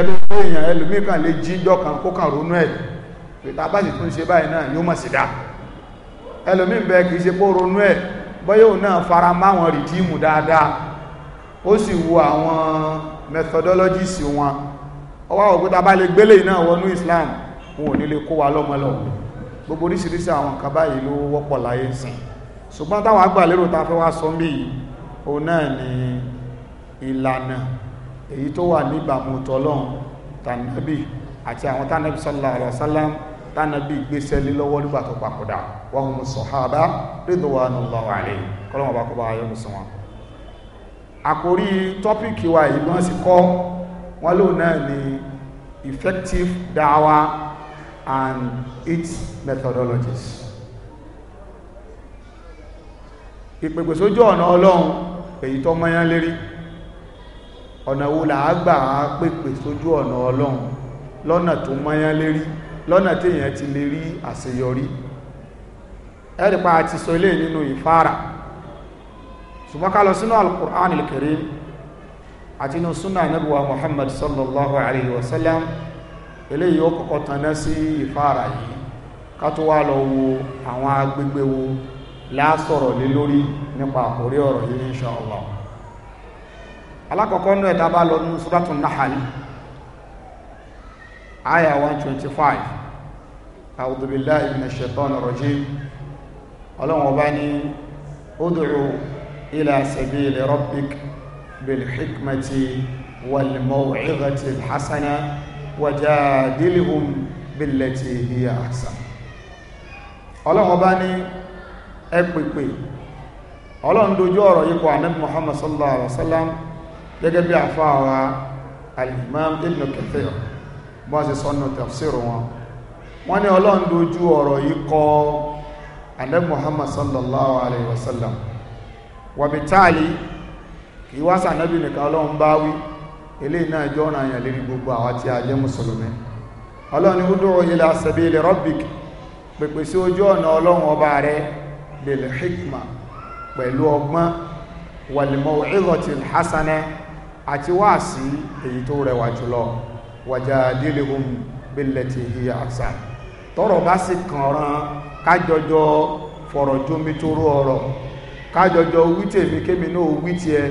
ẹlú fún èèyàn ẹlòmí kan lè jíjọ kan kó kàn ronú ẹ̀ pẹ̀tà bá sì tún ṣe báyìí náà yóò mọ̀ sí dá ẹlòmí bẹ kìí ṣe kó ronú ẹ̀ bọ́yọ̀ náà fara máwọn rìdíìmù dáadáa ó sì wo àwọn methodologies wọn ọwá òkúta bá lè gbélé náà wọnú Islam wọn ò ní lè kó wa lọ́mọlọ gbogbo oríṣiríṣi àwọn nǹkan báyìí ló wọ́pọ̀ láyé sìn ṣùgbọ́n táwọn agbàlérò ta fẹ́ wá sọ mí òun náà ni ìlànà èyí tó wà níbàmú tọ́lọ́run tànàbí àti àwọn tànàbí sallallahu alaihi wasallam tànàbí gbéṣẹ́ lé lọ́wọ́ nígbà tó papòdà wọ́n mú sọ̀hábá ridwanullahi alaihim kọ́lọ́wọ́n bá kọ́ bá yọ́nu sí wọn àkórí tọ́pìkì wa yìí wọ́n sì kọ́ wọ́n lò náà ni effective dawa and its methodologies ìpègbèsójú ọ̀nà ọlọ́run èyí tó mọ́yán lérí ọ̀nà wo là á gbà á pèpè sójú ọ̀nà ọlọ́run lọ́nà tó mọ́yán lérí lọ́nà tí èyàn ti lè rí àṣeyọrí ẹ̀rìpa àti sọ ilé nínú ìfára ṣùgbọ́n ká lọ sínú al-Qur'an al-Karim àti inú súnà anábíwa Muhammad sallallahu alayhi wa sallam ilé yíó kọ́kọ́ tanná sí ìfára yìí ká tó wá lọ wo àwọn agbègbè wo la lé lórí nípa àkórí ọ̀rọ̀ yìí insha alákọ̀ọ́kọ́ nú ẹ̀ta bá lọ nú Suratun Nahl aya 125 a'udhu billahi minash shaitani rajim ọlọ́run ọba ní ud'u ila sabili rabbik bil hikmati wal maw'izati al hasana wajadilhum billati hiya ahsan ọlọ́run ọba ní ẹ pèpè ọlọ́run dojú ọ̀rọ̀ yípo ànábì Muhammad sallallahu alaihi wasallam gẹ́gẹ́ bí àfáàwà al-Imam Ibn Kathir bọ́ sí sọ́nà tafsir wọn wọ́n ní Ọlọ́run dojú ọ̀rọ̀ yìí kọ Ànábì Muhammad sallallahu alaihi wasallam wàbítàlì kì í wá sànábì nìkan Ọlọ́run bá wí eléyìí náà jọ ọ̀nà àyàn lérí gbogbo àwa tí a jẹ́ mùsùlùmí Ọlọ́run ní ud'u ila sabili rabbik pèpè sí ojú ọ̀nà Ọlọ́run ọba rẹ̀ bil hikma pẹ̀lú ọgbọ́n wal maw'izati al àti wáàsí èyí tó rẹwà jùlọ wajadilhum billati hiya ahsan tọ́rọ̀ bá sì kànrán kájọjọ fọ̀rọ̀ jómi tó rú ọ̀rọ̀ kájọjọ wítèmi kémi náà wítì ẹ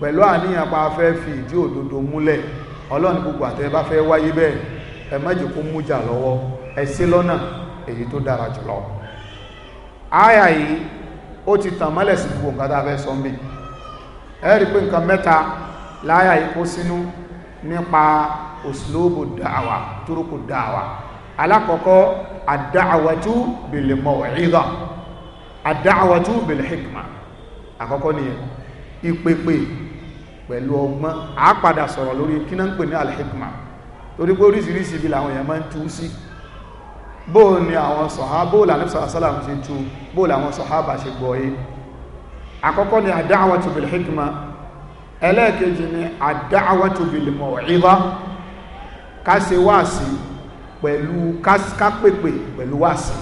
pẹ̀lú àníyàn pa fẹ́ fi ìdí òdodo múlẹ̀ ọlọ́ni gbogbo àtẹ́ bá fẹ́ wáyé bẹ́ẹ̀ ẹ má jẹ́ kó mújà lọ́wọ́ ẹ ṣe lọ́nà èyí tó dára jùlọ áyà yìí ó ti tàn mọ́lẹ̀ sí gbogbo nǹkan tá a fẹ́ sọ mí ẹ rí pé nǹkan mẹ́ta láyà ikó sínú nípa òsìlóòbò dáàwà túrùkù dáàwà alákọ̀ọ́kọ́ àdáàwàtú bèlè mọ̀wẹ̀rígà àdáàwàtú bèlè hikma àkọ́kọ́ nìyẹn ìpèpè pẹ̀lú ọgbọ́n a padà sọ̀rọ̀ lórí kí náà ń pè ní alhikma torí pé oríṣiríṣi ibi làwọn èèyàn máa ń tú sí bóò ni àwọn sọ̀há bóò lànà sàásàlám ṣe tú bóò làwọn sọ̀há bà ṣe gbọ́ yé àkọ́kọ́ ni àdáwàtú bil hikma ẹlẹ́ẹ̀kejì ni ad-da'watu bil-maw'izah ká ṣe wáàsí pẹ̀lú ká pèpè pẹ̀lú wáàsí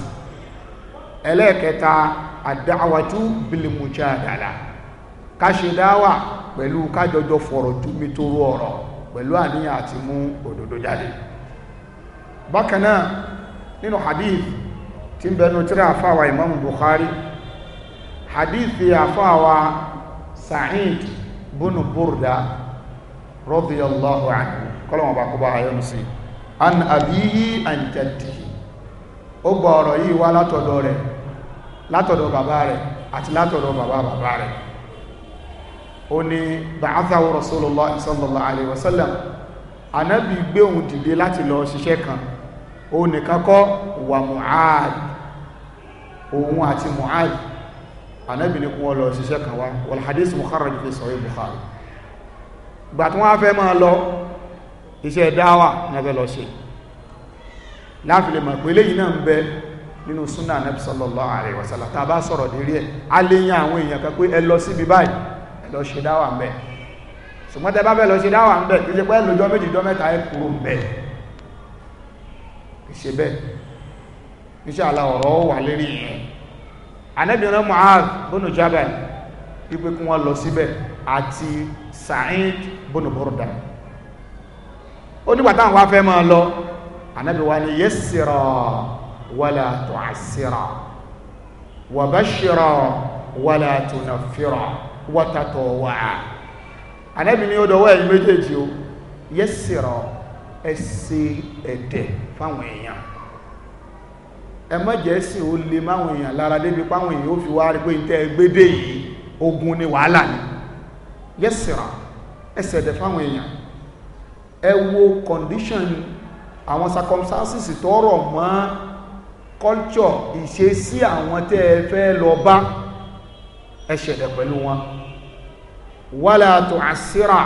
ẹlẹ́ẹ̀kẹta ad-da'watu bil-mujadalah ká ṣe dáwà pẹ̀lú kájọjọ fọ̀rọ̀ túnmi tó rú ọ̀rọ̀ pẹ̀lú àníyàn àti mú òdodo jáde Sa'id bónú búrúdá radiyallahu anhu kọ́lọ̀wọ̀n bá kó bá ayọ́nu sí an àbíyí an jaddihi ó gbọ́ ọ̀rọ̀ yìí wá látọ̀dọ̀ rẹ̀ látọ̀dọ̀ bàbá rẹ̀ àti látọ̀dọ̀ bàbá bàbá rẹ̀ ó ní ba'athahu rasulullah sallallahu alaihi wasallam anábì ànábì ní kún ọlọ ṣiṣẹ́ kan wá wal hadith mukharraj fi sahih Bukhari gbà tí wọ́n fẹ́ máa lọ iṣẹ́ dáwà nẹ́fẹ́ lọ ṣe láfilẹ̀ mọ̀ pé léyìn náà ń bẹ nínú súnà ànábì sallallahu alaihi wasallam tá a bá sọ̀rọ̀ dérí ẹ̀ a lè yan àwọn èèyàn kan pé ẹ lọ síbi báyìí ẹ lọ ṣe dáwà ń bẹ ṣùgbọ́n anábìnrin Mu'adh bónú Jabal wípé kí wọ́n lọ síbẹ̀ àti Sa'id bónú Burda ó nígbà táwọn wá fẹ́ máa lọ anábì wa ni yassira wala tu'assira wa bashira wala tunaffira wa tatawwa'a anábì ni ó dọwọ́ ẹ̀yìn méjèèjì o yassira ẹ̀sẹ̀ ẹ̀dẹ̀ fáwọn èèyàn ẹmọ́jẹ̀ẹ́sìn ó lè máwọn èèyàn lára débi páwọn èèyàn ó fi wá rí pé ní tẹ́ gbédé yìí ogun ni wàhálà ni yẹ́sìrà ẹsẹ̀dẹ̀ fáwọn èèyàn ẹ wo condition àwọn circumstances tọ́rọ̀ mọ́ culture ìṣesí àwọn tẹ́ ẹ fẹ́ lọ bá ẹsẹ̀dẹ̀ pẹ̀lú wọn wàlá tó àsíra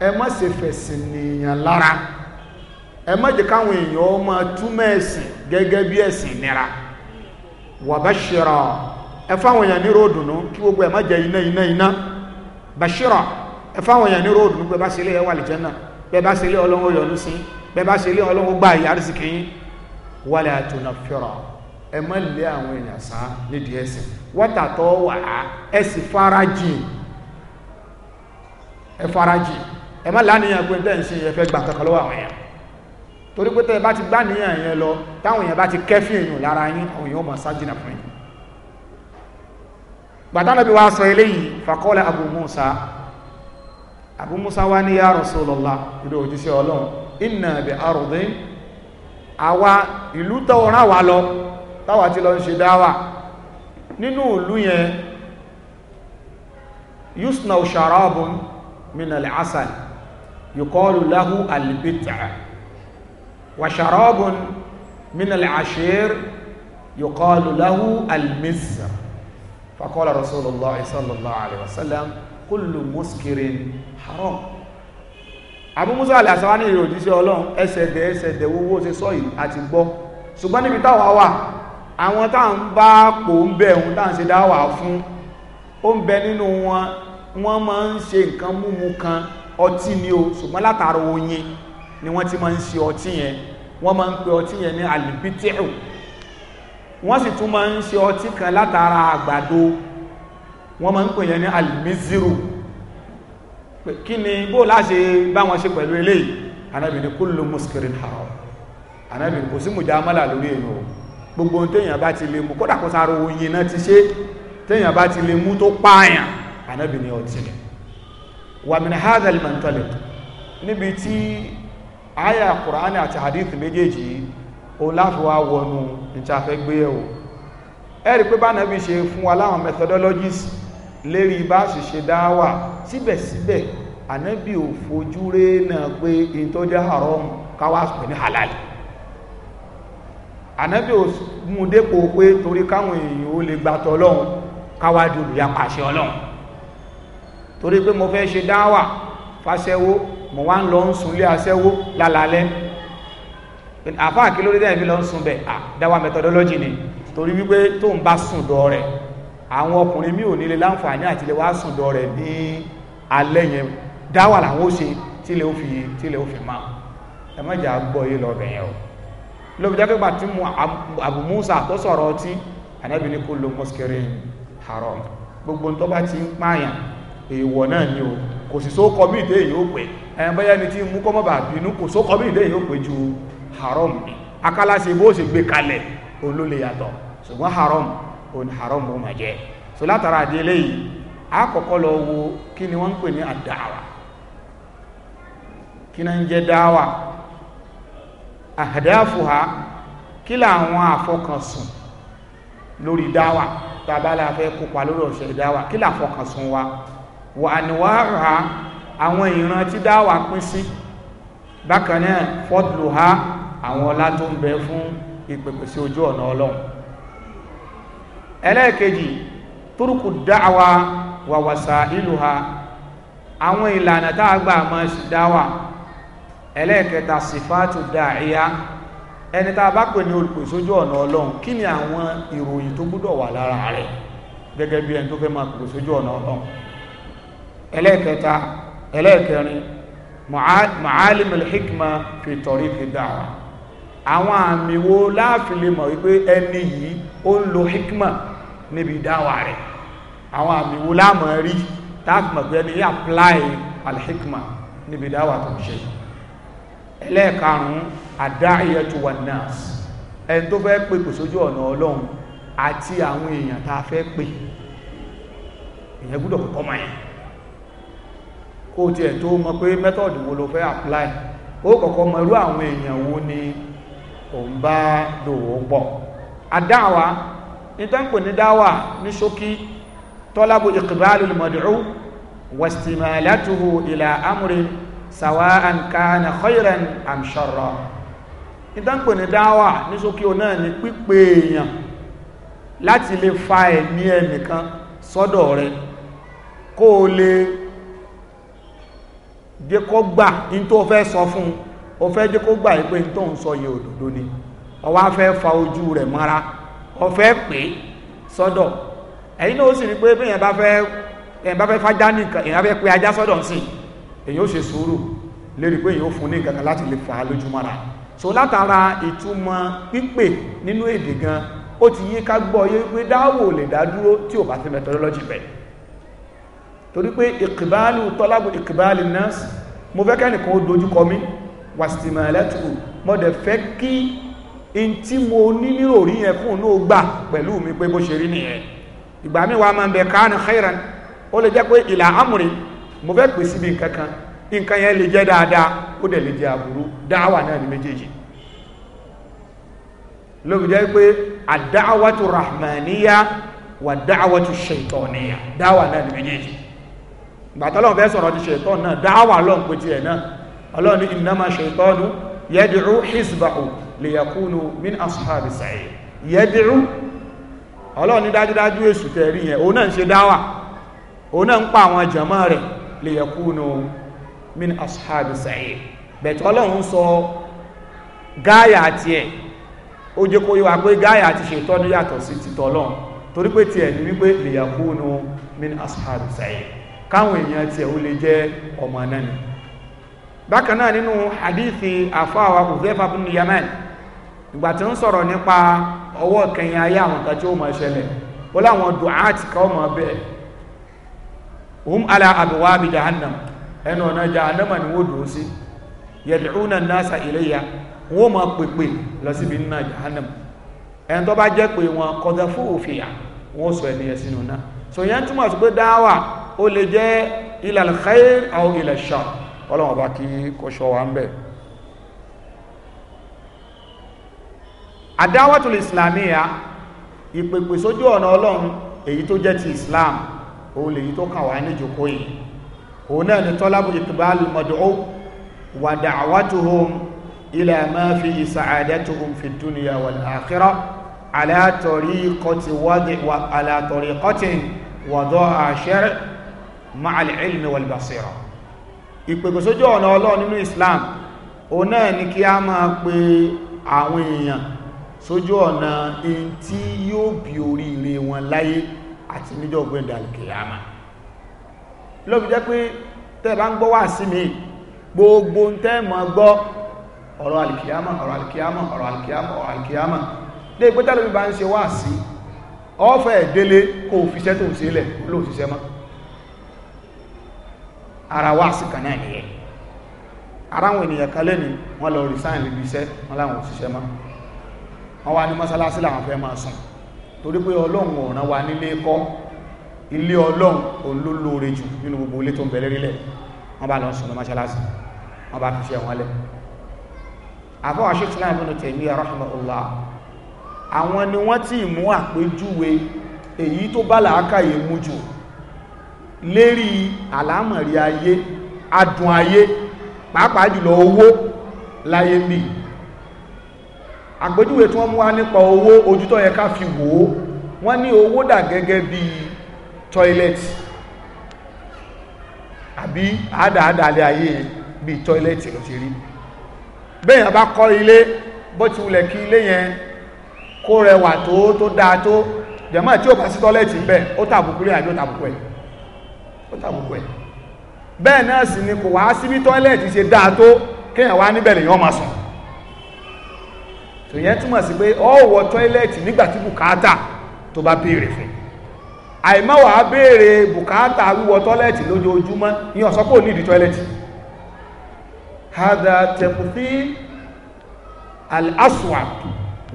ẹ má ṣe fẹ̀sìn nìyàn lára ẹ káwọn èèyàn ó máa ẹ̀sìn gẹ́gẹ́ bí ẹ̀sìn nira wàbáṣírà ẹ fáwọn èèyàn ní ròdùnú kí gbogbo ẹ̀ má jẹ iná iná iná bàṣírà ẹ fáwọn èèyàn ní ròdùnú pé bá ṣe lé ẹwà àlìjẹ́nà bẹ́ẹ̀ bá ṣe lé ọlọ́run yọ́nú sí bẹ́ẹ̀ bá ṣe lé ọlọ́run gbà ìyá rìsìkì yín wàlẹ̀ àtúnà fẹ́ràn ẹ má lé àwọn èèyàn sá nídìí ẹ̀sìn wọ́tà tó wà á ẹ farajìn ẹ farajìn ẹ má lánìyàn pé bẹ́ẹ̀ ń ṣe ẹ fẹ́ gbà àwọn èèyàn torí pé tẹ́lẹ̀ bá ti gbá níyàn yẹn lọ táwọn èèyàn bá ti kẹ́fì èèyàn lára yín àwọn èèyàn máa sájìnà fún yín gbàtánà bí wàá sọ eléyìí fàkọ́lẹ̀ Abu Musa Abu Musa wá ní ya Rasulullah ìlú òjíṣẹ́ Ọlọ́run inna bi ardin àwa ìlú tọ́wọ́rán wa lọ táwa ti lọ ń ṣe dáwà nínú ìlú yẹn yusna sharabun min al-asal yuqalu lahu وشراب من العشير يقال له المزر فقال رسول الله صلى الله عليه وسلم كل مسكر حرام Abu Musa al-Asawani ní òjíṣẹ́ Ọlọ́run ẹsẹ̀dẹ̀ ẹsẹ̀dẹ̀ owó ṣe sọ yìí àti gbọ́ ṣùgbọ́n níbi táwà wà àwọn táà ń bá pò ń bẹ̀ ohun táà ń ṣe dáwà fún ó ń bẹ nínú wọn wọ́n máa ń ṣe nǹkan múmu kan ọtí ni o ṣùgbọ́n látara oyin ni wọ́n ti máa ń ṣe ọtí yẹn wọ́n máa ń pe ọtí yẹn ní alibitiru wọ́n sì tún máa ń ṣe ọtí kan látara àgbàdo wọ́n máa ń pè yẹn ní alimiziru kí ni bó láṣe bá wọn ṣe pẹ̀lú eléyìí anábì ní kullu muskirin haram anábì kò sí mujamala lórí èèyàn gbogbo téèyàn bá ti lè mú kódà kó sáré oyin náà ti ṣe téèyàn bá ti lè mú tó pààyàn anábì ọtí ni wàmìnà hadha al níbi tí àyà kùránì àti hadith méjèèjì o láti wá wọnú ìtafẹ́ gbé ẹ̀wò ẹ̀rí pé bá nàbí ṣe fún wa láwọn methodologies lérí bá sì ṣe dáwà síbẹ̀síbẹ̀ ànábì ò fojú rẹ̀ náà pé in tó jẹ́ haram káwà pè ní halal ànábì ò mú dépò pé torí káwọn èèyàn ó lè gbàtọ̀ ọlọ́run káwà di ọlọ́run torí pé mo fẹ́ ṣe dáwà fàṣẹwó mo wá ń lọ ń sunlé aṣẹ́wó lálálẹ́ àfa àkílódé dẹ́yìn fi lọ ń sun bẹ̀ à dáwà methodology ni torí wípé tó ń bá sùn dọ́ rẹ̀ àwọn ọkùnrin mi ò nílé láǹfààní àti ilé wá sùn dọ́ rẹ̀ ní alẹ́ yẹn dáwà làwọn ó ṣe tílé ó fi tílé ó fi máa ẹ má jà gbọ́ yé lọ bẹ̀yẹn o lóbi jẹ́ pípa tí mu Abu Musa tó sọ̀rọ̀ ọtí ànábì ní kó lo mọ́síkẹ́rì haram gbogbo tó bá ti ń pààyàn èèwọ̀ náà ni o kò sì sókọ bí ìdé ó pè bóyá ẹni tí mú kọ́mọ́bà bínú kò sókọ́ bí ìdẹ́ yóò pé ju haram akálàṣe bó ṣe gbé kalẹ̀ òun ló yàtọ̀ ṣùgbọ́n haram òun haram ó mà jẹ́ so látara àdé eléyìí àkọ́kọ́ lọ wo kí ni wọ́n ń pè ní àdáwà kí náà ń jẹ́ dáwà àdáfùhà kí làwọn àfọkànsùn lórí dáwà tàbálà fẹ́ kópa lórí ọ̀ṣẹ́ dáwà kí làfọkànsùn wa wà níwáà àwọn ìran tí dáwà pín sí bákan náà fọ́dùlùhá àwọn ọlá tó ń bẹ fún ìpèpè sí ojú ọ̀nà ọlọ́run ẹlẹ́ẹ̀kejì turuku dáwà wàwàsà ìlúha àwọn ìlànà tá a gbà máa ṣe dáwà ẹlẹ́ẹ̀kẹta sífàtù dáìyá ẹni tá a bá pè ní olùpè sójú ọ̀nà ọlọ́run kí ni àwọn ìròyìn tó gbúdọ̀ wà lára rẹ̀ gẹ́gẹ́ bí ẹni tó fẹ́ máa pè sójú ọ̀nà ọlọ́run ẹlẹ́ẹ̀kẹta ẹlẹ́ẹ̀kẹrin ma'alim al-hikma fi tariqi da'wa àwọn àmì wo láàfin lè mọ̀ wípé ẹni yìí ó ń lo hikma níbi dáwà rẹ̀ àwọn àmì wo láàmọ̀ rí táàkùnmọ̀ pé ẹni apply al-hikma níbi dáwà tó ń ṣe ẹlẹ́ẹ̀karùn-ún ad-da'iyatu wan-nas ẹni tó fẹ́ pè kò sójú ọ̀nà ọlọ́run àti àwọn èèyàn tá a fẹ́ pè èèyàn gbúdọ̀ kọ́kọ́ máa yẹn kó o tiẹ̀ tó mọ̀ pé mẹ́tọ̀dù wo ló fẹ́ apply ó kọ́kọ́ mọ̀ irú àwọn èèyàn wo ni ò ń bá dòwò pọ̀ àdáwà ìtànkù ní dáwà ní ṣókí tọ́lábù ìkìbálù mọ̀dùrú wàstìmàlátùhù ìlà amúrin sàwáàn kánà khairan am sharra ìtànkù ní dáwà ní ṣókí o náà ni pípé èèyàn láti lè fa ẹ̀mí ẹnìkan sọ́dọ̀ rẹ̀ kó o lè jẹ́ kó gbà ní tó fẹ́ sọ fún o fẹ́ jẹ́ kó gbà yìí pé tó ń sọ yìí òdodo ni o wá fẹ́ fa ojú rẹ̀ mọ́ra o fẹ́ pè é sọ́dọ̀ ẹ̀yin náà ó sì rí pé bí èèyàn bá fẹ́ èèyàn bá fẹ́ fájá nìkan èèyàn fẹ́ pe ajá sọ́dọ̀ sí èèyàn ó ṣe sùúrù lérí pé èèyàn ó fún ní nǹkan láti lè fà lójú mọ́ra so látara ìtumọ̀ pípè nínú èdè gan ó ti yí ká gbọ́ yé pé dáwò lè dá dúró tí ò bá ti methodology bẹ̀rẹ̀ torí pé ìkìbálù tọ́lábù ìkìbálù náà mo fẹ́ kẹ́nìkan ó dojúkọ mi wàstìmọ̀ ẹ̀lẹ́tùkù mo dẹ̀ fẹ́ kí in tí mo ní nírò rí yẹn fún náà gbà pẹ̀lú mi pé bó ṣe rí nìyẹn ìgbà mi wa máa ń bẹ káàní khairan ó lè jẹ́ pé ìlà amúrin mo fẹ́ pè síbi nǹkan kan nǹkan yẹn lè jẹ́ dáadáa ó dẹ̀ lè jẹ́ aburú dáwà náà ní méjèèjì lóbi jẹ́ pé àdáwàtú rahmaniya wà dáwàtú shaitaniya dáwà náà ní méjèèjì gbàtọ́lọ́n fẹ́ sọ̀rọ̀ ti náà dáwà lọ́n pé tiẹ̀ náà ọlọ́ni ìnáma ṣètọ́nu yẹ́dìrú hisbahu lè yàkúnu min asuhabi sàyè yẹ́dìrú ọlọ́ni dájúdájú èsù tẹ̀rí yẹn òun náà ṣe dáwà náà ń pa àwọn rẹ̀ lè min sọ gáyà ó jẹ́ kó yíwa pé gáyà ti yàtọ̀ sí káwọn èèyàn tiẹ̀ ó lè jẹ́ ọmọ náà ni bákan náà nínú hadithi àfáwà Hudhayfa ibn Yaman ìgbà tí ń sọ̀rọ̀ nípa ọwọ́ kẹyìn ayé àwọn kan tí ó máa ṣẹlẹ̀ ó láwọn du'at kan ó máa bẹ̀ẹ̀ hum ala abwabi jahannam ẹnu ọ̀nà jahannama ni wọ́n dùn sí yad'una nasa ilayya wọ́n máa pèpè lọ síbi náà jahannam ẹni tó bá jẹ́ pé wọn qadhafuhu fiha wọ́n sọ ẹni ẹ̀ náà so yẹn túmọ̀ sí pé dáwà ó lè jẹ́ ila al-khair aw ila al-shar ọlọ́run ọba kí kò ṣọ wa ń bẹ̀. àdáwàtul islamiyya ìpèpè sójú ọ̀nà ọlọ́run èyí tó jẹ́ ti islam òun lèyí tó kàn wá ní ìjòkó yìí òun náà ni talabu iqbal al-mad'u wa da'watuhum ila ma fi sa'adatuhum fi dunya wal akhirah ala tariqati wa ala tariqatin wada'a shar'i ma'al ilmi wal basira ìpèpè sójú ọ̀nà ọlọ́run nínú islam o náà ni kí a máa pe àwọn èèyàn sójú ọ̀nà in tí yóò bí oríire wọn láyé àti níjọ́ gbẹ̀ndà alkiyama lóbi jẹ́ pé tẹ́ bá ń gbọ́ wà sí mi gbogbo tẹ́ gbọ́ ọ̀rọ̀ alkiyama ọ̀rọ̀ alkiyama ọ̀rọ̀ alkiyama ọ̀rọ̀ alkiyama lè pẹ́tàlómi bá ń ṣe wà sí ọ́fẹ́ ìdélé kò fi tó ń sílẹ̀ lóòṣìṣẹ́ máa ara wá àsìkàn náà nìyẹn ara àwọn ènìyàn kan lẹ́ni wọ́n lọ resign lè bíṣẹ́ wọ́n láwọn òṣìṣẹ́ mọ́ wọ́n wá ní mọ́sálásí làwọn fẹ́ máa sùn torí pé ọlọ́run ọ̀ràn wa nílé kọ́ ilé ọlọ́run òun ló lóore jù nínú gbogbo ilé tó ń bẹ̀rẹ̀ rílẹ̀ wọ́n bá lọ sùn mọ́sálásí wọ́n bá fi ṣe wọn lẹ̀ àbọ̀wọ̀ ṣe tí láàbùnú tẹ̀mí rahimahullah àwọn ni wọ́n ti mú àpéjúwe èyí tó bá làákàyè mú jù lérí àlámọ̀rí ayé adùn ayé pàápàá jùlọ owó láyé mi àgbéjúwe tí wọ́n mú wá nípa owó ojútọ́ yẹ ká fi wò ó wọ́n ní owó dà gẹ́gẹ́ bí tọ́ilẹ̀tì àbí àádáadáalẹ̀ ayé yẹn bí tọ́ilẹ̀tì ló ti rí bẹ́yàn bá kọ́ ilé bó ti wulẹ̀ kí ilé yẹn kó rẹwà tó tó dáa tó jẹ̀mọ́ tí ó bá sí tọ́ilẹ̀tì ń bẹ̀ ó tàbùkù àbí ó tàbùkù ó tàbùkù ẹ̀ bẹ́ẹ̀ náà sì ni kò wá síbí tọ́ẹ̀lẹ̀tì ṣe dáa tó kéèyàn wá níbẹ̀ lèyàn máa sùn tòyẹn túmọ̀ sí pé ó wọ tọ́ẹ̀lẹ̀tì nígbà tí bùkátà tó bá béèrè fún àìmọ́wà béèrè bùkátà wíwọ tọ́ẹ̀lẹ̀tì lójoojúmọ́ ìyàn sọ pé tọ́ẹ̀lẹ̀tì hada tẹkùfí al aswa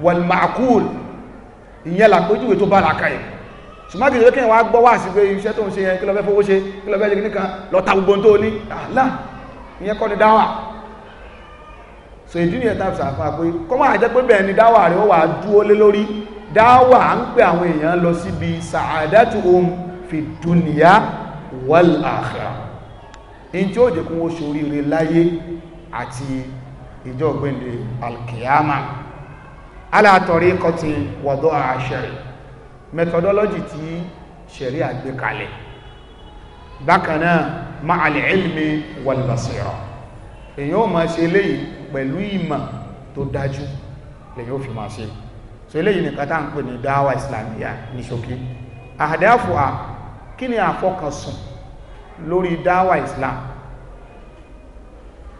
wal-ma'qul ìyẹn làpéjúwe tó bá làkàyè ṣùgbọ́n kìí ṣe kí wọ́n á gbọ́ wá sí pé iṣẹ́ tó ń ṣe yẹn kí lọ fẹ́ fowó ṣe kí lọ fẹ́ ṣe nìkan lọ ta gbogbo tó ní àlá ìyẹn kọ́ ni dáwà so ìdí nìyẹn tá a ṣàfà pé kọ́ máa jẹ́ pé bẹ́ẹ̀ ni dáwà rẹ̀ ó wà dúó lé lórí dáwà ń pè àwọn èèyàn lọ síbi sa'adatuhum fi dunya wal akhirah in tí ó jẹ́ kún oṣù oríire láyé àti ìjọ ògbéǹde alkiyama alátọ̀rí kọtí wọ̀dọ́ àṣẹrẹ̀ methodology tí ṣẹ̀rí àgbékalẹ̀ bákan náà ma'al ilmi wal basira èyàn ò máa ṣe eléyìí pẹ̀lú ìmọ̀ tó dájú lèyàn ò fi máa ṣe so eléyìí nìkan tá ń pè ní dáwà islamiyya ní ṣókí àdáfùà kí ni àfọkànsùn lórí dáwà islam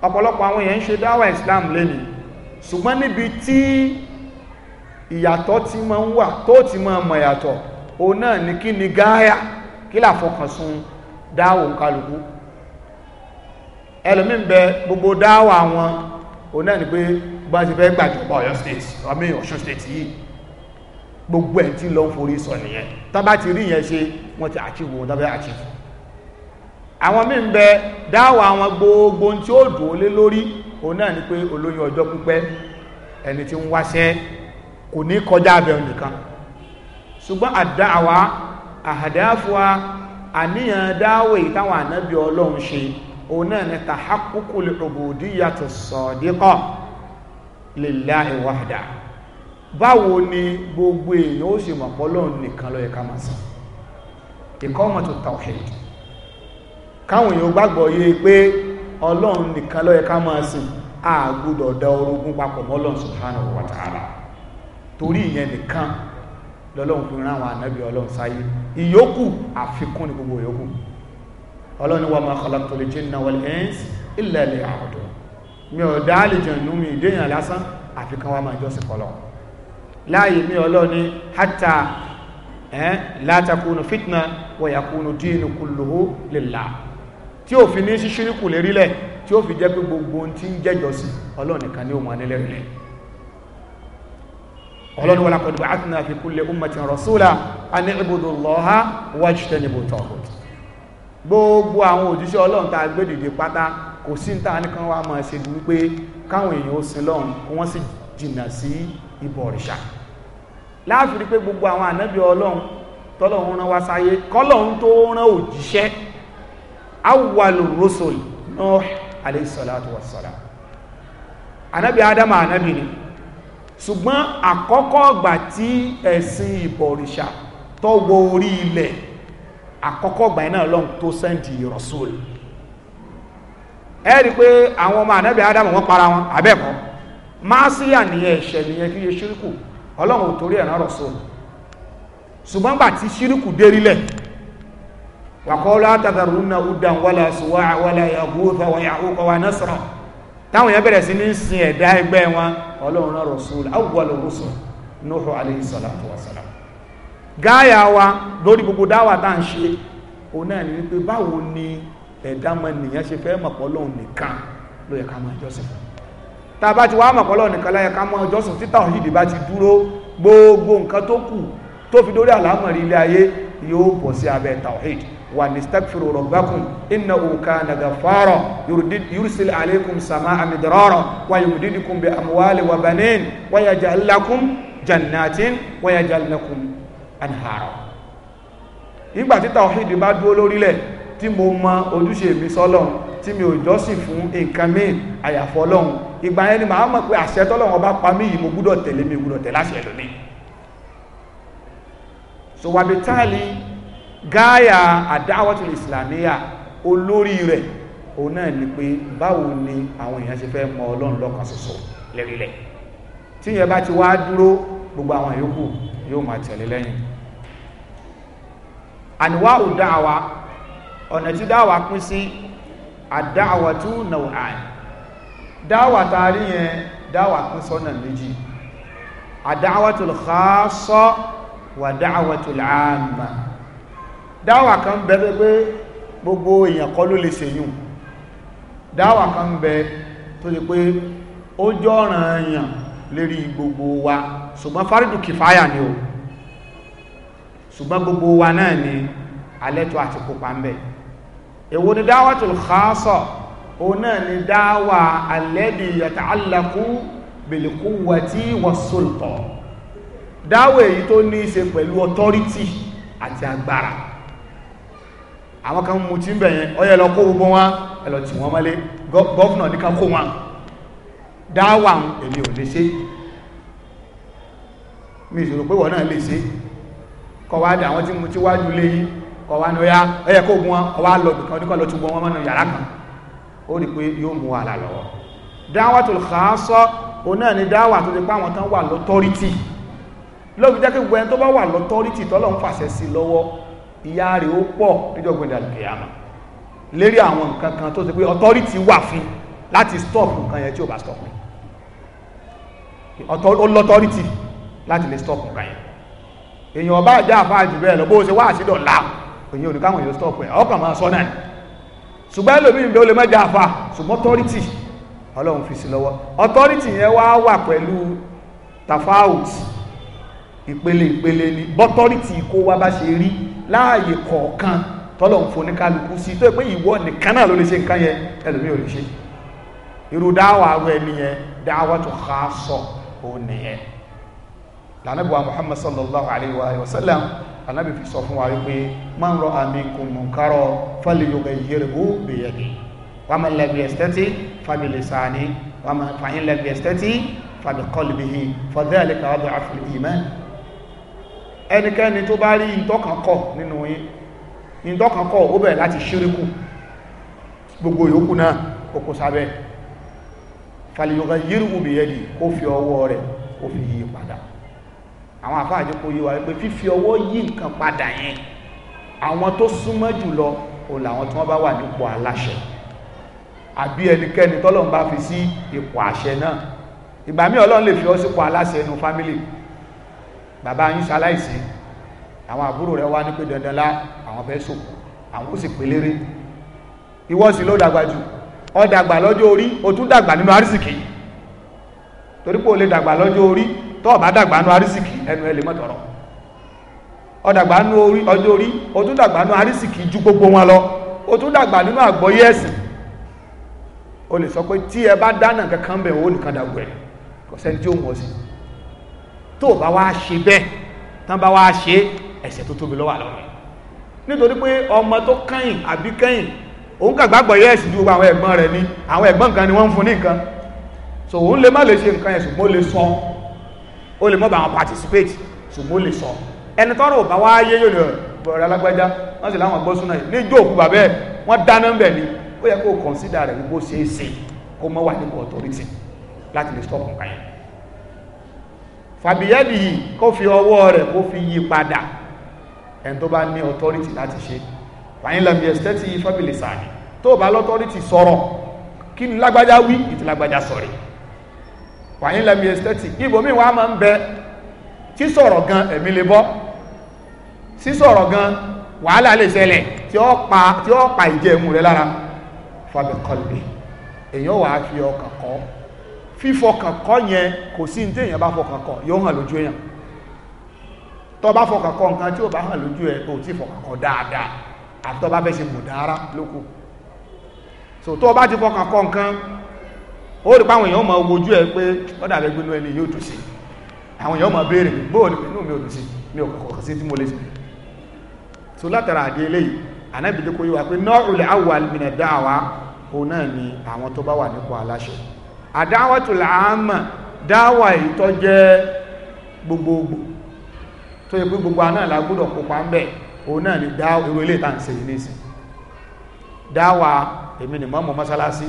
ọ̀pọ̀lọpọ̀ àwọn èèyàn ń ṣe dáwà islam lénìí ṣùgbọ́n níbi tí ìyàtọ̀ tí ma ń wà tó ti ma mọ̀ yàtọ̀ o náà ní kí ni gáyà kí làfọkànsún dáwò ń kálukú ẹlòmí ń bẹ gbogbo dáwò àwọn o náà ni pé bá ti fẹ́ gbàjọba Ọ̀yọ́ state àmì Ọ̀ṣun state yìí gbogbo ẹ̀ tí lọ ń forí sọ nìyẹn tábà ti rí yẹn ṣe wọ́n ti àchíwò wọn tábà àchíwò àwọn míì ń bẹ dáwò àwọn gbogbo tí ó dùn ó lé lórí òun náà ni pé olóyún ọjọ́ pípẹ́ ẹni tí ń wáṣẹ́ kò ní kọjá abẹ́ nìkan ṣùgbọ́n àdáwà àhàdáfúwa àníyàn dáwò ìtàwọn ànábì ọlọ́run ṣe òun náà ni tàhákùkù lùbùdíyàtù sọ̀díkọ̀ lillahi wahda báwo ni gbogbo èèyàn ó ṣe mọ̀pọ̀ lọ́run nìkan ló yẹ ká máa sọ ìkọ́mọ̀tò tawhid káwọn èèyàn gbàgbọ́ yé pé ọlọ́run nìkan ló ká máa sìn a orogún papọ̀ mọ́lọ́run subhanahu wa torí ìyẹn nìkan lọ́lọ́run fi rán àwọn ànábì ọlọ́run sáyé ìyókù àfikún ní gbogbo ìyókù ọlọ́run ni wa ma khalaqtu al-jinna wal-insa illa liya'budun mi ò dá àlejànú mi ìdéyàn lásán àfikún wa máa jọ́sìn fọ́lọ́ láàyè mi ọlọ́run ni hatta eh, la takunu fitna wa yakunu dinu kulluhu lillah tí ò fi ní ṣíṣírí kù lérílẹ̀ tí ó fi jẹ́ gbogbo ohun tí ń jẹ́jọ́sìn ọlọ́run nìkan ni ó mọ̀ nílẹ̀ ọlọ́run wọlá kọ̀dùbà àtúnà fi kulli ummatin rasúlà àní ìbùdó lọ́ha wájútẹ́ níbo tọ́kù gbogbo àwọn òjíṣẹ́ ọlọ́run tá a gbé dìde pátá kò sí níta ní kan wá máa ṣe wípé káwọn èèyàn ó sin lọ́run wọ́n sì jìnnà sí ìbọ̀rìṣà láàfin rí ṣùgbọ́n àkọ́kọ́ ọgbà tí ẹ̀sìn ìbọ̀rìṣà tó wọ orí ilẹ̀ àkọ́kọ́ ọgbà iná lọ́n tó sẹ́ndì rasul ẹ rí pé àwọn ọmọ ànábì ádámù wọ́n para wọn àbẹ́ẹ̀kọ́ máṣíyà nìyẹn ẹ̀ṣẹ̀ nìyẹn kí ṣíríkù ọlọ́run ò torí ẹ̀rán rasul ṣùgbọ́n gbà tí ṣíríkù dérílẹ̀ wàkọ́ látàdàrúnà udan wàlà suwa wàlà yàgúfà wàyàhúkọ wà nasra táwọn èèyàn bẹ̀rẹ̀ sí ní sin ẹ̀dá ẹgbẹ́ wọn ọlọ́run náà rọ̀sùn awùwọ̀lọ̀ rọ̀sùn nóòhù alayhi salatu wa salam gáyà wa lórí gbogbo dáwà tá à ń ṣe òun náà ni wípé báwo ni ẹ̀dá mọ nìyẹn ṣe fẹ́ mọ̀pọ̀lọ́hùn nìkan ló yẹ ká máa jọ́sìn fún tá a bá ti wá mọ̀pọ̀lọ́hùn nìkan láyẹ ká máa jọ́sìn títà òhìdì bá ti dúró gbogbo nǹkan tó kù tó fi dórí àlámọ̀rí ilé ayé yóò bọ̀ sí abẹ́ tàwíìdì ونستغفر ربكم إنه كان غفارا يرسل عليكم سماء مدرارا ويمددكم بأموال وبنين ويجعل لكم جنات ويجعل لكم أنهارا nígbà tí tàwíìdì bá dúró lórílẹ̀ tí mo mọ ojúṣe mi sọ́lọ́run tí mi ò jọ́sìn fún nǹkan míì àyàfọ́ ọlọ́run ìgbà yẹn ni màá mọ̀ pé àṣẹ tọ́lọ́run ọba pa mí yìí mo gbúdọ̀ tẹ̀lé mi gbúdọ̀ tẹ̀lé gáyà àdáwọ́tò ìsìlàmíyà olórí rẹ̀ òun náà ni pé báwo ni àwọn èèyàn ṣe fẹ́ mọ ọlọ́run lọ́kan ṣoṣo lẹ́rìlẹ̀ tí yẹn bá ti wá dúró gbogbo àwọn yòókù yóò máa tẹ̀lé lẹ́yìn àníwá ò dáwà ọ̀nà tí dáwà pín sí àdáwà tó nàwà àì dáwà taari yẹn dáwà pín sọ́nà méjì àdáwà tó lè xaasọ́ wà dáwà tó lè àmà dáwà kan bẹ tó pé gbogbo èèyàn kọ́ ló lè ṣèyùn dáwà kan bẹ tó ṣe pé ó jọ́ràn èèyàn lérí gbogbo wa ṣùgbọ́n fárídù kìfáyà ni o ṣùgbọ́n gbogbo wa náà ni alẹ́tọ́ àti kópa ń bẹ̀ èwo ni dáwàtul khassa òun náà ni dáwà alladhi yata'allaqu bil quwwati was sulta dáwà èyí tó ní ṣe pẹ̀lú authority àti agbára àwọn kan mú tí ń bẹ̀yẹn ọyẹ́ lọ kó gbogbo wọn ẹlọ tí wọ́n mọ́lé gọ́ọ̀nà ní ká kó wọn dáwà èmi ò lè ṣe mi ìṣòro pé wọ́n náà lè ṣe kọ wá dà àwọn tí mú tí wájú lé yí kọ wá ní ọyá ọyẹ́ kó gun wọn wá lọ ni dáwà tó ti pá àwọn tán wà lọ́tọ́rítì lóbi jẹ́ kí gbogbo ẹni tó ìyá rẹ̀ ó pọ̀ níjọ́gbọ̀n ìdàlùkìyàmà lérí àwọn nǹkan kan tó ṣe pé authority wà fún láti stop nǹkan yẹn tí ò bá stop ó lọ́tọ́rítì láti lè stop nǹkan yẹn èèyàn bá já àfáà jù bẹ́ẹ̀ lọ bó ṣe wá àṣídọ̀ láà èyí òní káwọn èèyàn stop ẹ̀ ọkàn máa sọ náà ṣùgbọ́n ẹlòmíì bí ó lè mẹ́jà àfáà ṣùgbọ́n authority ọlọ́run fi sí lọ́wọ́ authority yẹn wá wà pẹ̀lú tafawut ìpele ìpele ni bọ́tọ́rìtì kó wá bá ṣe rí láàyè kọ̀ọ̀kan tọ́lọ̀ ń foni kálukú sí tó pé ìwọ nìkan náà ló lè ṣe nǹkan yẹn ẹlòmí ò lè ṣe irú dáwà arú ẹni yẹn dáwà tó ká sọ ó nìyẹn lànàbíwá Muhammad sallallahu alayhi wa sallam lànàbí fi sọ fún wa wípé man ra'a minkum munkaran falyughayyirhu biyadihi wa man lam yastati' fabilisanihi wa man fa in lam yastati' fabiqalbihi fa dhalika ad'afu al-iman ẹnikẹ́ni tó bá rí ìtọ́kankọ̀ nínú yín ìtọ́kankọ̀ ó bẹ̀rẹ̀ láti ṣíríkù gbogbo yòókù náà ó kó sábẹ́ fàlìyàn yírùkù bí ẹ̀dì kó fi ọwọ́ rẹ̀ kó fi yí padà àwọn àfáàjẹ́ kó yíwa pé fífi ọwọ́ yí nǹkan padà yẹn àwọn tó súnmọ́ jùlọ àbí ẹnikẹ́ni tọ́lọ́run bá fi sí ipò àṣẹ náà ìgbà ọlọ́run lè fi ọ́ sípò aláṣẹ inú fámílì bàbá yín ṣaláìsí àwọn àbúrò rẹ̀ wá ní pé dandan lá àwọn fẹ́ sòkò àwọn ó sì pélére ìwọ sì ló dàgbà jù ọ dàgbà lọ́jọ́ orí o tún dàgbà nínú arísìkì torí pé o lè dàgbà lọ́jọ́ orí tó o bá dàgbà nínú arísìkì ẹnu ẹ lè mọ́tọ̀rọ̀ ọ dàgbà nínú ọjọ́ orí o tún dàgbà nínú arísìkì ju gbogbo wọn lọ o tún dàgbà nínú àgbọ́yé ẹ̀sìn o lè sọ pé tí ẹ bá dánà kankan bẹ̀ o nìkan dàgbà ẹ̀ kò sẹ́ni tí ó mọ̀ sí i tó o bá wá ṣe bẹ́ẹ̀ tán bá wá ṣe ẹ̀ṣẹ̀ tó tóbi lọ́wọ́ àlọ́run nítorí pé ọmọ tó kẹ́yìn àbí kẹ́yìn òun kà yẹ́ ẹ̀sìn ju àwọn ẹ̀gbọ́n rẹ̀ ni àwọn ẹ̀gbọ́n nǹkan ni wọ́n ń fún ní nǹkan so òun lè má lè ṣe nǹkan yẹn ṣùgbọ́n lè sọ ó lè mọ́ bá àwọn participate ṣùgbọ́n ó lè sọ ẹni tọ́rọ ò bá wá yé yóò lọ bọ̀rọ̀ alágbájá wọ́n sì láwọn gbọ́ súná níjó òkú bàbẹ́ wọ́n dáná ń bẹ̀ ni ó yẹ kó consider rẹ̀ bó ṣe é ṣe kó mọ́ wà nípa authority láti lè stop nǹkan yẹn fàbíyẹ́dì yìí kó fi ọwọ́ rẹ̀ kó fi yí padà ẹni tó bá ní authority láti ṣe fàyínlẹ̀mí ẹ̀stẹ́tì fábílì sàánì tó bá lọ́tọ́rítì sọ̀rọ̀ kí ni lágbájá wí ìtì lágbájá sọ̀rí fàyínlẹ̀mí ẹ̀stẹ́tì ibòmí wa máa ń bẹ tí sọ̀rọ̀ gan ẹ̀mí lè bọ́ sí sọ̀rọ̀ gan wàhálà lè ṣẹlẹ̀ tí ó pa tí ó pa ìjẹ́ ẹ̀mú rẹ̀ lára fábíkọ́lì èèyàn wàá fi ọkàn kọ́ fífọkàn kọ́ yẹn kò sí ní èèyàn bá fọkàn kọ́ yóò hàn lójú èèyàn tó bá fọkàn kọ́ nǹkan tí ò bá hàn lójú ẹ̀ kò tí fọkàn dáadáa àti tó bá fẹ́ ṣe mùdára lókù so tó bá ti fọkàn kọ́ nǹkan ó rí páwọn èèyàn máa wojú ẹ pé ó dàbẹ́ gbínú ẹni yóò tún sí àwọn èèyàn máa béèrè bóò ní mi ò tún sí mi ò kọ̀kọ̀ sí tí mo lè so látara àdé eléyìí anábìdíkó yóò wá pé náà rúlẹ̀ awwal min ad-da'wa òun náà ni àwọn tó bá wà nípò aláṣẹ àdáwàtò làámà dáwà ìtọ́ jẹ́ gbogbogbò tó yẹ pé gbogbo náà lágbúdọ̀ kópa ń bẹ̀ òun náà ni dáwà irú ilé ìtànsè nísìn dáwà èmi ni mọ́mọ̀ mọ́sálásí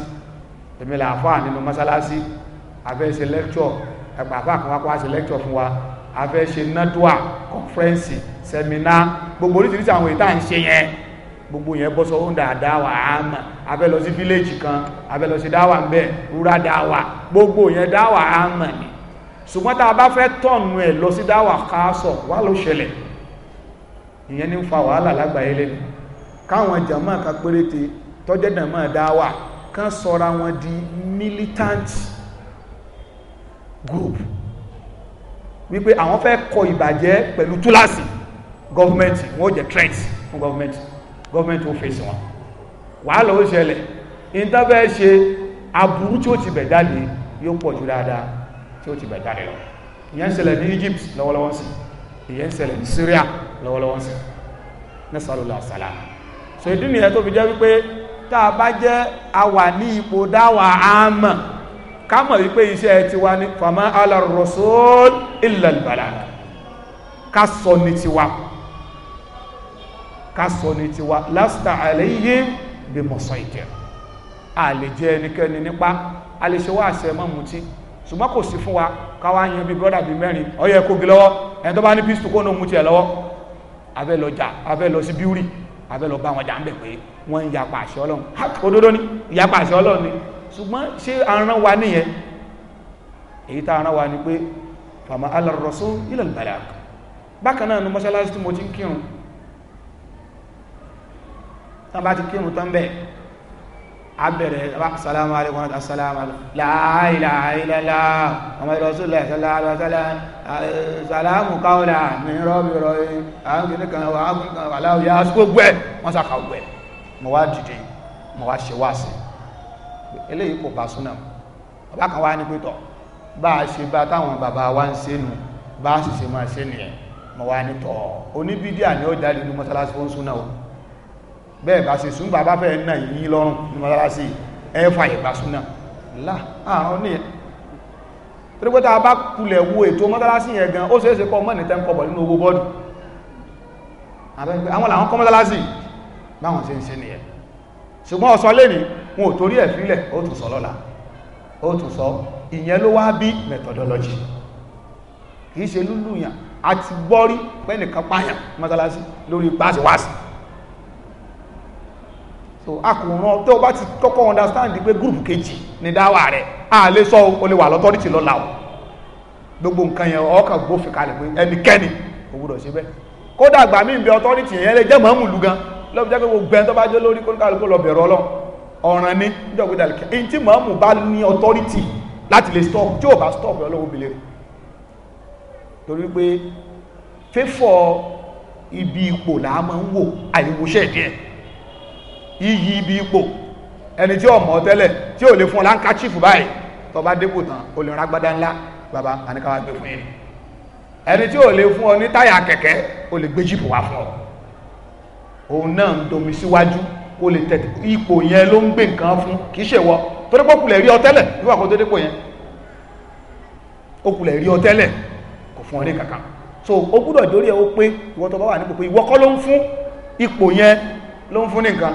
èmi làáfà nínú mọ́sálásí afẹ́ ṣe lẹ́kṣọ̀ ẹgbà àfà kan wá kó wá ṣe lẹ́kṣọ̀ fún wa afẹ́ ṣe nádùá kọ́nfẹ́rẹ́nsì sẹ́mínà gbogbo oríṣiríṣi àwọn ìtànsè yẹn gbogbo yẹn bọ́ sọ oúnjẹ àdáwà àmà abẹ́ lọ sí fíléèjì kan abẹ́ lọ sí dáwà ń bẹ́ rúra dáwà gbogbo yẹn dáwà àmà ni ṣùgbọ́n tá a bá fẹ́ tọ̀nù ẹ̀ lọ sí dáwà káàsọ̀ wá ló ṣẹlẹ̀ ìyẹn ní ń fa wàhálà lágbàáyé lẹ́nu káwọn jàmá kan péréte tọ́jẹ́ dàmá dáwà kan sọra wọn di militant group wípé àwọn fẹ́ kọ ìbàjẹ́ pẹ̀lú túláàsì gọ́ọ̀mẹ́ntì wọ́n jẹ́ threat fún gọ́ọ̀mẹ́ntì gọ́ọ̀mẹ́ntì ó fèsì wọn wàhálà ó ṣẹlẹ̀ ìntàbẹ́ ṣe aburú tí ó ti bẹ̀ jáde yóò pọ̀ jù dáadáa tí ó ti bẹ̀ jáde lọ ìyẹn ṣẹlẹ̀ ní Egypt lọ́wọ́lọ́wọ́ sí ìyẹn ṣẹlẹ̀ ní Syria lọ́wọ́lọ́wọ́ sí nẹ́sàlùlọ àṣàlá so ìdí nìyẹn tó fi jẹ́ wípé tá a bá jẹ́ a wà ní ipò dáwà àmà ká mọ̀ wípé iṣẹ́ tiwa ní fama ala rasul illa al-balagh ká sọ ní ká sọ ní tiwa lásìtà àlẹ́yé bí mọ̀sán ìtẹ̀ a lè jẹ ẹnikẹ́ni nípa a lè ṣe wá àṣẹ mọ́ mutí ṣùgbọ́n kò sí fún wa káwá yan bí brọ́dà bí mẹ́rin ọyẹ kógi lọ́wọ́ ẹni tó bá ní pístù kó ní mutí ẹ lọ́wọ́ abẹ́ lọ jà abẹ́ lọ sí bíúrì abẹ́ lọ bá wọn jà ń bẹ̀ pé wọ́n ń yapa àṣẹ ọlọ́run òdodo ni ìyapa àṣẹ ọlọ́run ni ṣùgbọ́n ṣé aràn wa nìyẹn èyí tá aràn wa ni pé fàmà alàrọ̀sọ́ ilẹ̀ ìbàdàn bákan náà ni mọ́ṣáláṣí tí mo ti ń kírun tán bá ti kírun tán bẹ́ẹ̀ a bẹ̀rẹ̀ assalamu alaikum assalamu alaikum la ilaha illallah muhammadu rasulullah sallallahu alaihi wasallam eh, salamu kaula min rabbil rahim àwọn kìnnì kan wà áwọn kan wà láwùjọ àsìkò gbẹ wọn sàkà gbẹ mo wá dìde mo wá ṣe wá sí eléyìí kò bá súnà bàbá kan wá ní pé tọ̀ bẹ́ẹ̀ bá ṣe sùn bàbá fẹ́ náà yí lọ́rùn ní mọ́sálásí ẹ̀fà ìgbà súnà lá àrùn ní pẹ́lẹ́pẹ́ta bá kulẹ̀ wo ètò mọ́sálásí yẹn gan ó ṣeéṣe kọ́ mọ́ni tẹ́ ń kọ́bọ̀ nínú owó bọ́ọ̀dù àwọn làwọn kọ́ mọ́sálásí báwọn ṣe ń ṣe nìyẹn ṣùgbọ́n ọ̀sọ́ lẹ́ni wọn ò torí ẹ̀ fílẹ̀ ó tún sọ lọ́la ó tún sọ ìyẹn ló wá bí methodology kìí ṣe lúlùyàn àti so akùnrán tó o bá ti kọ́kọ́ understand pé group kejì ni dáwà rẹ̀ a lè sọ o lè wà lọ́tọ́rìtì lọ́la o gbogbo nǹkan yẹn ọkàn gbófin kalẹ̀ pé ẹnikẹ́ni kò gbúdọ̀ ṣe bẹ́ẹ̀ kódà àgbà mí bí ọtọ́rìtì yẹn lè jẹ́ mọ́mù lù gan lọ́bi jẹ́ pé gbogbo ẹni tó bá jẹ́ lórí kólúkálukú lọ bẹ̀rù ọlọ́ ọ̀ràn ni níjọba stop tí ò stop ẹ lọ́wọ́ bìlẹ̀ torí pé ibi ipò làá máa ń wò àyẹ̀wò ṣẹ̀díẹ̀ iyì ibi ipò ẹni tí ọmọ tẹ́lẹ̀ tí ò lè fún láńkàchífù báyìí tó bá dépò tán ó lè rán agbádá ńlá bàbá àníkàwá gbé fún yìí ẹni tí ò lè fún ọ ní táyà kẹ̀kẹ́ ó lè gbé jíìpù wá fún ọ òun náà ń domi síwájú kó lè tẹ̀tẹ̀ ipò yẹn ló ń gbé nǹkan fún kì í ṣèwọ torí pé kulẹ̀ rí ọ tẹ́lẹ̀ níwà kó tó dépò yẹn ó kulẹ̀ rí ọ tẹ́lẹ̀ kò fún ọ ní kankan so ó gbúdọ̀ dórí ẹ ó pé ìwọ tó bá wà nípò pé ìwọ kọ́ ló ń fún ipò yẹn ló ń fún nìkan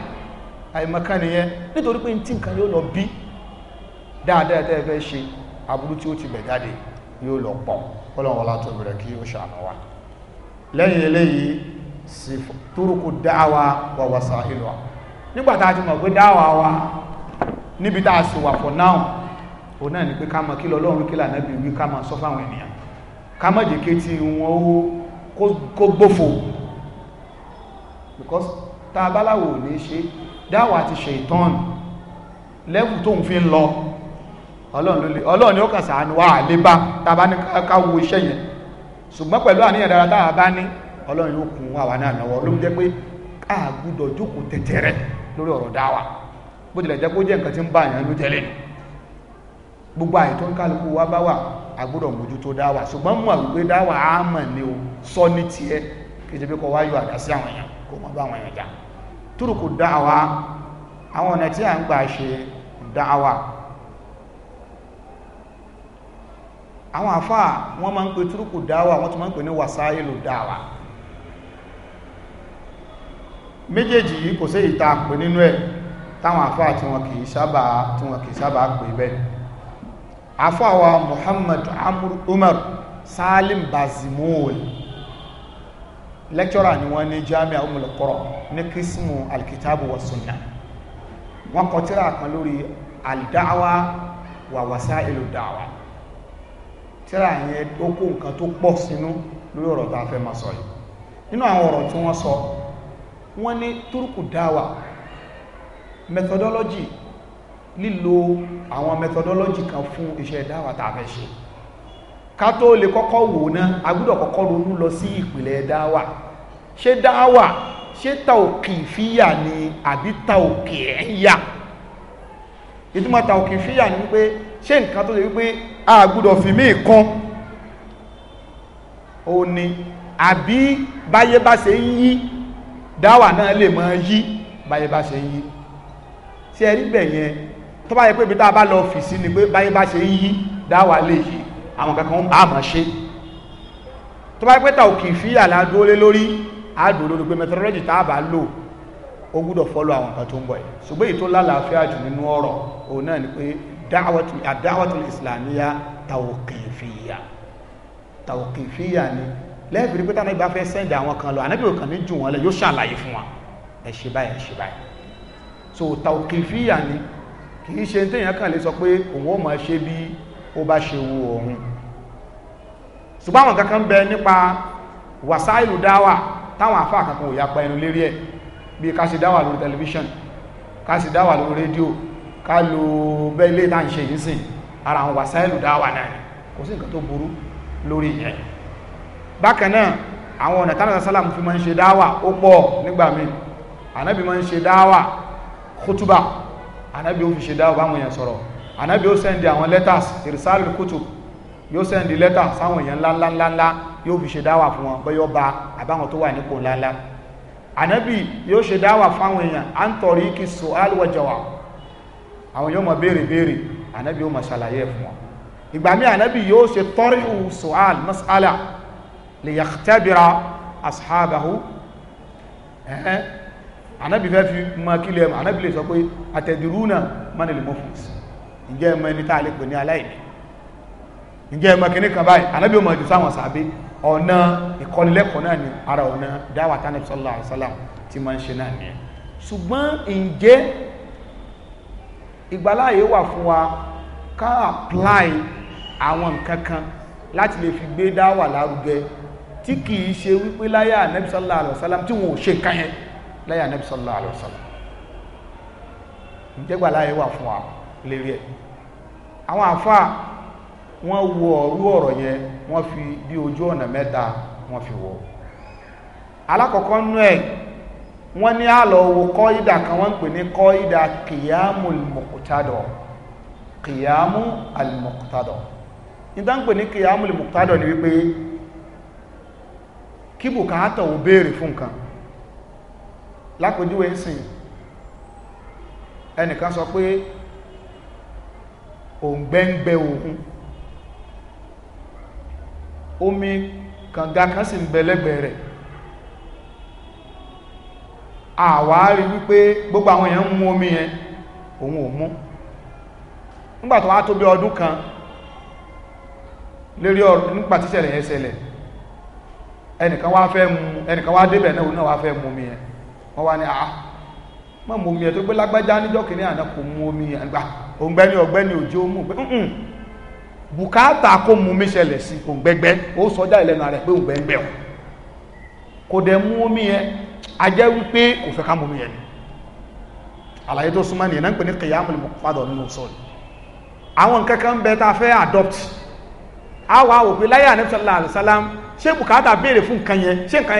àìmọ̀kan nìyẹn nítorí pé tí nǹkan yóò lọ bí dáadáa tẹ́ fẹ́ ṣe aburú tí ó ti bẹ̀ jáde yóò lọ pọ̀ ọlọ́run ọlá tó bẹ̀rẹ̀ kí ó ṣàánú wa lẹ́yìn eléyìí sí túrùkù dáwà wa wasailuha nígbà tá ti mọ̀ pé dáwà wa níbi tá a sì wà for now ò náà ni pé ká mọ̀ kí lọ́lọ́run kí lànàbí wí ká máa sọ fáwọn ènìyàn because tá a báláwo ò ní ṣe dáwà àti ṣètọ́nù lẹ́kù tó ń fi ń lọ ọlọ́run ni ó kàsà sàánú wà lébá tàbá ní káwọ iṣẹ́ yẹn ṣùgbọ́n pẹ̀lú àníyàn dára bá ní ọlọ́run yóò kùn àwa náà lọ́wọ́ ló jẹ́ pé káàgùdọ̀ jókòó lórí ọ̀rọ̀ dáwà bó tilẹ̀ jẹ́ kó jẹ́ nǹkan tí ń bá èèyàn gbogbo àìtọ́ ń kálukú wá bá wà mójú tó dáwà ṣùgbọ́n dáwà á mọ̀ sọ ní wáyọ̀ àwọn èèyàn kó túrùkù dáàwá àwọn ọ̀nà tí a ń gbà ṣe dáàwá àwọn àfáà wọ́n máa ń pè túrùkù dáàwá wọ́n tún máa ń pè ní wàsáìlù dáàwá méjèèjì yìí kò sí ìta pè nínú ẹ̀ táwọn àfáà tí wọn kìí sábà tí wọn kìí sábà pè bẹ́ẹ̀ àfáà wa Muhammad Amr Umar Salim Bazimol lecturer ni wọ́n ní jami'a Ummul Qura ní kírísìmù alkitabu wa sunna wọ́n kọ tírà kan lórí al-da'wa wa wasa'ilu da'wa tírà yẹn ó kó nǹkan tó pọ̀ sínú lórí ọ̀rọ̀ tá a fẹ́ máa sọ yìí nínú àwọn ọ̀rọ̀ tí wọ́n sọ wọ́n ní turuku da'wa methodology lílo àwọn methodology kan fún iṣẹ́ da'wa tá a fẹ́ ṣe ká tó lè kọ́kọ́ wò ná a gbọ́dọ̀ kọ́kọ́ ronú lọ sí ìpìlẹ̀ dáwà ṣé dáwà ṣé tàòkì fíyà ni àbí tàòkì ẹ̀yà ìtumọ̀ tàòkì fíyà ni wípé ṣé nǹkan tó lè wípé a gbọ́dọ̀ fi mí kan ó ní àbí báyé bá ṣe ń yí dáwà náà lè mọ́ yí báyé bá ṣe ń yí sí ẹ̀rí bẹ̀yẹn tó bá yẹ pé ibi tá a bá lọ fì sí ni pé báyé bá ṣe ń yí dáwà lè yí àwọn kankan á máa ṣe tó bá pẹ́ta òkè ìfíyà ládúró lé lórí àádùn lórí pé methodology tá a bá lò ó gbúdọ̀ fọ́lọ̀ àwọn nǹkan tó ń bọ̀ yìí ṣùgbọ́n èyí tó lálàáfíà jù nínú ọ̀rọ̀ òun náà ni pé àdáwàtul islamiyya tawqifiyya tawqifiyya ni lẹ́ẹ̀fìrí pé tánà ìbá fẹ́ sẹ́ndì àwọn kan lọ ànábì òkan ní jù wọn lẹ yóò ṣàlàyé fún wa ẹ ṣe báyìí ẹ ṣe báyìí so tawqifiyya ni kì í ṣe téèyàn kàn lè sọ pé òun ó máa ṣe bí ó bá ṣe wu òun ṣùgbọ́n àwọn kankan bẹ nípa wàsáìlù dáwà táwọn àfáà kankan ò yapa ẹnu lérí ẹ̀ bí ká sì dáwà lórí tẹlifíṣàn ká sì dáwà lórí rédíò ká lo bẹ́ẹ̀lẹ́ tá ń ṣe yìí sìn ara àwọn wàsáìlù dáwà náà kò sí nǹkan tó burú lórí ìyẹn bákan náà àwọn ọ̀nà tánà sálàmù fi máa ń ṣe dáwà ó pọ̀ nígbà míì ànábì máa ń ṣe dáwà kútúbà ànábì ó fi ṣe dáwà báwọn èèyàn sọ̀rọ̀ ànábì ó sẹ́ndì àwọn letters ìrìsáàlù kútùbù yóò sẹ́ndì lẹ́tà sáwọn èèyàn ńláńláńlá yóò fi ṣe dáwà fún wọn bọ́yọ́ ba àbáwọn tó wà nípò ńláńlá ànábì yóò ṣe dáwà fáwọn èèyàn à ń tọ̀rí kí so alwajawa àwọn yóò mọ̀ béèrè béèrè ànábì yóò mọ̀ ṣàlàyé fún wọn ìgbà mí ànábì yóò ṣe tọ́rí so al masala lè yàtẹ́bìra ashabahu ẹ̀hẹ́ ànábì fẹ́ fi mọ́ kílẹ̀ ànábì lè sọ pé àtẹ̀dìrúnà mọ́nìlì mọ́fún ìjẹ́ mọ́ ẹni tá a lè pè ní aláìní ǹjẹ́ ẹ mọ kíní kan báyìí anábì ọmọ ìdí sáwọn sàbí ọ̀nà ìkọnilẹ́kọ̀ọ́ náà ni ara ọ̀nà dáwà tánà sallallahu alaihi wasallam tí máa ń ṣe náà nìyẹn ṣùgbọ́n ǹjẹ́ ìgbàláyé wà fún wa ká apply àwọn nǹkan kan láti lè fi gbé dáwà lárugẹ tí kìí ṣe wípé láyà anábì sallallahu alaihi wasallam tí wọn ò ṣe nǹkan láyà anábì sallallahu alaihi wasallam ǹjẹ́ ìgbàláyé wà fún wa lérí ẹ̀ àwọn àfáà wọ́n wo ọ̀rú ọ̀rọ̀ yẹn wọ́n fi bí ojú ọ̀nà mẹ́ta wọ́n fi wọ́ alákọ̀ọ́kọ́ nú ẹ̀ wọ́n ní àlọ́ wo kọ́ ìdà kan wọ́n ń pè ní kọ́ ìdà kìyàmù alìmọ̀kútádọ̀ kìyàmù alìmọ̀kútádọ̀ ìdá ń pè ní kìyàmù alìmọ̀kútádọ̀ ni wípé kí bùkátà ò béèrè fún nǹkan lápòjúwe ń sìn ẹnìkan sọ pé òǹgbẹ́ǹgbẹ́ òkun omi kànga kan sì ń bẹ lẹ́gbẹ̀ẹ́ rẹ̀ gbogbo àwọn èèyàn mú omi yẹn òun ò mú tó bí ọdún kan lérí ọ̀rọ̀ nígbà tí ṣẹlẹ̀ yẹn ṣẹlẹ̀ ẹnìkan wá wa débẹ̀ náà náà wá fẹ́ mú omi yẹn wọ́n wá ní àá mọ́ mú omi yẹn tó gbé lágbájá níjọ́ kìíní àná kò omi yẹn gbà òjò mú bùkátà kó mu mi ṣẹlẹ̀ sí kò gbẹgbẹ ó sọjá ìlẹ́nu rẹ̀ pé òǹgbẹ́ o kò dẹ̀ mú a jẹ́ wípé kò fẹ́ ká mu omi yẹn ni àlàyé tó súnmọ́ nìyẹn náà ń pè ní kìyàmù lùmọ̀ fàdọ̀ nínú àwọn a fẹ́ adopt a wà wò pé láyé àníbi sọlá àlùsálàm ṣé bùkátà béèrè fún nǹkan yẹn ṣé nǹkan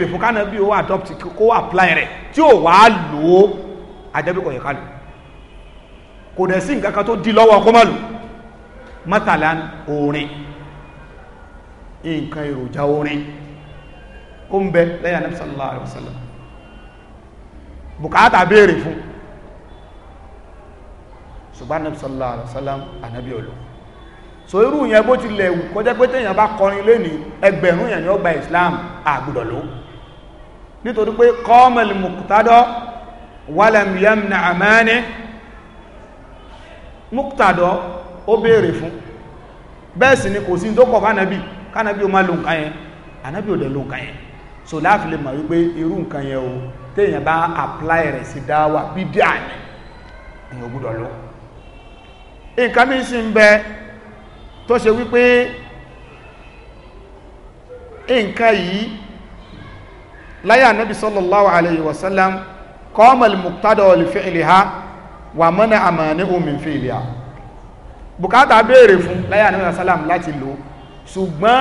yẹn adopt kó apply rẹ̀ tí ò wá lò kò dẹ̀ sí nǹkan kan tó di lọ́wọ́ kó má lò mọ́tàlá orin nǹkan èròjà orin ó ń bẹ lẹ́yìn Ànábì sallallahu alaihi wasallam bùkátà béèrè fún ṣùgbọ́n Ànábì sallallahu alaihi wasallam ànábì ọlọ́ so irú yẹn bó ti lẹ̀ wù kọjá pé téèyàn bá kọrin lónìí ẹgbẹ̀rún yẹn ni ó gba Islam àgbùdọ̀ ló nítorí pé qamal muqtada walam yamna amani múktàdọ́ ó béèrè fún bẹ́ẹ̀ sì ni kò sí tó kọ̀ fánàbí kánàbí o má lo nǹkan yẹn ànábí ò dẹ̀ lo nǹkan yẹn so láàfi lè mọ̀ wípé irú nǹkan yẹn o téèyàn bá apply rẹ̀ sí dáwà bí díà ní èyàn gbúdọ̀ lọ nǹkan mi sì ń bẹ tó ṣe wípé nǹkan yìí láyé ànábì sallallahu alayhi wa kọ́mọ̀lì múktàdọ́ lè fi ha wà mọ́nà àmàní omi fi ìlú à bùkátà béèrè fún láyé àníwà sálàm láti lò ṣùgbọ́n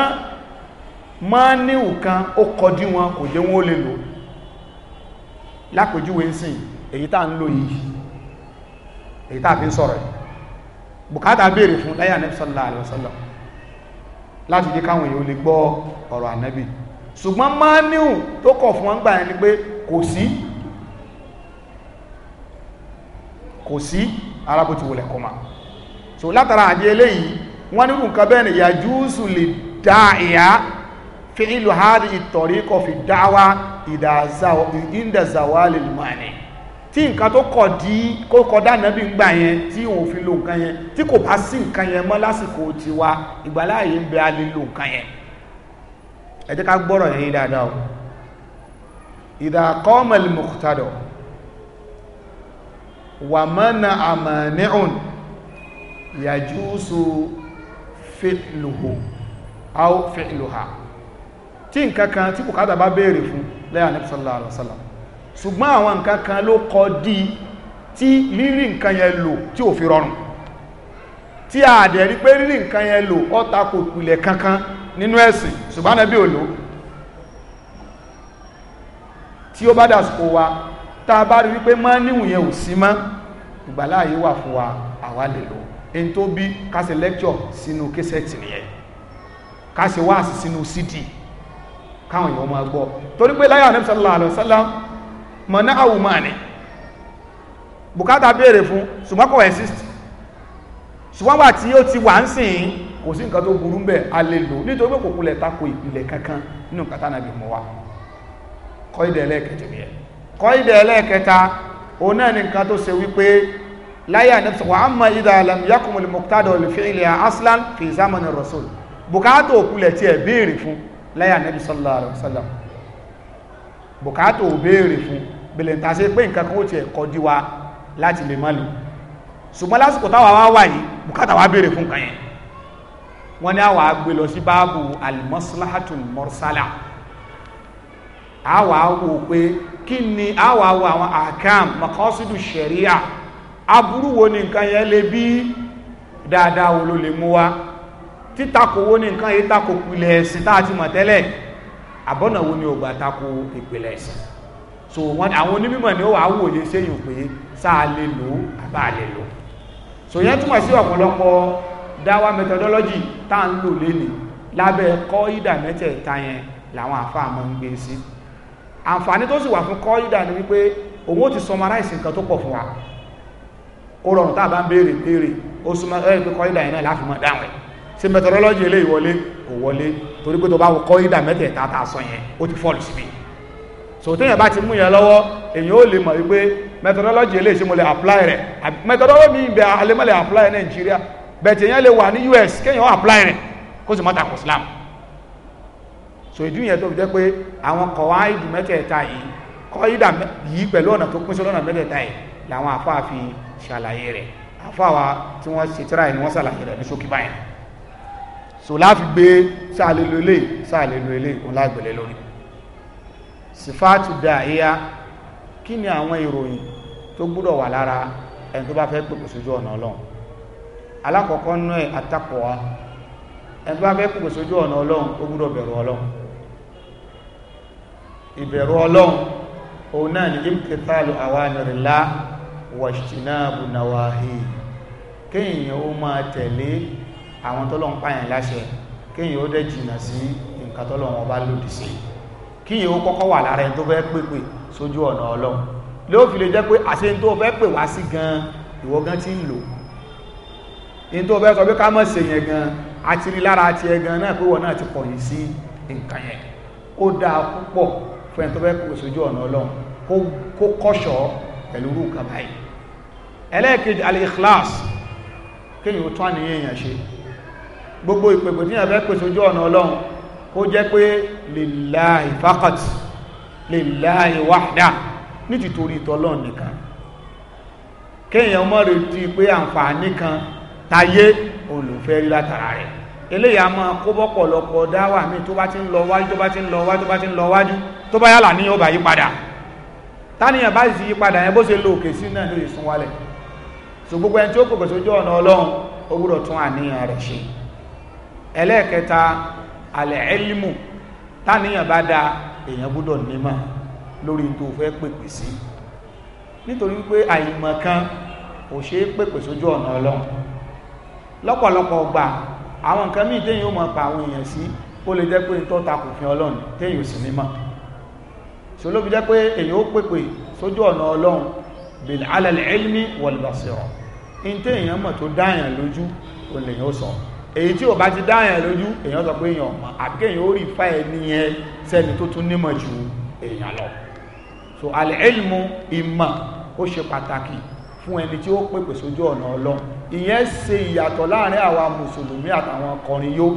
mọ́níwù kan ó kọjú wọn kò jẹ́ wọ́n lè lò lápòjúwe ń sìn èyí tàà ń lò yìí èyí tàà fi ń sọ̀rọ̀ bùkátà béèrè fún láyé àníwà sálàm láti kò sí arábòtí wọlẹ̀ kọmà so látara àdí eléyìí wọ́n ní nǹkan bẹ́ẹ̀ ni yàjúùsù lè dá ìyá fi ìlú hádì ìtọ̀rí kọ fi dáwà ìdàzàwálè lùmọ̀ọ́nì tí nǹkan tó kọ̀ dí kó kọdá nàbí ń gbà yẹn tí òun fi lo nǹkan yẹn tí kò bá sí nǹkan yẹn mọ́ lásìkò tiwa ìgbàláyé ń bẹ a lè lo nǹkan yẹn ẹ ká gbọ́rọ̀ yẹn dáadáa ìdàkọ́mọ̀lì mọ̀kútàdọ̀ wà mọ́nà àmàníhùn yàjúúsù fìlùhù aw fìlùhà tí nkankan tí bùkátà bá béèrè fún lẹ́yà ní sallallahu alaihi wasallam ṣùgbọ́n àwọn nkankan ló kọ dí tí lírí nkan yẹn lò tí ò fi rọrùn tí a dẹ̀ rí pé lírí nkan yẹn lò ọ́ta kò pìlẹ̀ kankan nínú ẹ̀sìn ṣùgbọ́n Ànábì ò lò tí ó bá dàsìkò wa tá a bá rí wípé mọ́ níwùn yẹn ò sí mọ́ ìgbàláàyè wà fún wa àwa lè lò in tó bí ká ṣe lecture sínú késẹ̀tì nìyẹn ká ṣe wáàsì sínú cd káwọn èèyàn máa gbọ́ torí pé láyé ànábì sallallahu alaihi wasallam mọ̀ náà àwùmọ̀ ni bùkátà béèrè fún ṣùgbọ́n kò exist ṣùgbọ́n wà tí ó ti wà ń sìn kò sí nǹkan tó burú ń bẹ̀ a lè lò nítorí pé kò tako ìpìlẹ̀ kankan nínú kátà mọ́ wa kọ́ ìdẹ̀ẹ́lẹ́ kẹjọ bí kọ́ ìdẹ̀ ẹlẹ́ẹ̀kẹta òun náà ni nǹkan tó ṣe wípé láyé ànẹ́bìsọ̀ wà á mọ ìdá alam yakumul muqtada li fi'liha aslan fi zamani rasul bùkátà òkulẹ̀ tí ẹ̀ béèrè fún láyé ànẹ́bì sallallahu alaihi wasallam bùkátà ò béèrè fún bèlè ń ta sí pé nǹkan kan ó ti ẹ̀ kọjú wa láti lè má lò ṣùgbọ́n lásìkò táwa wá wà yìí bùkátà wa béèrè fún kan yẹn wọ́n ní àwa gbé lọ sí báàbù al maslahatul mursala wò pé kí ni àwọ̀ àwọ̀ àwọn àkàm makọ́sídù ṣẹ̀ríà aburú wo ni nǹkan yẹn lè bí dáadáa wo ló lè mú wa títakò wo ni nǹkan yẹn takò ìpìlẹ̀ ẹ̀sìn tá a ti mọ̀ tẹ́lẹ̀ àbọ̀nà wo ni ò gbà takò ìpìlẹ̀ ẹ̀sìn so wọn àwọn onímọ̀ ni ó wà á wòye séyìn pé sáà lè lò ó àbá lè lò so yẹn túmọ̀ sí ọ̀pọ̀lọpọ̀ dáwà methodology tá à ń lò lénìí lábẹ́ kọ́ ìdà mẹ́tẹ̀ẹ̀ta yẹn làwọn àfáà mọ́ ń gbé sí. Si àǹfààní tó sì wà fún kọ́ídà ni wípé òun ó ti summarize nǹkan tó pọ̀ fún wa ó rọrùn tá a bá ń béèrè béèrè ó súnmọ́ ẹ̀ pé kọ́ídà yẹn náà láfi mọ̀ dáhùn ẹ̀ sí methodology eléyìí wọlé kò wọlé torí pé tó bá wọ kọ́ídà mẹ́tẹ̀ẹ̀ta tá a sọ yẹn ó ti fọ́ọ̀lù síbi so téèyàn bá ti mú yẹn lọ́wọ́ èyàn ó lè mọ̀ wípé methodology eléyìí sí mo lè apply rẹ̀ methodology mi bẹ alẹ́ mọ́ lè apply Nàìjíríà bẹ̀tẹ̀ yẹn lè wà ní US kéèyàn ó apply rẹ̀ kó sì mọ́ tako Islam so ìdí yẹn tó fi jẹ́ pé àwọn kọ̀wá ìdù mẹ́tẹ̀ẹ̀ta yìí kọ́ ìdà yìí pẹ̀lú ọ̀nà tó pín sí lọ́nà mẹ́tẹ̀ẹ̀ta yìí làwọn àfáà fi ṣàlàyé rẹ̀ àfáà wa tí wọ́n ṣe tíra ẹ̀ ni wọ́n ṣàlàyé rẹ̀ ní ṣókí báyìí so láfi gbé sáàlélu ilé sáàlélu ilé òun lágbèlé lórí sifáàtù dàíyá kí ni àwọn ìròyìn tó gbúdọ̀ wà lára ẹni tó bá fẹ́ pèpè sójú ọ̀nà ọlọ́run alákọ̀ọ́kọ́ nú ẹ̀ àtakọ̀wá ẹni tó bá fẹ́ pèpè sójú ọ̀nà ọlọ́run ó gbúdọ̀ bẹ̀rù ọlọ́run ìbẹ̀rù ọlọ́run òun náà ní imtithalu awamirillah wajtinabu nawahi kéèyàn ó máa tẹ̀lé àwọn tọ́lọ́run pààyàn láṣẹ kéèyàn ó dẹ̀ jìnà sí nǹkan tọ́lọ́run ọba lòdì sí kíyàn ó kọ́kọ́ wà lára ẹni tó fẹ́ pèpè sójú ọ̀nà ọlọ́run ló fi lè jẹ́ pé àṣẹ ní tó fẹ́ pè wá sí gan ìwọ gan ti ń lò ní tó fẹ́ sọ pé ká mọ̀ ṣe yẹn gan àti rí lára ti ẹ gan náà pé wọ́n náà ti pọ̀yìn sí nǹkan yẹn ó dáa púpọ̀ pé ẹni tó fẹ́ kó sojú ọ̀nà ọlọ́run kó kọ́ṣọ́ pẹ̀lú irú kan báyìí ẹlẹ́ẹ̀kejì al-ikhlas kéyìn ó tún àníyàn èèyàn ṣe gbogbo ìpèpè tí ẹ̀fẹ́ pè sojú ọ̀nà ọlọ́run kó jẹ́ pé lillahi faqat lillahi wahda ní tìtorí ìtọ́lọ́run eléyà máa kó bọ́pọ̀lọpọ̀ dáwà míì tó bá ti ń lọ wájú tó bá ti ń lọ wájú tó bá ti ń lọ wájú tó bá yálà ní ọba yí padà táníyàn bá sì yí padà yẹn bó ṣe lo òkè sí náà ló lè sún ṣùgbọ́n ẹni tí ó pèpè sójú ọ̀nà ọlọ́run ó gbúdọ̀ tún àníyàn rẹ̀ ṣe ẹlẹ́ẹ̀kẹta alẹ́ ẹlímù táníyàn bá da èèyàn gbúdọ̀ nímọ̀ lórí tó fẹ́ pèpè sí nítorí pé àìmọ̀ kan ò ṣe é pèpè sójú ọ̀nà ọlọ́run lọ́pọ̀lọpọ̀ gbà àwọn nǹkan míì téyìn ó mọ̀ pa àwọn èèyàn sí ó lè jẹ́ pé ń tọ́ta kò fi ọlọ́run téyìn ò sì ní mọ̀ so ló fi jẹ́ pé èyàn ó pèpè sójú ọ̀nà ọlọ́run bil ala al ilmi wal basira in téyìn mọ̀ tó dáyàn lójú ó lè yàn ó so al ilmu ìmọ̀ ó ṣe pàtàkì fún ẹni tí ó pèpè sójú ọ̀nà ọlọ́run ìyẹn ṣe ìyàtọ̀ láàrin àwa mùsùlùmí àtàwọn ọkọrin yó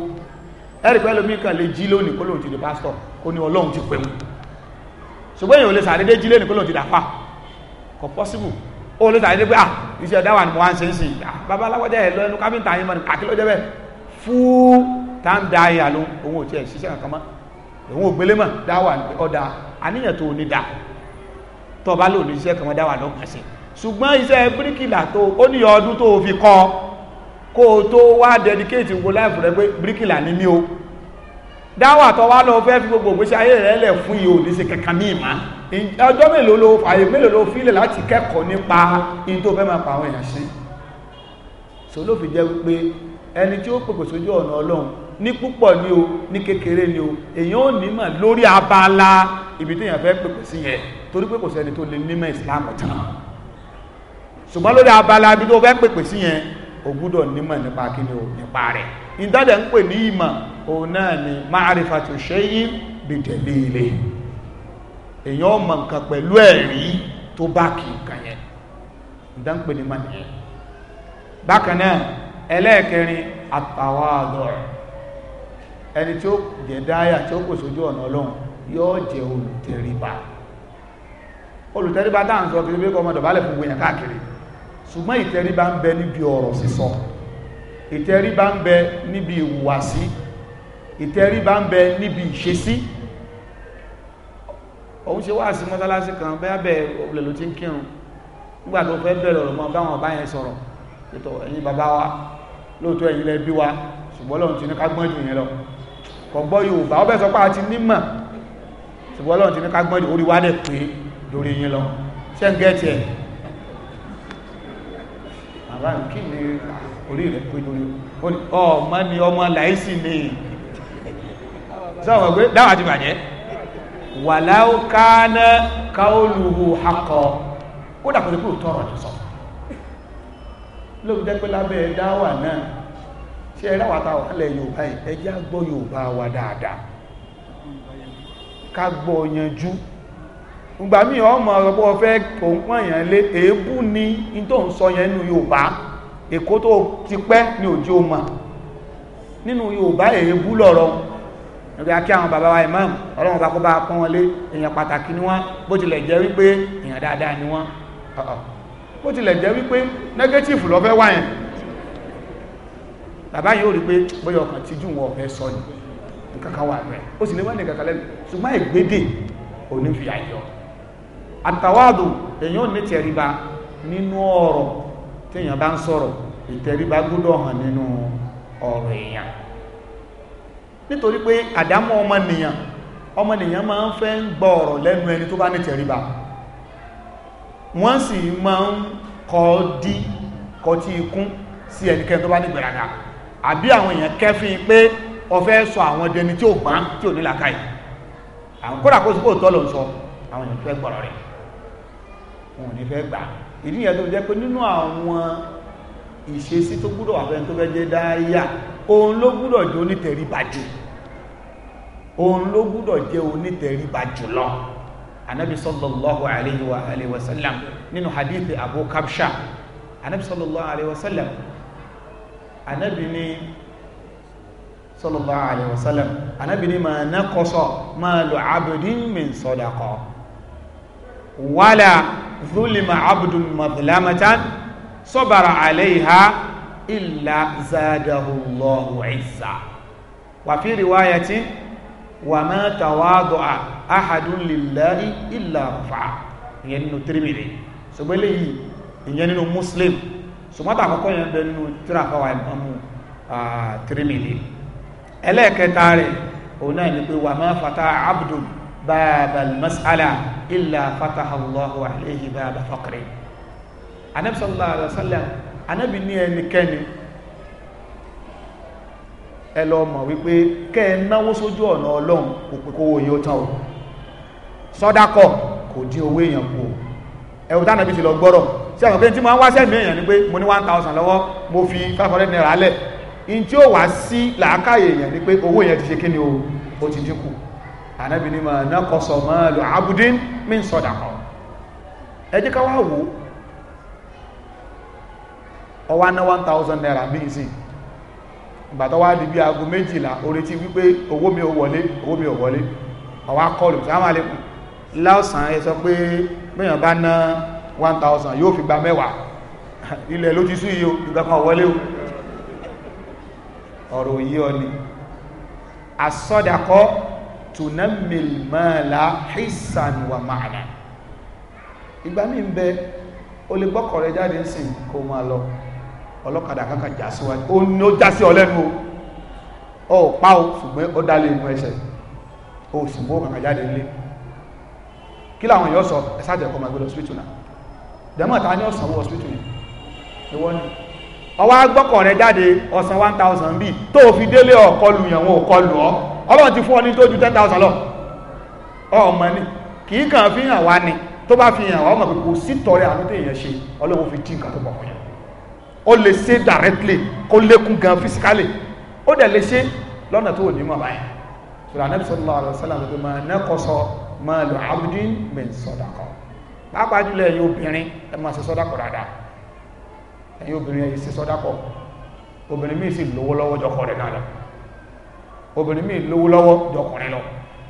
ẹ̀rì pẹ́lú mi kàn lè jí lónìí kó lóun ti di pásítọ̀ kó ní ọlọ́run ti pẹ̀wù ṣùgbọ́n èèyàn ò lè sàdédé jí lónìí kó lóun ti dàpá kò pọ́síbù ó lè sàdédé pé ah iṣẹ́ ẹ̀dá wà ní mo wá ń ṣe ń sìn ah, bàbá aláwọ̀jẹ́ ẹ̀ lọ ẹnu kábíntà yín mọ́ ní kàkí lọ́jọ́ bẹ́ẹ̀ fún táǹdà ayà ló òun ò tiẹ̀ ṣiṣẹ́ kankan mọ́ òun ò gbélé mọ̀ dáwà ọ̀dà àníyàn tó ní dà tọ́ lò ní iṣẹ́ kan dáwà lọ́kàn sí ṣùgbọ́n iṣẹ́ bíríkìlà tó ó ní ọdún tó fi kọ́ kó o tó wá dedicate gbogbo láìfù rẹ pé bíríkìlà ní mí o dáwà tó wá lọ fẹ́ fi gbogbo ìgbésí ayé rẹ lẹ̀ fún iye òní ṣe kankan míì má ọjọ́ mélòó ló fàyè mélòó ló fílẹ̀ láti kẹ́kọ̀ọ́ nípa in tó fẹ́ máa pa àwọn èèyàn sí so ló fi jẹ́ wípé ẹni tí ó pèpè sójú ọ̀nà ọlọ́run ní púpọ̀ ni o ní kékeré ni o èèyàn ò ní mà lórí abala ibi tí èèyàn fẹ́ pèpè sí yẹn torí pé kò sẹ́ni tó lè nímọ̀ ìsìlámù tán ṣùgbọ́n lórí abala ibi tó fẹ́ o nímọ̀ nípa kíni o nípa rẹ̀ ìdádẹ̀ ń pè ní ìmọ̀ òun náà ni ma'rifatu shay'in bi dalili èèyàn mọ̀ nǹkan pẹ̀lú ẹ̀rí tó bá kì í kàn yẹn ìdá ń pè ní mọ̀nì yẹn bákan náà ẹlẹ́ẹ̀kẹrin àtàwádọ̀ ẹni tí ó jẹ́ dáyà tí ó kò sójú ọ̀nà ọlọ́run yóò jẹ́ táà ń sọ kiri bí kọ́ fún káàkiri ṣùgbọ́n ìtẹríba ń bẹ níbi ọ̀rọ̀ sísọ ìtẹríba ń bẹ níbi ìhùwàsí ìtẹríba ń bẹ níbi ìṣesí òun ṣe wá sí mọ́sálásí kan bẹ́ẹ̀ bẹ́ẹ̀ olè ló ti ń kírun nígbà tó fẹ́ bẹ̀rẹ̀ ọ̀rọ̀ mọ́ báwọn ọba yẹn sọ̀rọ̀ wa lóòótọ́ ẹ̀yin lẹ bí wa ṣùgbọ́n lọ́run ti ní ká gbọ́n jù yẹn lọ kò gbọ́ Yorùbá ọbẹ̀ sọ pé a ti nímọ̀ ṣùgbọ́n Quran kí ni orí rẹ̀ pé lórí ọmọ ni ọmọ làísì ni sọ́wọ́ pé dáwà ti bàjẹ́ wàláwó káánà káólùhù akọ ó dàpọ̀ sí pé ò tọrọ ti sọ lóòrùn pé lábẹ́ dáwà náà tí ẹ ráwàtà ọ̀hálẹ̀ Yorùbá ẹ jẹ́ gbọ́ Yorùbá wa dáadáa ká gbọ́ yanjú ìgbà míì ọmọ ọ̀rọ̀pọ̀ ọ̀fẹ́ òǹpọ̀ èèyàn lé èébú ni in tó ń sọ yẹn nínú Yorùbá èkó tó ti pẹ́ ní òjò mà nínú Yorùbá èébú lọ̀rọ̀ nígbà kí àwọn bàbá wa imam ọlọ́run bá kó bá pọ́n wọn lé èèyàn pàtàkì ni wọ́n bó tilẹ̀ jẹ́ wípé èèyàn dáadáa ni wọ́n bó tilẹ̀ jẹ́ wípé negative lọ́fẹ́ wà yẹn bàbá yìí ó rí pé bóyá ọkàn tijú wọn ọ̀fẹ́ sọ ni nǹkan kan wà rẹ̀ ó sì ní wọ́n ní kankan lẹ́nu ṣùgbọ́n ìgbédè òní fi àyọ̀ àtàwádù èyàn ní tẹríba nínú ọ̀rọ̀ téèyàn bá ń sọ̀rọ̀ ìtẹríba gbọ́dọ̀ hàn nínú ọ̀rọ̀ èèyàn nítorí pé àdámọ́ ọmọnìyàn ọmọnìyàn máa ń fẹ́ ń gbọ́ ọ̀rọ̀ lẹ́nu ẹni tó bá ní tẹríba wọ́n sì máa ń kọ́ dí kọ́ tí ikún sí ẹnikẹ́ni tó bá ní gbẹ̀ràgà àbí àwọn èèyàn kẹfin pé ọfẹ́ sọ àwọn dẹni tí ò gbọ́n tí ò nílàkàyè àwọn kódà kó sí kó tọ́ lọ sọ àwọn èèyàn fẹ́ gbọ́rọ̀ rẹ̀ wọn ò ní fẹ́ gbà ìdí yẹn tó jẹ́ pé nínú àwọn ìṣesí tó gbúdọ̀ wà fẹ́ni tó fẹ́ jẹ́ dáyà òun ló gbúdọ̀ jẹ́ onítẹ̀ríba jù òun ló gbúdọ̀ jẹ́ onítẹ̀ríba jù lọ anabi sallallahu alayhi wa alayhi wa sallam nínú hadithi abu kabsha anabi sallallahu alayhi wa sallam anabi ni sallallahu alayhi wa sallam anabi ni ma naqasa malu abdin min sadaqa wala zulima abdul madlamatan sabara alayha illa zadahu Allahu izza wa fi riwayatin wa ma tawada'a ahadun lillahi illa rafa'a ìyẹn nínú Tirmidhi ṣùgbọ́n eléyìí ìyẹn nínú Muslim ṣùgbọ́n àkọ́kọ́ yẹn bẹ nínú tíra fáwọn ìmọ̀mù Tirmidhi ẹlẹ́ẹ̀kẹta rẹ̀ òun náà ni pé wà máa fata abdul bàbá mas'ala illa fataha Allahu alayhi baba faqri anabi sallallahu alayhi wa sallam anabi ní ẹnikẹ́ni ẹ lọ mọ̀ wípé kẹ́ ẹ náwó sójú ọ̀nà ọlọ́run kò pé kówó yóò tán o sọ́dákọ̀ kò dín owó èèyàn kù ẹ̀wù tánà bí ti lọ gbọ́rọ̀ sí àwọn pẹ́ntí máa ń wá sẹ́mì èèyàn ni pé mo ní 1000 lọ́wọ́ mo fi 500 naira lẹ̀ in tí ó wá sí làákàyè èèyàn ni pé owó èèyàn ti ṣe kí ni o ti dínkù ànábì ní ma naqasa malu abudin min sadaqa ẹ jẹ́ ká wá wò ó wá ná 1000 naira bí ìsìn ìgbàtọ́ wá di bí aago méjìlá oretí wípé owó mi ò wọlé owó mi ò wọlé ó wá kọlù sáwọn àlékún lásán ẹ sọ pé mẹ́yàn bá ná 1000 yóò fi gba mẹ́wàá ilẹ̀ ló ti sú iyo ìgbàkan wọlé o ọ̀rọ̀ yí ọ ni àsọ́dàkọ́ tunami mala hisan wa ma'na ìgbà mi bẹ o lè gbọ́kọ̀ rẹ jáde ń sìn kó máa lọ ọlọ́kadà kankan já síwájú ó ní ó já sí o pa o ṣùgbọ́n ó dá lé o ò ṣùgbọ́n kankan jáde nílé kí làwọn èèyàn sọ ẹ sáà jẹ́kọ́ máa gbé lọ hospital dẹ́mọ̀ ta ní ọ̀sán yìí one thousand bíi tó o fi délé ọ̀kọlù yẹn wọn ò ọlọ́run ti fún ọ ní tó ju 10,000 lọ ọmọ ní kìí kàn fi hàn wá ní tó bá fi hàn wá ọmọ kò sí tọrẹ àmútẹ́ èèyàn ṣe ọlọ́run fi tí nǹkan tó pọ̀ fún ó lè ṣe directly kó lékún gan physically ó dẹ̀ lè ṣe lọ́nà tó ní mọ̀ báyìí sọ̀rọ̀ anábì sallallahu alaihi wasallam tó máa nẹ́kọ̀ọ́sọ máa lọ abudin min sọ́dakọ̀ pàápàá jùlọ ẹ̀yin obìnrin ẹ máa ṣe sọ́dakọ̀ dáadáa ẹ̀yin obìnrin ẹ̀yin ṣe sọ́dakọ̀ obìnrin míì sì lówó lọ́wọ́ jọkọ̀ rẹ̀ náà lọ́wọ́ obìnrin míì lówó lọ́wọ́ jọkùnrin lọ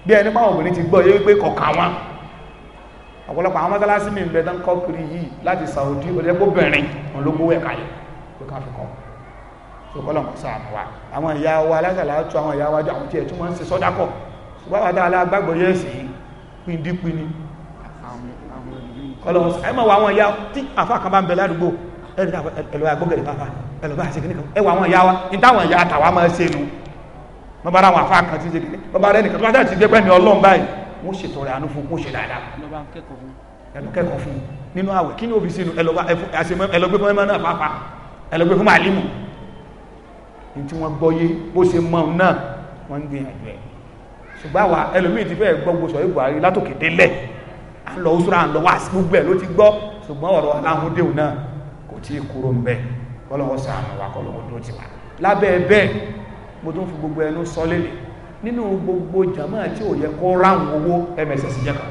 bí ẹni pàwọn obìnrin ti gbọ́ yé pé kọ̀ọ̀kan wọn ọ̀pọ̀lọpọ̀ àwọn mọ́sálásí mi ń bẹ tán kọ́ kiri yìí láti Saudi olóògbóbìnrin òun ló gbówó ẹ̀ka yẹ pé ká fi kọ́ ṣokọ́lọ̀ kọ́ sáà wa àwọn ìyá wa alásàlá tu àwọn ìyá wa jọ àwọn tí ẹ̀ tún wọ́n ń ṣe sọ́dá kọ̀ ṣùgbọ́n àwọn dáadáa gbàgbọ́ yẹ́ sí pindipini kọ́lọ̀ ẹ mọ̀ wọ àwọn ìyá tí àfa kan bá ń bẹ ládùúgbò ẹ̀rọ àgbọ̀gẹ̀rẹ̀ bàbá ẹ̀lọ́bà àṣekínìkan ẹ wọ àwọn ìyá wa ní táwọn ìyá àtàwà máa ṣe nù bàbá ara àwọn afá kan ti ṣe kéde bàbá ara ẹnìkan tó wájú àti gbẹgbẹ mi ọlọ́run báyìí wọ́n ṣètò rẹ̀ àánú fún un kó ṣe dáadáa ẹ̀lọ́ kẹ́kọ̀ọ́ fún un nínú àwẹ̀ kí ni òbí sínú ẹlọgbẹ́ fún ẹmọ náà pápá ẹlọgbẹ́ fún màálímù ní tí wọ́n gbọ́yé bó ṣe mọ́ náà wọ́n ń gbìyànjú ẹ̀ ṣùgbọ́n wa ẹlòmíì ti fẹ́ gbọ́gbọ́ sọ ìgbò àrí látòkè délẹ̀ à ń lọ òṣùrà à ń lọ wá sí gbogbo ẹ̀ ló ti gbọ́ ṣùgbọ́n ọ̀rọ̀ aláhùn déhùn náà kò bẹ́ẹ̀ mo tún fi gbogbo ẹnu sọ lélẹ̀ nínú gbogbo jàmá tí ò kó ráhùn owó mss jẹ́ka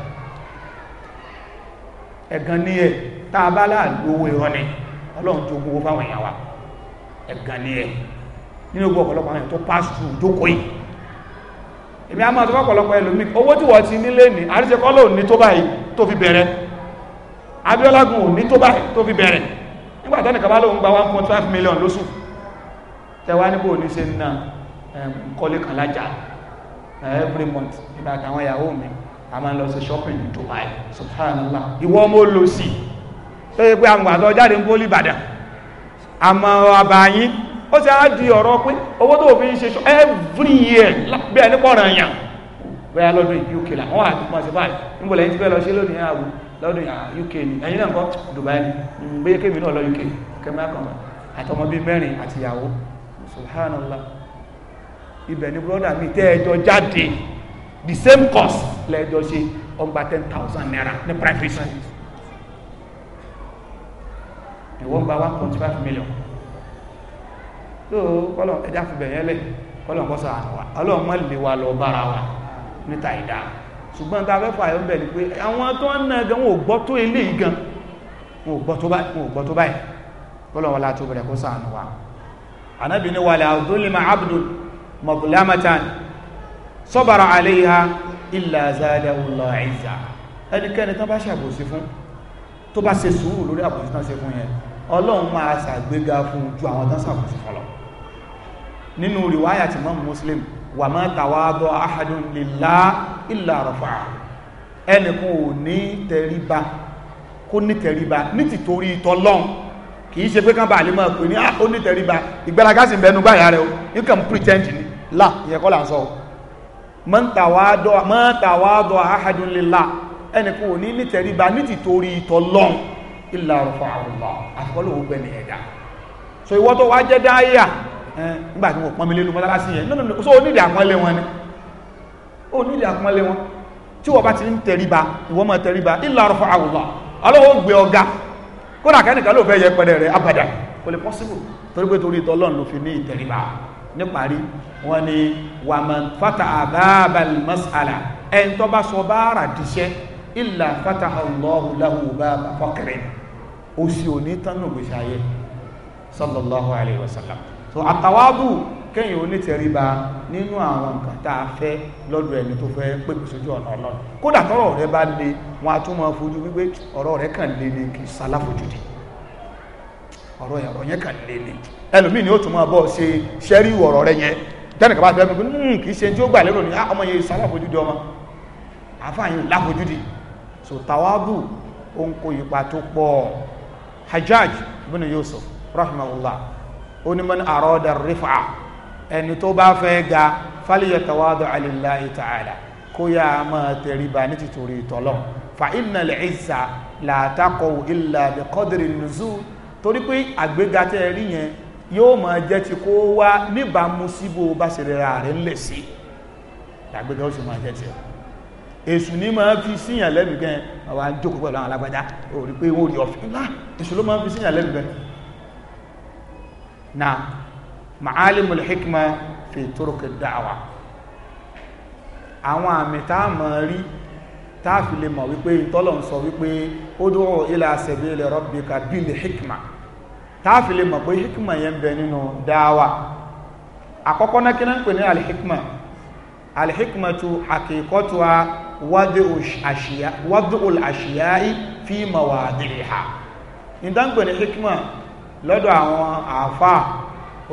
ẹ̀gàn ní ẹ̀ tá a bá láàlú owó ìrọ́ ni ọlọ́run tó gbogbo fáwọn èèyàn wa ẹ̀gàn ní ẹ̀ nínú gbogbo ọ̀pọ̀lọpọ̀ àwọn èèyàn tó pass through jókòó yìí èmi a máa tó fọ́pọ̀lọpọ̀ ẹlòmí owó tí wọ́n ti nílé ní àríṣẹ́ kọ́lọ̀ ní tó báyìí tó fi bẹ̀rẹ̀ abíọ́lágún ò ní tó báyìí tó fi bẹ̀rẹ̀ nígbàtẹ́nìkan bá lóun gba 1.5 million lóṣù tẹwa níbo ní ṣe náà kọ́lé kan lájà every month ìgbà àtàwọn ìyàwó mi a máa ń lọ sí shopping in Dubai subhanallah ìwọ ọmọ olóòsì tó yẹ pé àwọn àtọ jáde ń bólú Ìbàdàn àmọ́ àbáyín ó ti á di ọ̀rọ̀ pé owó tó fi ń ṣe every year bẹ́ẹ̀ nípa ọ̀ràn yàn bẹ́ẹ̀ lọ́dún UK là wọ́n wà nípa sí báyìí níbo lẹ́yìn tí bẹ́ẹ̀ lọ ṣe lónìí àwọ̀ lọ́dún UK ni ẹ̀yin náà kọ́ Dubai ni gbé kémi náà lọ UK kẹ́mẹ́ àkànmọ́ àtọmọ bíi mẹ́rin àtìyàwó subhanallah ibẹ̀ ni brọ́dà mi tẹ́ ẹjọ́ jáde the same course lẹ́ẹ̀jọ́ ṣe ọgbà ten thousand naira ní private school ìwọ́n gba one point five million so kọ́lọ̀ ẹja fi bẹ̀yẹn lẹ̀ kọ́lọ̀ kọ́sà àwà ọlọ́run mọ́ lè wa lọ bára wa níta ìdá ṣùgbọ́n ta fẹ́fà yọ bẹ̀ ni pé àwọn tó ń na gan wọn ò gbọ́ tó ilé yìí gan wọn ò gbọ́ tó báyìí kọ́lọ̀ wọn láti obìnrin kọ́sà àwà ànábì ni wàlẹ̀ àdúlé ma abdul mọ̀bùlámátán sọ́bàrà àléhà ilà zádàwùlà ìzà ẹnikẹ́ni tán bá ṣàbòsí fún tó bá ṣe sùúrù lórí àbòsí tán ṣe fún yẹn ọlọ́run máa ṣàgbéga fún ju àwọn tán ṣàbòsí fọlọ nínú rìwáyà tí mọ́ muslim wà má tàwádọ́ ahadun lilá ilà rọ̀fà ẹnìkan ò ní tẹríba kó ní tẹríba ní ṣe pé kán bá lè máa pè ní ó ní tẹríba ìgbéraga sì ń bẹnu o you can pretend ni là ìyẹn kọ́ là ń sọ man tawadu man tawadu ahadun lillah ẹnì kò ní nítẹríba ní ti torí ìtọ́ lọ́n illa rafa'ahu Allah àfikọ́lò ó gbẹ̀mí ẹ̀dá no no no so onídìí àpọ́nlé wọn ni onídìí àpọ́nlé wọn tí wọ́n bá ti ń tẹríba ìwọ́n máa tẹríba illa rafa'ahu Allah ọlọ́wọ́ gbé ọ̀gá kódà kẹ́nìkan ló fẹ́ yẹ pẹ̀lẹ́ rẹ̀ abàdà kò lè pọ́sibù torí torí ìtọ́lọ́n ló fi ní ìtẹríba níparí wọ́n ní wàmán fata àbábàl mas'ala ẹn tó bá sọ báárà díṣẹ́ ìlà fata allahu lahu baba faqrin ó sì ò ní tánú gbèsè ayé sallallahu alayhi wa sallam so àtàwádù kẹ́yìn onítẹríba nínú àwọn nǹkan tá a fẹ́ lọ́dọ̀ ẹni tó fẹ́ pèpè sójú ọ̀nà ọlọ́run kódà tọ́rọ̀ rẹ bá le wọn a tún máa fojú wípé ọ̀rọ̀ rẹ kàn le ni kì í sáláfojúdi ọ̀rọ̀ ẹ̀rọ yẹn kàn le ni ẹlòmíì ni ó tún máa bọ́ ṣe ṣẹ́rí ọ̀rọ̀ rẹ yẹn tẹ́nìkan bá fẹ́ mi pé hmm, kì í ṣe tí ó gbà lérò ní ah, ọmọ yẹn sáláfojúdi ọmọ àfààyàn láfojúdi so tawadu ó ń kó ipa tó pọ̀ hajjaj ibn yusuf rahimahullah ó ní man arada rifa ẹni tó bá fẹ́ ga fáliyẹ tawadu alillahi ta'ala kó yá a máa tẹríba ní títorí tọ́lọ́ fa inna al-izza la taqaw illa bi torí pé àgbéga tẹ́ rí yẹn yóò máa jẹ́ ti kó wá níbàámu síbò bá ṣe rẹra rẹ̀ lẹ̀ sí ìdàgbẹ́gẹ́ ó sì máa jẹ́ ti ẹ̀ èsù ní máa fi síyàn lẹ́nu gẹ́ àwọn àjókò pẹ̀lú àwọn alágbájá ó rí pé wọ́n rí ọ̀fẹ́ ńlá èsù ló máa fi síyàn lẹ́nu gẹ́ na ma'alimul hikma fi àwọn àmì tá a rí tá lè mọ̀ wípé ìtọ́lọ̀ ń sọ wípé ud'u ila sabili rabbika bil hikma táàfi lè mọ̀ pé hikma yẹn bẹ nínú dáwà àkọ́kọ́ náà kí náà ń pè ní alhikma alhikma tu àkíkọ́tù a wádùúl àṣíyáì fi mawadi'iha ìdá ń pè ní hikma lọ́dọ̀ àwọn àfà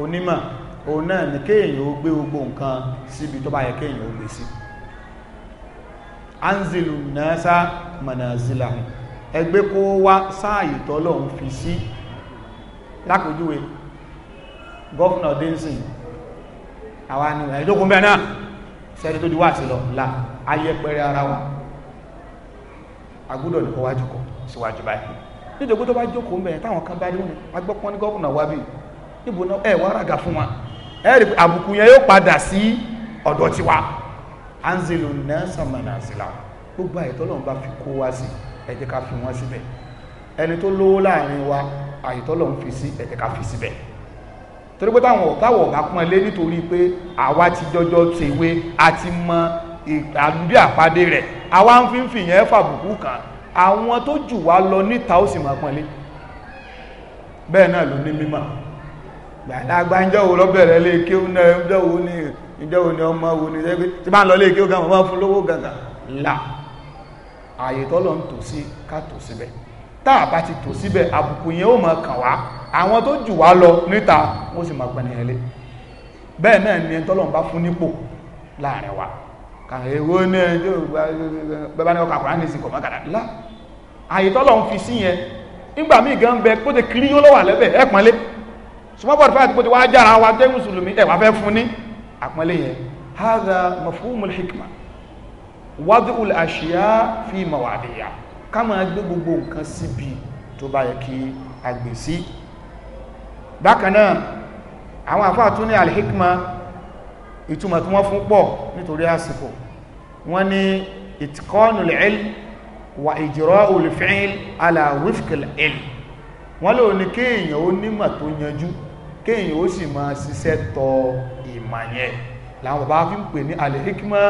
onímọ̀ òun náà ní kéèyàn ó gbé gbogbo nǹkan síbi tó bá yẹ kéèyàn ó gbé sí anzilu nasa manazilahum ẹgbẹ́ kó wá sáàyè tọ́lọ́hun fi sí si lápòjúwe gọ́fúnà dínsìn àwọn àníwẹ̀ ìjókùn bẹ́ẹ̀ náà sẹ́rí tó di wá sí lọ la ayẹpẹrẹ ara wa agbúdọ̀ nìkan wájú kọ síwájú báyìí nítorí tó bá jókòó mẹ́rin táwọn kan bá rí wọn agbọ́pọ́n ní gọ́fúnà wá bí níbo náà ẹ̀ wá ràgà fún wa ẹ̀rì àbùkù yẹn yóò padà sí ọ̀dọ̀ tiwa anzilu nelson manazila gbogbo àìtọ́lọ́run bá fi kó wá sí ẹ jẹ́ ká fi wọ́n síbẹ̀ ẹni tó lówó láàrin wa àyètọ́lọ̀ ń fi sí ẹ̀jẹ̀ ká fi síbẹ̀ torí pé táwọn ọ̀táwọ̀ ọ̀gá pọn lé nítorí pé àwa ti jọjọ tèwe àti mọ àlùdí àpadé rẹ̀ àwa ń fi ń fi yẹn fàbùkù kàn àwọn tó jù wá lọ níta ó sì máa pọn lé bẹ́ẹ̀ náà ló ní mímọ̀ gbàdágbà ìjọ́wò lọ́bẹ̀rẹ̀ lé kí ó náà ìjọ́wò ní ìjọ́wò ní ọmọ wo ní ẹgbẹ́ tí bá ń lọ lé kí ó gàmọ̀ fún lówó gàgà là àyètọ́lọ̀ ń tò sí ká tò síbẹ̀ tá a bá ti tò síbẹ̀ àbùkù yẹn ó máa kàn wá àwọn tó jù wá lọ níta wọ́n sì máa pẹ̀lẹ̀ ẹlẹ́ bẹ́ẹ̀ náà ni ẹntọ́lọ́n bá fún nípò láàrin wa kàrẹ̀wó ní ẹjọ́ bẹ́bá ní ọkà kùránì sí kọ̀ mọ́kàdá lá àyètọ́lọ́n fi sí yẹn nígbà míì gan bẹ kó te kiri yóò lọ́wà lẹ́bẹ̀ ẹ pọ́nlé sọmọ́bọ̀dì fáyà tí kó te wá jára wa jẹ́ mùsùlùmí ẹ̀ wá fẹ́ fún ní àpọ́nlé yẹn hadha mafhumul hikma wadu al ashiya fi mawadiya ká máa gbé gbogbo nǹkan síbi tó bá yẹ kí a gbé sí bákan náà àwọn àfáà tún ní alhikma ìtumọ̀ tí wọ́n fún pọ̀ nítorí àsìkò wọ́n ní ìtìkọ́nù lẹ́l wà ìjìrọ́ olùfẹ́il aláwífkìl el wọ́n lò ní kéèyàn ó nímọ̀ tó yanjú kéèyàn ó sì máa ṣiṣẹ́ tọ ìmọ̀ yẹn bá fi ń pè ní alhikma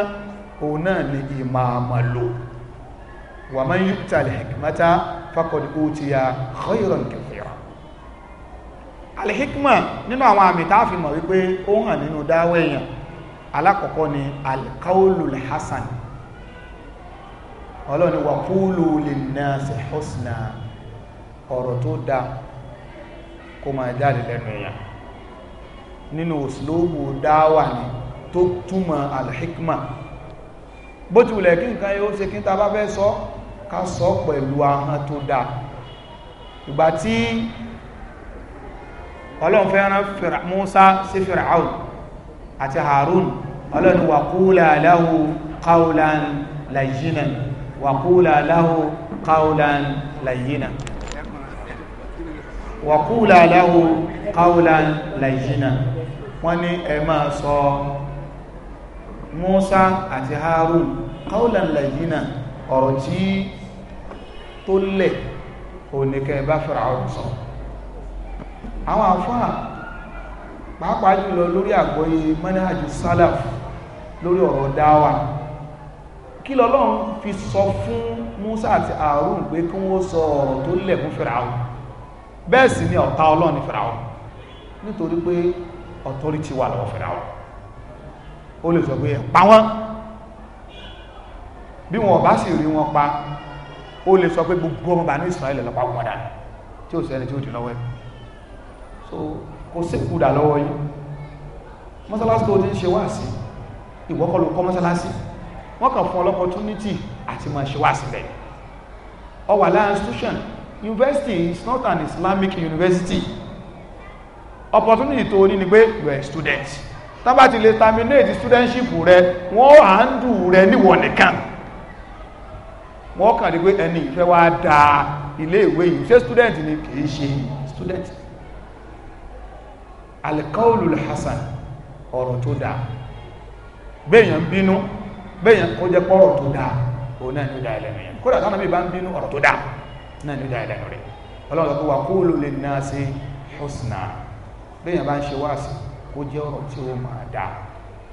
òun náà ni ìmọ̀ àmàlò wa man yu'ta al-hikmata faqad utiya khayran kathira al-hikma nínú àwọn àmì tá a fi mọ̀ wípé ó hàn nínú dáwọ́ èèyàn alákọ̀ọ́kọ́ ni al-qawlul hasan ọlọ́ni wa qulu lin-nasi husna ọ̀rọ̀ tó dáa kó máa jáde lẹ́nu èèyàn nínú òsìlóòwò dáwà ní tó túmọ̀ alhikma bó ti wùlẹ̀ kí nǹkan yóò ṣe kí ta bá fẹ́ sọ ká sọ pẹ̀lú ahọ́n tó dáa ìgbà tí ọlọ́run fẹ́ rán Musa sí Fir'aun àti Harun ọlọ́run wa qula lahu qawlan layyinan wa qula lahu qawlan layyinan wa qula lahu qawlan layyinan wọ́n ní ẹ máa sọ Musa àti Harun qawlan layyinan ọ̀rọ̀ tí tó lẹ̀ oníkẹ́ bá Fáráò sọ àwọn àfáà pàápàá jùlọ lórí àgbọ́yé manhaj salaf lórí ọ̀rọ̀ dáwà kí lọ́lọ́run fi sọ fún Musa àti Harun pé kí wọ́n sọ ọ̀rọ̀ tó lẹ̀ fún Fáráò bẹ́ẹ̀ sì ni ọ̀tá Ọlọ́run ni Fáráò nítorí pé authority wà lọ́wọ́ Fáráò ó lè sọ pé ẹ̀ pa wọ́n bí wọn ò sì rí wọn pa ó lè sọ pé gbogbo ọmọ bàánú Israẹli lọ́pàá wọn dànù tí ó sẹ́ni tí ó di lọ́wọ́ ẹ̀ so kò sí kúdà lọ́wọ́ yìí mọ́sálásí tó ti ń ṣe wáàsí ìwọ́kọlù kọ́ mọ́sálásí wọ́n kàn fún opportunity àti máa ṣe wáàsí bẹ́ẹ̀ ọ wà láàrín institution university is not an Islamic university opportunity tó ní ni pé you are a student tábà ti lè terminate studentship rẹ wọ́n handle rẹ níwọ̀n nìkan wọ́n kàn rí pé ẹni ìfẹ́ wá da ilé ìwé yìí ṣé student ni kìí ṣe student alkaulul hasan ọ̀rọ̀ tó dáa béèyàn bínú béèyàn kó jẹ́ pọ́rọ̀ tó dáa òun náà ni ó dá ẹlẹ́nu yẹn kódà tánà bá ń bínú ọ̀rọ̀ tó dáa náà ni ó dá ẹlẹ́nu rẹ̀ ọlọ́run tó wà qulu linnasi husna béèyàn bá ń ṣe wáàsí kó jẹ́ ọ̀rọ̀ tí ó máa dáa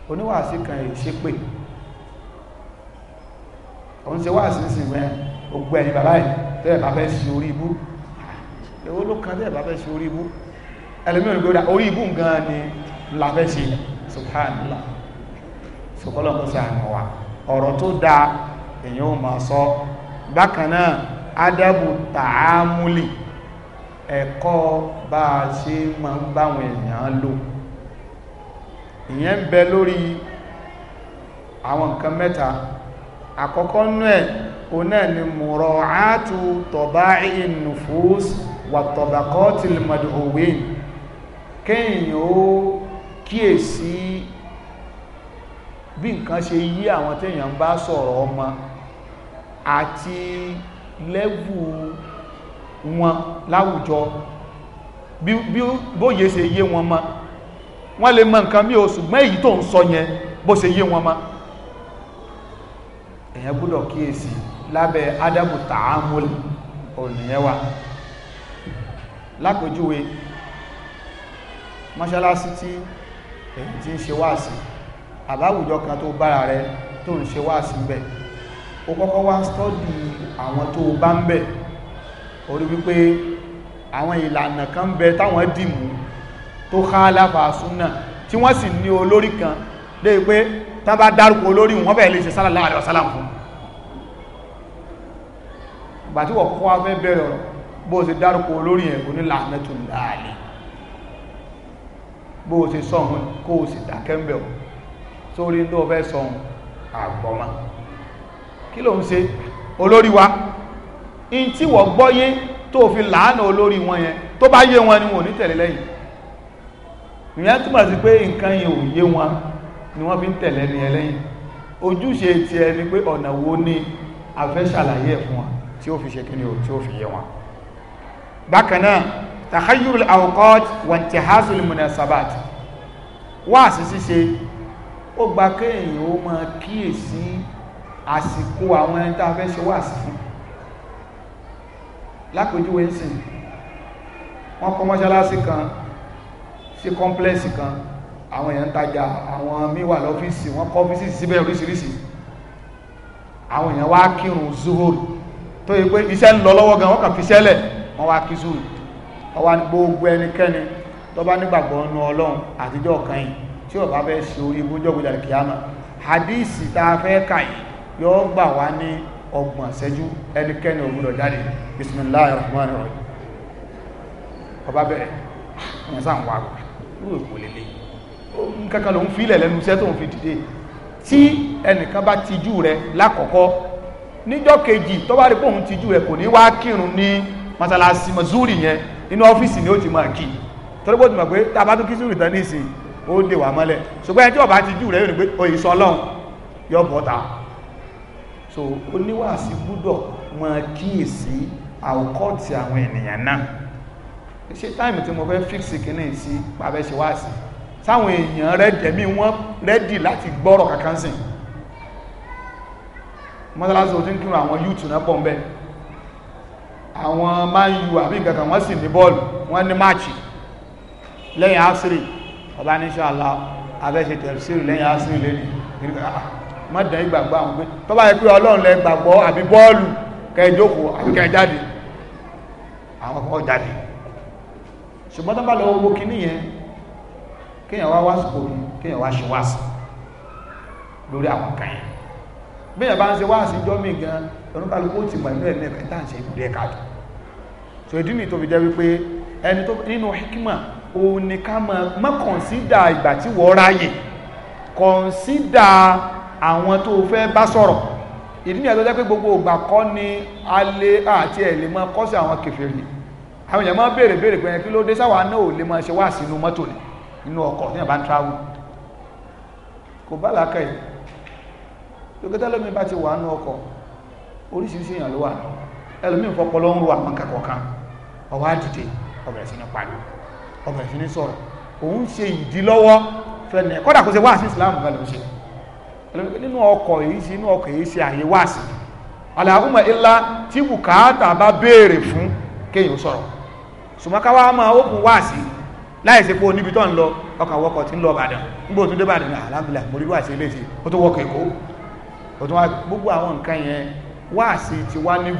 oníwàásí kan èyí ṣépè òun ṣe wá sínsìn mẹ́ ogun ẹ̀yìn bàbá yìí tẹ́ẹ̀ bá fẹ́ sí orí ibú èwo ló kan tẹ́ẹ̀ bá fẹ́ sí orí ibú ẹlẹ́mí òní gbọ́dá orí ibú gan ni la fẹ́ ṣe subhanallah sọkọlọ́kọ́ sí àmì wa ọ̀rọ̀ tó da èyàn ò máa sọ bákan náà adabu tààmúlì ẹ̀kọ́ bá a ṣe máa ń báwọn èèyàn lò ìyẹn ń bẹ lórí àwọn nǹkan mẹ́ta àkọ́kọ́ nú o náà ni mọ̀rọ̀ áàtù tọ̀bá ìnùfúús wà tọ̀bàkọ́ ti lè mọ̀dù òwe kéèyàn ó kíyèsí bí nǹkan ṣe yí àwọn téèyàn bá sọ̀rọ̀ ọmọ àti lẹ́bù wọn láwùjọ bí bóyé ṣe yé wọn ma wọ́n lè mọ̀ nǹkan o ṣùgbọ́n èyí tó ń sọ yẹn bó ṣe èyàn gbọ́dọ̀ kíyèsí lábẹ́ adabu ta'amul ònìyẹwà lápòjúwe mọ́ṣálásí tí èyí tí ń ṣe wáàsí àbáwùjọ kan tó bára rẹ tó ń ṣe wáàsí bẹ̀ ó kọ́kọ́ wá stọ́dì àwọn tó bá ń bẹ̀ orí wípé àwọn ìlànà kan bẹ táwọn dìmú tó ká láfàásúnà tí wọ́n sì ní olórí kan dé pé tán bá dárúkọ olórí wọn bẹ̀rẹ̀ lè ṣe sallallahu alaihi wasallam fún bàtí wọ́n kọ́ wá fẹ́ bẹ̀rẹ̀ ọ̀rọ̀ bó ṣe dárúkọ olórí yẹn kò ní la'natullahi alayhi bó ṣe wa in tí wọ́n gbọ́yé tó fi làánà olórí wọn yẹn tó bá yé wọn ni wọn ò ní tẹ̀lé ìyẹn túmọ̀ sí pé nǹkan yẹn ò yé wọn ni wọ́n fi ń tẹ̀lé ní ẹlẹ́yìn ojúṣe ti ẹni pé ọ̀nà wo ni a fẹ́ ṣàlàyé ẹ̀ fún wa tí ó fi ṣe kíni o tí ó fi yé wọn bákan náà takhayyur al-awqat wa intihas al-munasabat wáàsí ṣíṣe ó gba kéèyàn ó máa kíyèsí àsìkò àwọn ẹni tá a fẹ́ ṣe wáàsí fún lápèjúwe ń sìn wọ́n kọ́ mọ́ṣáláṣí kan sí kọ́ńplẹ́ẹ̀sì kan àwọn èèyàn ń tajà àwọn míì wà lọ́fíìsì wọ́n kọ́ ọ́fíìsì síbẹ̀ oríṣiríṣi àwọn èèyàn wá kírun zuhur tó yẹ pé iṣẹ́ ń lọ lọ́wọ́ gan wọ́n kàn fi ṣẹlẹ̀ wọ́n wá kí zuhur ọwá gbogbo ẹnikẹ́ni tó bá nígbàgbọ́ nínú ọlọ́run àtijọ́ kan yìí tí ó bá fẹ́ ṣe orí ibújọ́ gbọdọ̀ kìámà hadisi tá a fẹ́ kà yìí yóò gbà wá ní ọgbọ̀n ṣẹ́jú ẹnikẹ́ni ò gbọdọ̀ jáde bismillahir rahmanir rahim ọba bẹ̀rẹ̀ wọn sáà ń wá rú ìpòlélẹ́yìn kankan lòun fílẹ̀ lẹ́nu iṣẹ́ tóun fi dìde tí ẹnìkan bá tijú rẹ lákọ̀ọ́kọ́ níjọ́ kejì tó bá rí pé òun tijú rẹ kò ní wá kírun ní masalasi mazuri yẹn inú ọ́fíìsì ni ó ti máa kí torí bó ti mọ̀ pé tá a bá tún kí sùúrù tán nísìnyí ó dè wà mọ́lẹ̀ ṣùgbọ́n ẹni tí ọba tijú rẹ yóò ní pé òyìn sọ ọlọ́run yọ bọ́ta so oníwàásí gbúdọ̀ máa kíyèsí àwòkọ́ọ̀tì àwọn ènìyàn náà ṣe táìmù tí mo fẹ́ fíksì kìíní sí pàbẹ́ṣe wáàsí sáwọn èèyàn rẹ́dẹ̀mí wọ́n rẹ́dì láti gbọ́rọ̀ kankan sí mọ́sálásí ojú ń kírun àwọn yúùtù náà pọ̀ ń bẹ́ àwọn máa ń yu àbí nǹkan kan wọ́n sì ní bọ́ọ̀lù wọ́n ní máàchì lẹ́yìn asiri ọba ní ṣàlá abẹ́ṣe tẹ̀síìrì lẹ́yìn asiri lẹ́yìn mọ́dẹ̀ ìgbàgbọ́ àwọn pé tó bá yẹ pé ọlọ́run lẹ gbàgbọ́ àbí bọ́ọ̀lù kẹjọ́kọ́ àbí kẹjáde àwọn kan jáde ṣùgbọ́n tó bá lọ owó kìíní yẹn kéèyàn wá wásìkò ní kéèyàn wá ṣe wáàsì lórí àwọn kan yẹn bí èèyàn bá ń ṣe wáàsì jọ́ mí gan oníkálukú ti mọ̀ ìlú ẹ̀mí ẹ̀ta ń ìlú ẹ̀ka jù so ìdí nìyí tó fi jẹ́ wípé ẹni tó nínú hikima òun ni ká mọ̀ mọ́ kọ̀nsídà ìgbà tí wọ́n ráyè kọ̀nsídà àwọn tó fẹ́ bá sọ̀rọ̀ ìdí nìyí tó jẹ́ pé gbogbo ògbà kọ́ ni alẹ́ àti ẹ̀lẹ́ mọ́ kọ́sí àwọn kèfèrí àwọn èèyàn máa béèrè béèrè pé kí ló dé sáwà náà ò lè máa ṣe wáàsì inú mọ́tò ni nínú ọkọ̀ tí ìyàbá ń travel kò bá làákà yìí lókẹ́tà lómi bá ti wà nínú ọkọ̀ oríṣiríṣi èèyàn ló wà ẹlòmí ìfọpọ̀ ló ń ro àwọn kàkọ̀ kan ọwá dìde ọbẹ̀rẹ̀ sí ní pariwo ọbẹ̀rẹ̀ sí ní sọ̀rọ̀ òun ṣe ìdílọ́wọ́ fẹ́ni kọ́dà kó ṣe wáàsí ìsìláàmù bá lòun ṣe nínú ọkọ̀ èyí sí inú ọkọ̀ èyí sí àyè wáàsí aláhùnmọ̀ ilá tí bùkátà bá béèrè fún kéèyàn sọ̀rọ̀ sùmọ́káwá máa ó kún wáàsí láìsí pé oníbi tó ń lọ ọkà wọkọ̀ tí ń lọ Ìbàdàn nígbà tó dé Ìbàdàn náà ah, alábìlà mo rí ilé sí tó Èkó tó gbogbo àwọn nǹkan yẹn ti wá ní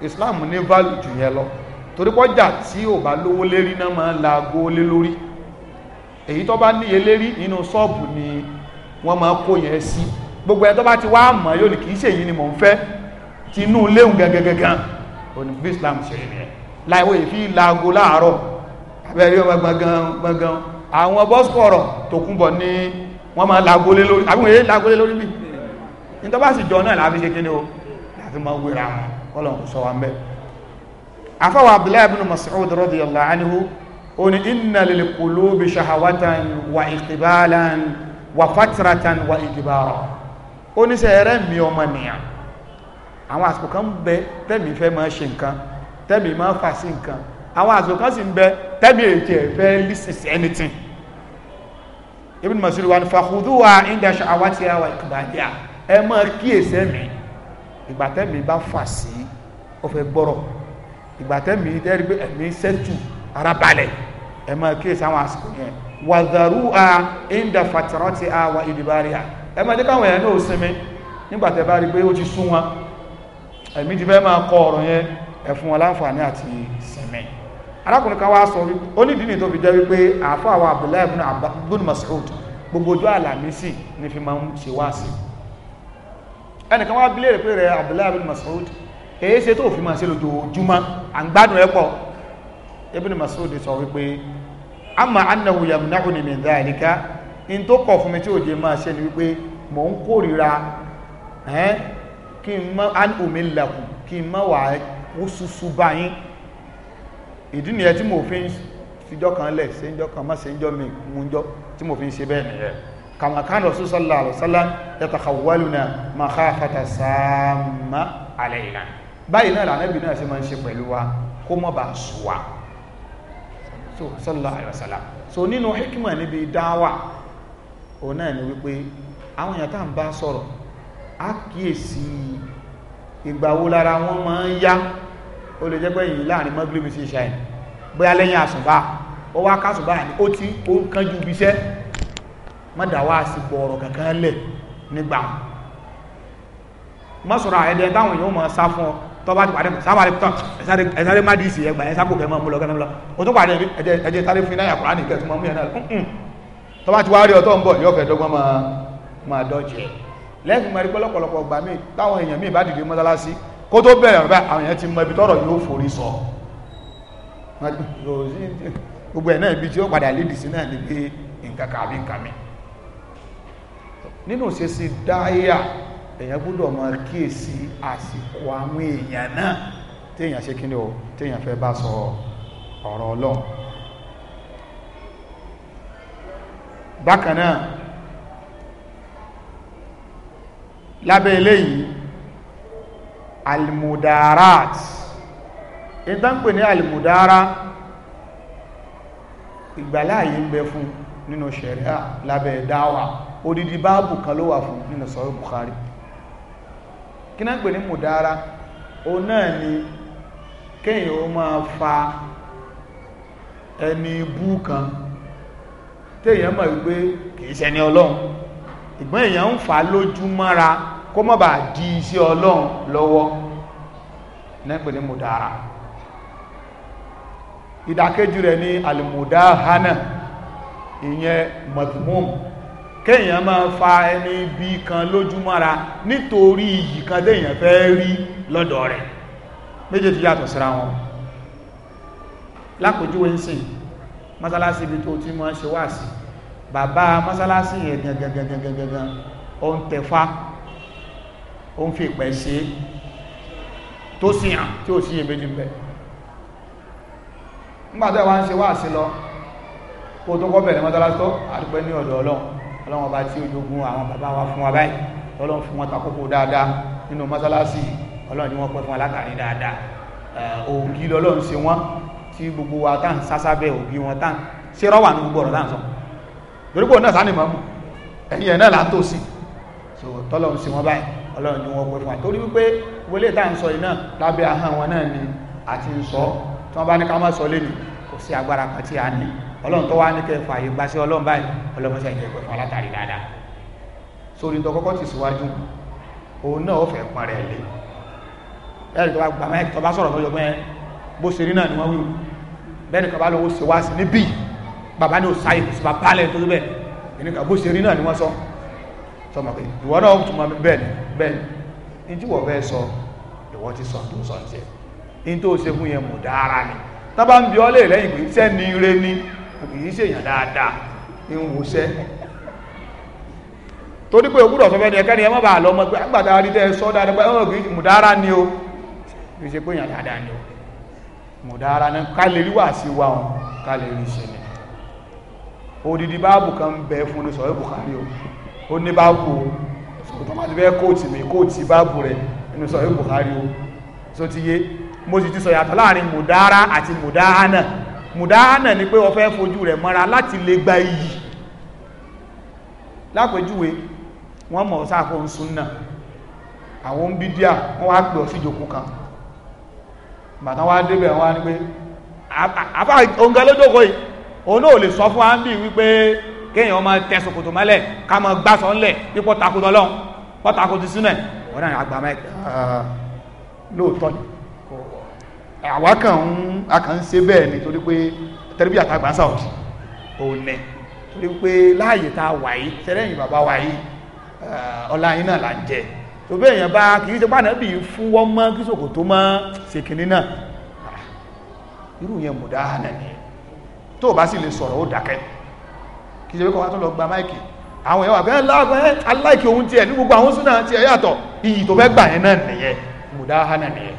Islam ní value jù lọ torí pọ́jà tí ò bá lówó lérí náà máa ń la aago lé lórí èyí ni wọ́n máa kó yẹn sí gbogbo ẹ̀ tó bá ti wá mọ̀ yóò ní kìí ṣe èyí ni mò ń fẹ́ ti inú Islam ṣe abẹ́rẹ́ wọn gbọ̀ngàn gbọ̀ngàn àwọn bọ́sùkọ̀rọ̀ tó kúnbọ̀ ní wọ́n máa lágbólé lórí àbí wọ́n yé lágbólé lórí bì ní tọ́ bá sì jọ náà láfi ṣe kíni o láfi máa wéra wọn kọ́lọ̀ kò sọ wa mẹ́ afọwọ́ abdullahi ibn mas'ud radiyallahu anhu ó ní inna lil qulubi shahawatan wa iqbalan wa fatratan wa idibara àwọn àsìkò kan sì ń bẹ tẹ́mi ètò ẹ̀fẹ́ listen to anything Ibn Mas'ud wa Fakudu wa inda shahawatiha wa iqbaliha ẹ máa kíyèsí ẹ̀mí ìgbà tẹ́mi bá fà sí ọ̀fẹ́ gbọ́rọ̀ ìgbà tẹ́mi tẹ́rí pé ẹ̀mí sẹ́tù ara balẹ̀ ẹ máa kíyèsí àwọn àsìkò yẹn wadharuha inda fatratiha wa idibaria. ẹ máa dé káwọn èèyàn náà sinmi nígbà tẹ́ bá rí pé ó ti sún wọn ẹ̀mí ti fẹ́ máa kọ ọ̀rọ̀ yẹn ẹ fún wọn láǹfààní àti sinmi arákùnrin kan wá sọ onídìí ni tó fi jẹ́ wípé àáfà àwọn Abdullahi ibn Mas'ud gbogbo ojú àlàmísì ní fi máa ń ṣe wá sí ẹnìkan wá bílé rẹ̀ pé rẹ̀ Abdullahi ibn Mas'ud èyí ṣe tó fi máa ṣe lójoojúmọ́ à ń gbádùn ẹ̀pọ̀ ibn Mas'ud sọ wípé amma annahu yamna'uni min dhalika in tó kọ̀ fún mi tí òde máa ṣe ni wípé mò ń kórìíra kí n má an umil lakum kí n má wà ó susu báyìí ìdí nìyẹn tí mo fi ń fijọ́ kan lẹ̀ ṣe ń kan má ṣe ń mi mú jọ́ tí mo fi ń ṣe bẹ́ẹ̀ kama kan rasul sallallahu alaihi wasallam yatakhawwaluna makhafata samma alaina báyìí náà lànàbì náà ṣe máa ń ṣe pẹ̀lú wa kó so sallallahu alaihi so nínú hikima níbi dáwà òun náà ni wípé àwọn èèyàn tá ń ó lè jẹ́ pé yìí láàrin mọ́gbìlì sí ìṣà ẹ̀ bóyá lẹ́yìn àsùnbà ó wá kásùnbà ní ó ti ó ń kánjú ibi iṣẹ́ mọ́dàwá sí gbọ́ọ̀rọ̀ kankan lẹ̀ nígbà mọ́sùnra ẹ̀dẹ̀ táwọn èèyàn mọ̀ sá fún ọ tó bá ti pàdé mọ̀ sábà tán ẹ̀sáré má dìísì ẹgbà ẹ̀ sápò kẹmọ́ mú lọ kẹmọ́ lọ o tó pàdé ẹ̀jẹ̀ sáré fún náírà kùránì kẹ́ tún mọ́ mú yẹn náà tó bá ti wá ń bọ̀ yóò fẹ́ dọ́gbọ́n máa dọ́jẹ́ lẹ́yìn mọ̀ rí pé táwọn èèyàn míì bá dìde mọ́sálásí kó tó bẹ̀rẹ̀ ọ̀rẹ́ àwọn èèyàn ti mọ ibi tọ́rọ̀ yóò forí sọ gbogbo ẹ̀ ibi tí ó padà lédì sí náà ní pé nǹkan kàbí n'inu nínú ṣe sí dáyà èèyàn gbọ́dọ̀ mọ kíyèsí àsìkò àwọn èèyàn náà téèyàn ṣe kíni o téèyàn fẹ́ bá sọ ọ̀rọ̀ ọlọ́run bákan náà lábẹ́ eléyìí almudarat ìtànpè ní almudara ìgbàláàyè ń bẹ fún nínú ṣẹ̀ríà lábẹ́ dáwà odidi báàbù kan ló wà fún nínú sọ́rọ̀ Bukhari kí náà pè ní mudara o náà ni kéèyàn ó máa fa ẹni bú kan téèyàn mọ̀ wípé kìí ṣẹni ọlọ́run ìgbọ́n èèyàn ń fa lójú mọ́ra kó mọ́ bá di iṣẹ́ ọlọ́run lọ́wọ́ nẹ́pẹ̀ ní mùdára ìdàkejì rẹ̀ ní alìmùdáhánà ìyẹn mọ̀tìmọ́m kéèyàn máa fa ẹni bí kan lójúmọ́ra nítorí iyì kan déèyàn fẹ́ rí lọ́dọ̀ rẹ̀ méjèèjì yàtọ̀ síra wọn lápòjúwe ń sìn mọ́sálásí ibi tó ti mọ́ ṣe wáàsí bàbá mọ́sálásí yẹn gangan gangan ó ń fi ìpẹ́ ṣe tó sì hàn tí ó sí èméjì ń bẹ̀ nígbàtí ẹwà ṣe wá sí lọ kó tó kọ́ bẹ̀rẹ̀ mọ́tọ́lá tó ní ọ̀dọ̀ ọlọ́run ọlọ́run ọba tí ojogun àwọn bàbá wa fún wa báyìí ọlọ́run fún wọn takókò dáadáa nínú mọ́sálásí ọlọ́run ni wọ́n pẹ́ fún alákàrí dáadáa ògì lọ́lọ́run ṣe wọ́n tí gbogbo wa tá ń sásábẹ́ ògì wọn tá ń rọ́wà ní gbogbo ọ̀rọ̀ tá ń sọ torípò náà sánìmọ́ ẹ̀yìn ẹ̀ náà là tọ́lọ́run ṣe wọ́n báyìí ọlọ́run ni wọ́n pẹ́ fún àtórí wípé wọlé tá ń sọ iná lábẹ́ ahọ́n wọn náà ni àti ń sọ tí wọ́n bá ní ká má sọ lé ní kò sí agbára kan tí a ní ọlọ́run tó wá ní kẹ́ fà yí gbáṣẹ́ ọlọ́run báyìí ọlọ́run sẹ́yìn ẹgbẹ́ fún alátàrí dáadáa sórí tó kọ́kọ́ ti síwájú òun náà ó fẹ́ pọn rẹ̀ lé ẹ̀rì tó bá gbà máìkì tó bá sọ̀rọ̀ tó yọgbẹ́ bó ṣe rí náà ni wọ́n wí bẹ́ẹ̀ni kan bá lọ́wọ́ ṣe wá sí níbí bàbá ní ò sáyè kò sí bá bá lẹ́yìn tó bẹ́ẹ̀ ẹ̀nìkan bó ṣe rí náà ni wọ́n sọ sọmọ pé ìwọ náà tún mọ́ bẹ́ẹ̀ ni bẹ́ẹ̀ ni ní tí wọ́n fẹ́ sọ ìwọ ti sọ tó sọ tiẹ̀ ní tó ṣe fún yẹn mọ̀ dára ni tá bá ń bi ọ́ lè lẹ́yìn pé iṣẹ́ ni ire ni kì í ṣèyàn dáadáa ń wòṣẹ́ torí pé òkúrọ̀ sọfẹ́ ni ẹ̀kẹ́ni ẹ má bàa lọ ọmọ pé àgbàdá rí tẹ́ sọ dáadáa pé ọmọ kìí mùdára ni o kì í ṣe pé èèyàn dáadáa ni o mùdára ni ká lè rí wà sí wa òun ká lè rí ṣe odidi báàbù kan bẹ fún ní sọ̀rọ̀ Bukhari o ó ní báàbù o tó máa ti fẹ́ kóòtì mi kóòtì báàbù rẹ̀ nínú sọ yóò Buhari o so ti yé mo sì ti sọ yàtọ̀ láàrin mùdára àti mùdáhánà mùdáhánà ni pé wọ́n fẹ́ fojú rẹ̀ mọ́ra láti lè gba iyì lápèjúwe wọ́n mọ̀ sáàkó ń súnnà àwọn ń bí díà wọ́n wá pè ọ sí ìjòkó kan bàtán wá débẹ̀ wọ́n wá ní pé àbá òǹgẹ́ lójókòó yìí òun náà lè sọ fún wa ń bí wípé kéèyàn máa tẹ ṣòkòtò mọ́lẹ̀ ká máa gbàsọ ńlẹ̀ pípọ̀ takò lọ́lọ́run pọ̀ takò sínú ẹ̀ wọ́n náà àgbà máa ah, lóòótọ́ ni àwa kàn ń a kàn ń ṣe bẹ́ẹ̀ ni torí pé tẹ́lifí àtàgbà south òní torí pé láàyè tá a wà yìí sẹ́lẹ̀yìn bàbá wa yìí ah, ọlá yín náà là ń jẹ tó bẹ́ẹ̀ yẹn bá kì í ṣe pàdé bì í fún wọ́n mọ́ kí sòkò mọ́ ṣèkìní náà ah, irú yẹn mùdá náà ni tó o bá sì lè sọ̀rọ̀ ó dákẹ́ kì í ṣe pé kọ́ wa tó lọ gba máìkì àwọn ẹ̀wà bẹ́ẹ̀ láàbẹ̀ aláìkì ohun tiẹ̀ ní gbogbo àwọn súnà tiẹ̀ yàtọ̀ iyì tó fẹ́ gbà yẹn náà nìyẹn mùdáhánà nìyẹn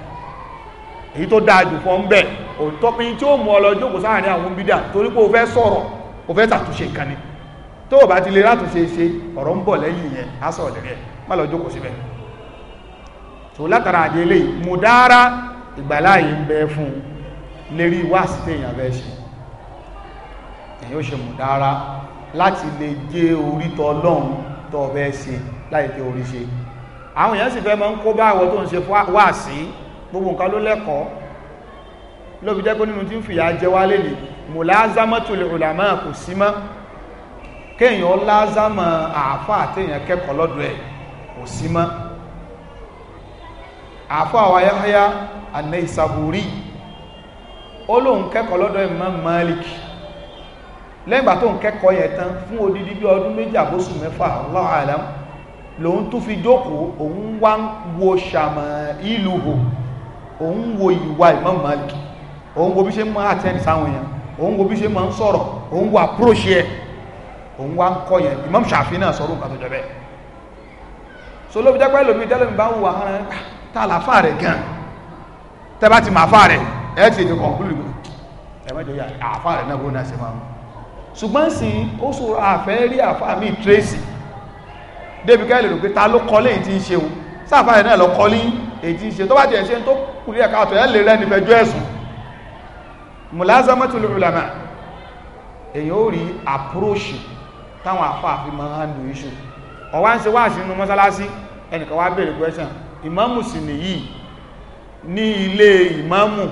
èyí tó dáa jù fọ́ ń òótọ́ pé tí ó mú ọ lọ sáàrin àwọn bídà torí pé o fẹ́ sọ̀rọ̀ o fẹ́ tàtúnṣe nǹkan ni tó o bá ti lè látúnṣe ṣe ọ̀rọ̀ ń bọ̀ lẹ́yìn yẹn á sọ̀rọ̀ lẹ́rẹ̀ má lọ jókòó síbẹ̀ tó látara àdé lè mú dára ìgbàláyé ń bẹ fún lérí wáàsí téèyàn fẹ́ ṣe èyí ó ṣe mú dára láti lè gé orí tọ ọlọ́run tọ ọ̀bẹ́ ṣe láì gé orí ṣe àwọn èèyàn sì fẹ́ mọ́ ń kó bá àwọ̀ tó ń ṣe wà sí gbogbo nǹkan ló lẹ́kọ̀ọ́ lóbi jẹ́ pé nínú tí ń fìyà jẹ wá lélẹ̀ mò lázámọ́tò lè rùlàmọ́ kò sí mọ́ kéèyàn lázámọ́ àáfà àtẹ̀yàn kẹ́kọ̀ọ́ lọ́dọ̀ ẹ̀ kò sí mọ́ àáfà àwọn ayáháyá àna ìsàbùrí ó lóun kẹ́kọ̀ọ́ lọ́dọ̀ Imam Malik lẹ́gbà tó ń kẹ́kọ̀ọ́ yẹn tán fún odidi bí ọdún méjì àbóṣù mẹ́fà Allahu alam lòun tún fi jókòó òun wá ń wo ṣàmà ìlú hù òun wo ìwà Imam Malik òun wo bí ṣe máa àtẹ́ni sáwọn èèyàn òun wo bí ṣe máa ń sọ̀rọ̀ òun wo approach yẹ òun wá ń kọ́ yẹn Imam Shafi náà sọ̀rọ̀ nǹkan tó jọ bẹ́ẹ̀ so ló fi jápẹ́ lómi tẹ́lẹ̀ mi bá wù wá hàn tá àlàfà rẹ̀ ah, gan tẹ́ bá ti mà àfà rẹ̀ ẹ̀ ti ètò kọ̀ǹkúlù ẹ̀ mẹ́jọ yà àfà rẹ̀ náà bó ṣe máa mú ṣùgbọ́n sí ó sọ àfẹ́ rí àfáàmì tracy débi ká lè rò pé ta ló kọ́ lẹ́yìn tí ń ṣe òun sáàfà ẹ̀ náà lọ kọ́ ní èyí tí ń ṣe tó bá jẹ́ ṣe tó kù ní ẹ̀ka ọ̀tọ̀ ẹ̀ lè rẹ́ nífẹ̀ẹ́jọ́ ẹ̀sùn mulazamatul ulama èyí ó rí àpúróṣì táwọn àfáà fi máa handle issue ọ̀wá ń ṣe wá sínú mọ́sálásí ẹnìkan wá bèèrè question ìmámù sì nìyí ní ilé ìmámù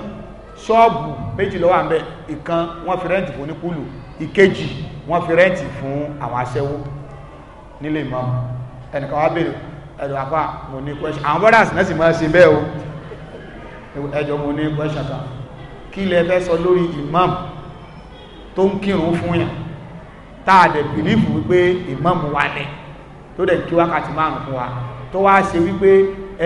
ṣọ́ọ̀bù méjì ló wà ń bẹ̀ ìkan wọ́n fi rẹ́ǹtì fún ní kúlù ìkejì wọ́n fi rẹ́ǹtì fún àwọn aṣẹ́wó nílé ìmáàmù ẹnìkan wá bèèrè ẹ̀dọ̀ àpá mo ní question àwọn brothers náà sì máa ṣe bẹ́ẹ̀ o ẹjọ́ mo ní question kan kí lẹ fẹ́ sọ lórí imam tó ń kírun fún yàn táà dẹ̀ bìlífù wípé imam wà ní tó dẹ̀ kí wákàtí márùn fún wa tó wá ṣe wípé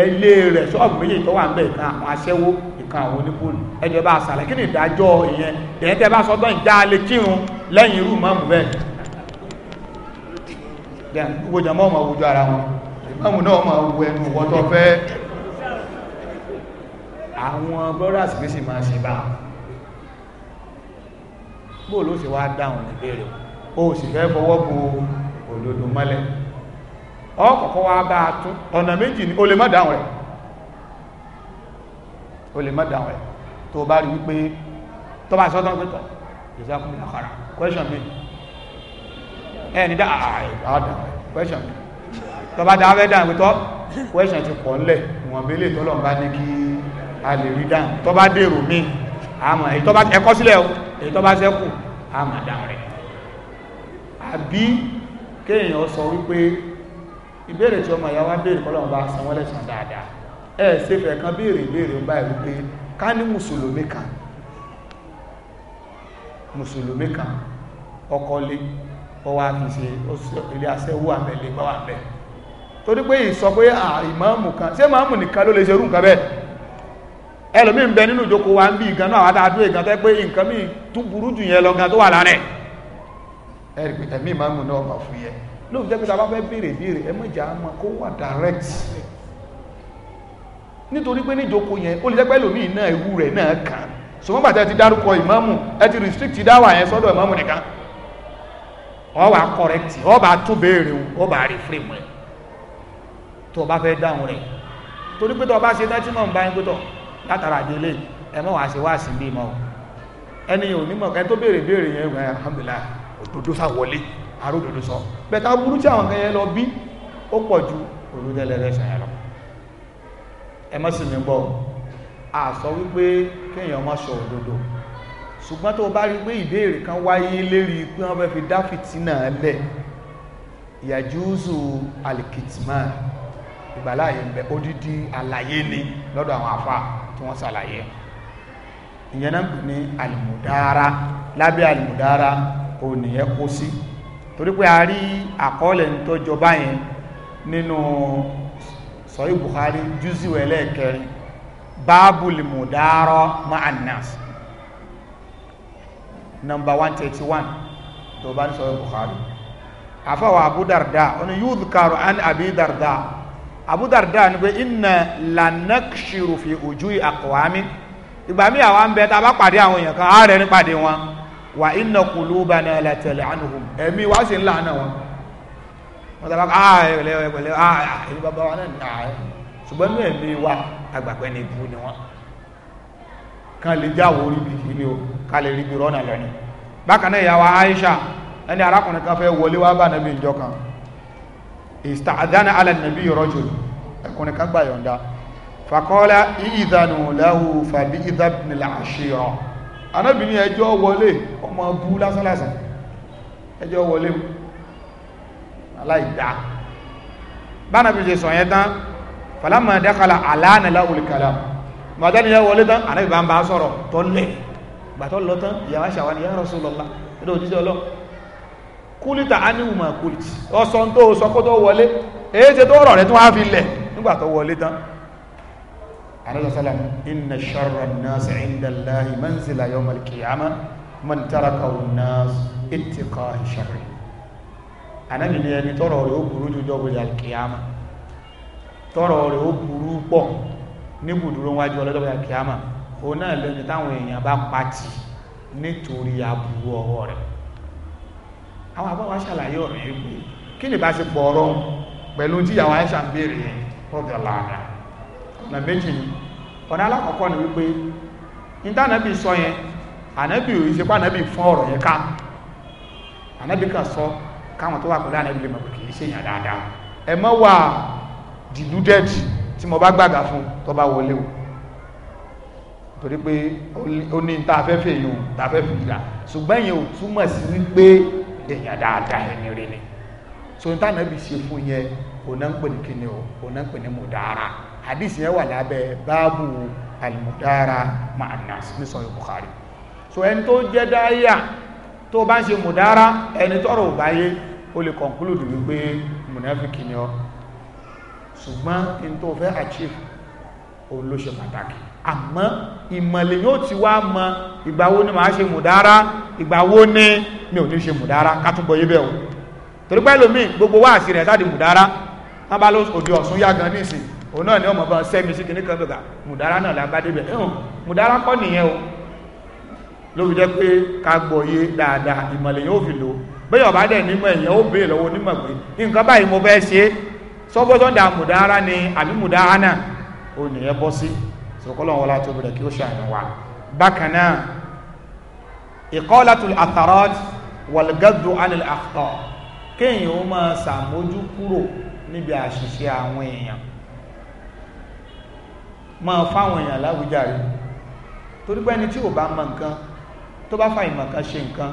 ẹlé rẹ̀ ṣọ́ọ̀bù méjì tó wà ń bẹ̀ kan àwọn aṣẹ́wó kan àwọn oníbòòlù ẹjọ́ bá sàlẹ̀ kí ni ìdájọ́ ìyẹn ìyẹn tẹ́ bá sọ tán ìjà lè kírun lẹ́yìn irú mọ́mù bẹ́ẹ̀ gbogbo jàmọ́ ọmọ àwùjọ ara wọn mọ́mù náà ọmọ àwù ẹnu wọ́tọ́ fẹ́ àwọn brothers bí sì máa ṣe bá bóòlù ó sì wá dáhùn ìbéèrè o sì fẹ́ fọwọ́ bo òdodo mọ́lẹ̀ ọkọ̀ọ̀kọ́ wá bá a tún ọ̀nà méjì ni o lè má dáhùn rẹ̀ o lè mọ́ dáwọn ẹ̀ tó bá rí wípé tó bá sọ́tọ́ pé tọ̀ ìjọba kún mi lákàrà question mi ẹ̀ ní dá àádọ́ question mi tó bá dáwọn ẹ̀ dáwọn pé tọ́ question ti pọ̀ ńlẹ̀ wọ́n bí lè tọ́lọ̀ bá ní kí a lè rí dáhùn tó bá dèrò mi àmọ́ èyí tó bá ẹ̀kọ́ sílẹ̀ o èyí tó bá sẹ́kù àmọ́ dáhùn rẹ̀ àbí kéèyàn sọ wípé ìbéèrè tí ọmọ ìyá wa béèrè kọ́lọ́mù bá sanwó lẹ́sàn dáadáa ẹ ṣe kan béèrè ìbéèrè báyìí wípé ká ní mùsùlùmí kan mùsùlùmí kan ọkọlé ọwá fi ṣe ilé aṣẹ́wó àmẹ́lẹ́ báwà bẹ́ torí pé ìsọ pé ìmáàmù kan ṣé máàmù nìkan ló lè ṣerú nǹkan bẹ́ẹ̀ ẹlòmí bẹ nínú ìjókòó wa ń bí ìgan náà àwọn àdúrà ìgan tẹ́ pé nǹkan míì tún burú jù yẹn tó wà pé ìmáàmù náà fún yẹ lóòótọ́ pé fẹ́ béèrè béèrè nítorí pé níjókòó yẹn ó lè jẹ́ pé ẹlòmíì náà ewu rẹ̀ náà kàn ṣùgbọ́n bàtẹ́ ti dárúkọ ìmáàmù ẹ ti restrict dáwà yẹn sọ́dọ̀ ìmáàmù nìkan ó wá correct ó bá tún béèrè ó bá reframe ẹ̀ tó o bá fẹ́ dáhùn rẹ̀ torí pé tó o bá ṣe tẹ́tí mọ̀ ń bá yín pé tọ̀ látara àdélé ẹ mọ̀ wá ṣe wá sí bí mọ́ ẹni yẹn ò ní mọ̀ ẹni tó béèrè béèrè yẹn wẹ̀ alhamdulilayi òdodo sá wọlé àròdodo sọ bẹ́ẹ̀ tá burú tí àwọn kan yẹn lọ bí ó pọ̀ ju òdodo ẹlẹ́rẹ́ sàn yẹn lọ ẹ má sì mí bọ̀ a sọ wípé kéèyàn má sọ òdodo ṣùgbọ́n tó bá rí pé ìbéèrè kan wáyé lérí pé wọ́n fẹ́ fi dá fìtínà lẹ̀ ìyàjúùsù alikitman ìgbàláyé ń odidi àlàyé ni lọ́dọ̀ àwọn àfà tí wọ́n ṣàlàyé ìyẹn náà ní alìmùdára lábẹ́ alìmùdára òníyẹ kó sí torí pé a rí àkọọ́lẹ̀ ń tọ́jọ báyẹn nínú sọ̀rí Bukhari júzíwẹ̀ ẹlẹ́ẹ̀kẹrin báàbùlì mùdárọ̀ ma'annas number 131 tó bá ní sọ̀rí Bukhari afọ́wà abúdàrdà oní yóò zùkarù an abídàrdà abúdàrdà ní pé inna lanakṣiru fi ojú àkọwàmí ìgbà mí àwọn ń bẹ tá a bá pàdé àwọn èèyàn kan ààrẹ ní pàdé wọn wà inna kùlúbana latẹ̀lẹ̀ ànúhùn ẹ̀mí wá sí ńlá náà wọn wọ́n tàbá ká ah, ẹ̀rẹ̀lẹ̀ ẹ̀rẹ̀lẹ̀ ah, ah, ẹ̀rẹ̀ bàbá wa náà nà ẹ̀ ṣùgbọ́n ní ẹ̀mí wa àgbàpẹ́ ní ibú ni wọ́n kan lè jáwó orí bí ilé o ká lè rí bí rọ́nà lọ́ni bákan náà ìyàwó Aisha ẹni arákùnrin kan fẹ́ wọlé wá bá nàbí ìjọ kan ìsàdánà alẹ́ nàbí ìrọ́jò ẹkùnrin kan gbà yọ̀ǹda fàkọ́lá ìdánù láhù fàbí ìdábìnilà àṣírọ̀ anábìnrin ẹjọ́ wọlé ọmọ bú lásánlásán ẹjọ́ wọlé aláìdá bánàbí ṣe sọ yẹn tán falamma dakhala alana lahu al-kalam mọ̀tẹ́ni yẹ wọlé tán ànábì bá ń bá sọ̀rọ̀ tó lẹ̀ gbàtọ́ lọ tán ìyàwó aṣàwọn ya Rasulullah ẹ̀dọ òjíṣẹ́ ọlọ́ kúlítà ánìwùmọ̀ kúlítì ọsàn tó sọ kó tó wọlé èyí ṣe tó rọ̀ rẹ̀ tó wá fi lẹ̀ nígbà tó wọlé tán alẹ́sọ̀sọ́lá inna sharra an-nas 'inda Allahi manzila yawm al-qiyamah man taraka an-nas ittiqa'a sharrihi ànábì ni ẹni tọrọ rẹ̀ ó burú jùjọ wòye alkiyama tọrọ rẹ̀ ó burú pọ̀ ní bùdúró wájú ọlọ́jọ́ wòye alkiyama òun náà lẹ́ni táwọn èèyàn bá pati nítorí aburú ọwọ́ rẹ̀ àwọn àbáwá ṣàlàyé ọ̀rọ̀ yìí pé kí ni bá ṣe pọ̀ ọ̀rọ̀ pẹ̀lú tí àwọn àìsà ń béèrè yẹn rọ́dọ̀ láàrá ọ̀nà méjì ni ọ̀nà alákọ̀ọ́kọ́ ni wípé sọ yẹn ànábì ò ìṣepá ànábì fún ọ̀rọ̀ yẹn ká ànábì káwọn tó wà pẹ̀lú ànábì lè mọ̀ pé kì í ṣe èèyàn dáadáa ẹ mọ́ wà deluded tí mo bá gbàgà fún tó bá wọlé o torí pé ó ní ta fẹ́ fẹ́ yìí o ta fẹ́ fi gbà ṣùgbọ́n yẹn ò túmọ̀ sí wípé èèyàn dáadáa ẹni rí ni so n táwọn ẹbí ṣe fún yẹn òun náà ń pè ní kíni o òun náà ń pè ní mùdára àdìsí yẹn wà lábẹ́ báàbù àlùmùdára ma'anas ní sọ̀rọ̀ Bukhari so ẹni tó jẹ́ dáyà tó bá ń ṣe mùdára ẹni tọ́rọ̀ ò báyé ó lè conclude wípé mùnáfíkì ni ọ ṣùgbọ́n in tó fẹ́ achieve òun ló ṣe pàtàkì àmọ́ ìmọ̀lẹ̀ yóò ti wá mọ ìgbàwó ni màá ṣe mùdára ìgbàwó ni mi ò ní ṣe mùdára kátúbọ̀ yíbẹ̀ o torí pé ẹlòmíì gbogbo wá àṣírí ẹ̀ sáàdì mùdára wọ́n bá lọ òjò yá gan nísìn òun náà ni ọmọ bá sẹ́mi sí kìnnìkan bẹ̀gà mùdára náà lágbá débẹ̀ ẹ̀hùn mùdára kọ́ nìyẹn o ló fi jẹ́ pé ká gbọ́ yé dáadáa ìmọ̀lẹ̀ yóò fi lò bẹ́ẹ̀ ọba dẹ̀ nímọ̀ ẹ̀yẹ ó béè lọ́wọ́ onímọ̀ pé nǹkan báyìí mo fẹ́ ṣe sọ́gbọ́sọ́ndà mùdára ni àbí mùdára náà ó nìyẹn bọ́ sí sọ́kọ́lọ́ wọn láti obìnrin kí ó ṣàyàn wa bákan náà ìkọ́látù àtàrọ́t wàlgádù anil àkọ́ kéèyàn ó máa ṣàmójú kúrò níbi àṣìṣe àwọn èèyàn máa fáwọn èèyàn láwùjáre torí pé ẹni tí ò bá mọ nǹkan tó bá fa ìmọ̀ kan ṣe nǹkan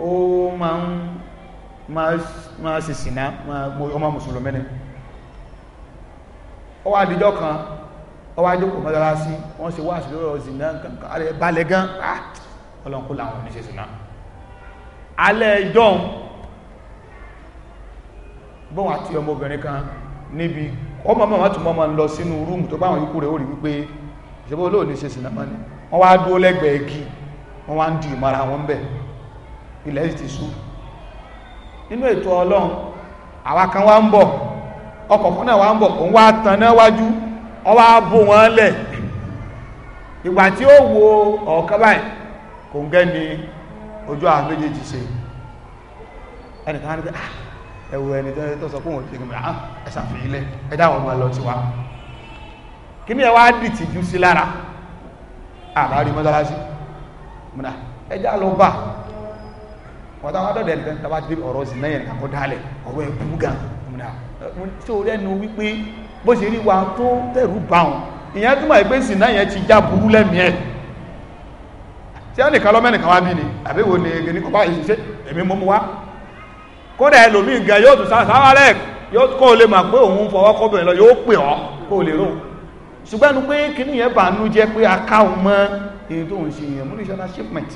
ó máa ń máa ṣe sìná ọmọ mùsùlùmí ni ó wá dìjọ́ kan ó wá jókòó mọ́tàlá sí wọ́n ṣe wá àṣìlọ́rọ̀ sìná balẹ̀ gan ọlọ́nkú làwọn oníṣẹ́ sìná alẹ́ ìjọ́ bọ́n àti ọmọbìnrin kan níbi ọmọ mọ́ wọ́n tún mọ́ lọ sínú rúùmù tó bá wọn yíkú rẹ̀ ó rí wípé ìṣẹ́bọ́ olóòní ṣe sìnàmọ́ ni wọ́n wá dúó lẹ́gbẹ̀ẹ́ igi wọ́n wá ń dì mara wọn bẹ́ẹ̀ ilẹ̀ ti sú nínú ètò ọlọ́run awaka kan wá ń bọ̀ ọkọ̀ọ̀kan náà wá ń bọ̀ wá tanná wájú ọwá bò wọ́n lẹ̀ ìgbà tí ó wo ọ̀kan kò ń gẹ́ ni ojú àwọn méjèèjì ṣe ẹnìkan ẹwọ ẹni tó sọ pé ti wọn táwọn adọ́dẹ nìkan tàbá ti dé ọ̀rọ̀ zina yẹn kò dálẹ̀ ọ̀rọ̀ ẹ̀ bú gan tí o lẹ́nu wípé bó ṣe rí wa tó tẹ̀rù bá wọn ìyẹn túmọ̀ pé zina yẹn ti já burú lẹ́mìí ẹ̀ tí a nìkan lọ́mẹ́nìkan wá bí ni àbí wo ni gẹ̀ẹ́ni kọ́ bá yìí ṣe èmi mú mu wá kódà ẹlòmíì gan yóò tún sáwárẹ̀ yóò kó o lè mà pé òun fọwọ́ kọ́bìnrin lọ yóò pè ọ́ kó o lè rò ṣùgbọ́n ẹnu pé kíní yẹn bànú jẹ́ pé akáwọn mọ́ èyí tó ń ṣe yẹn múnisọ́nà shipment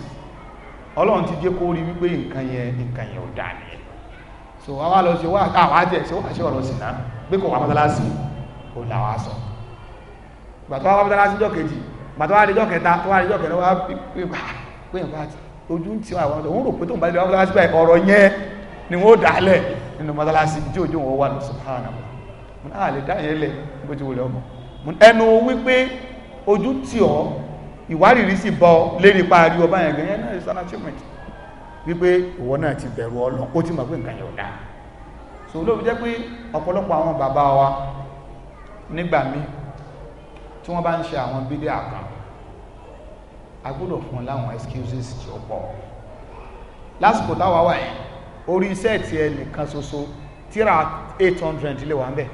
ọlọ́run ti jẹ́ kó rí wípé nǹkan yẹn nǹkan yẹn ò dá ní ẹ̀ so wá wá lọ sí wá àwọn àjẹ́ sí wá sí ọ̀rọ̀ sí náà pé kò wá mọ́tálásí ò là wá sọ gbàtọ́ wá mọ́tálásí jọ kejì gbàtọ́ wá dijọ́ kẹta tó wá dijọ́ kẹta wá pé ah, nípa ojú ń tiwa àwọn òun rò pé tó ń bá ilé wá mọ́tálásí báyìí ọ̀rọ̀ yẹn ni wọ́n dálẹ̀ nínú mọ́tálásí tí òjò wọn wà subhanallah mo náà lè dá yẹn lẹ̀ bó ti wù lọ́mọ ẹnu wípé ojú tí ọ́ ìwárìrí sì bọ́ lérí parí ọba yẹn gan yẹn náà is an achievement wípé ìwọ náà ti bẹ̀rù ọlọ́ kó tí mọ̀ pé nǹkan yọ̀dá so olóòfin jẹ́ pé ọ̀pọ̀lọpọ̀ àwọn bàbá wa nígbà míì tí wọ́n bá ń ṣe àwọn bídé àkàn a gbọ́dọ̀ fún wọn láwọn excuses tí ó pọ̀ lásìkò táwa wà yìí orí iṣẹ́ ti ẹ nìkan ṣoṣo tíra 800 lè wà ń bẹ̀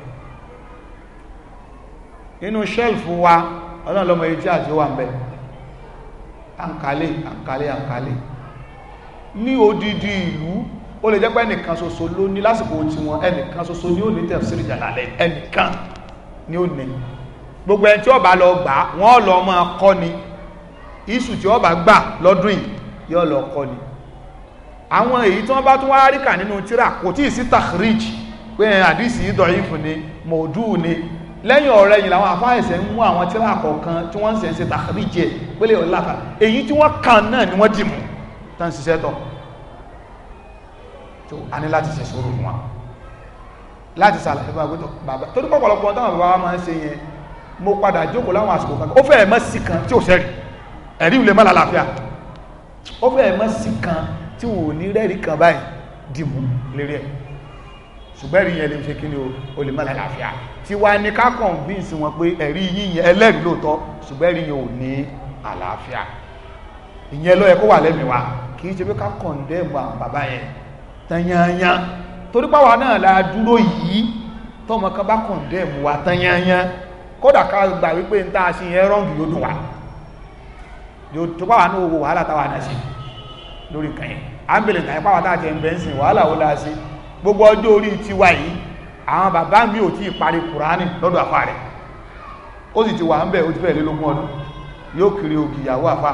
nínú shelf wa ọlọ́run lọ́mọ ẹjẹ́ àti ó wà ń bẹ̀ àǹkálẹ̀ àǹkálẹ̀ àǹkálẹ̀ ní odidi ìlú ó lè jẹ́ pé ẹnìkan ṣoṣo ló ní lásìkò tí wọn ẹnìkan ṣoṣo ní ó ní tafsir Jalalain ẹnìkan ní ó ní gbogbo ẹni tí ó bá lọ gbà wọ́n lọ máa kọ́ ni iṣu tí ó bá gbà lọ́dún yìí yóò lọ kọ́ ni àwọn èyí tí wọ́n bá tún wá ríkà nínú tírà kò tí ì sí takhrij pé àdìsí ìdọ̀yìn fún ni mọ̀ọ́dù ni lẹ́yìn ọ̀rẹ́ yìí làwọn àfáà ẹ̀sẹ̀ ń mú àwọn tíra kọ̀ọ̀kan tí wọ́n ń sẹ̀ ń ṣe tàbí jẹ pélé ọ̀làkà èyí tí wọ́n kàn náà ni wọ́n dì mú tó ń ṣiṣẹ́ tọ̀ tó a ní láti ṣe sùúrù fún wa láti ṣàlàyé fún agbẹ́tọ̀ bàbá tó ní pọ̀pọ̀lọpọ̀ táwọn bàbá wa máa ń ṣe yẹn mo padà jókòó láwọn àsìkò kan ó fẹ́ẹ̀ mọ́ sí kan tí ò sẹ́rì ẹ̀rí ìlú mọ́ lálàáfíà ó fẹ́ẹ̀ mọ́ sí kan tí ò ní rẹ́rì kan báyìí dì mú lérí ẹ̀ ṣùgbẹ́rì yẹn lè fi kí ni o lè mọ́ lálàáfíà tiwa ni ká convince wọn pé ẹ̀rí yíyìn ẹlẹ́rìí lóòótọ́ ṣùgbọ́n ẹ̀rí yẹn ò ní àlàáfíà ìyẹn ló kó wà lẹ́mìí wa kì í ṣe pé ká condemn àwọn bàbá yẹn tanyanya torí pàwà náà la dúró yìí tọmọ kan bá condemn wa tanyanya kódà ká gbà wípé ń tá a ṣe yẹn wrong yóò dùn wa yóò tó pàwà náà owó wàhálà táwa náà ṣe lórí kan yẹn àmbìlẹ̀ tàyẹ̀ pàwà jẹ́ ń bẹ́ńsìn wàhálà ó la àwọn bàbá mi ò tí ì parí kùránì lọ́dọ̀ àfà rẹ̀ ó sì ti wà ń bẹ̀ ó ti fẹ́ lélógún ọdún yóò kiri ògì ìyàwó àfà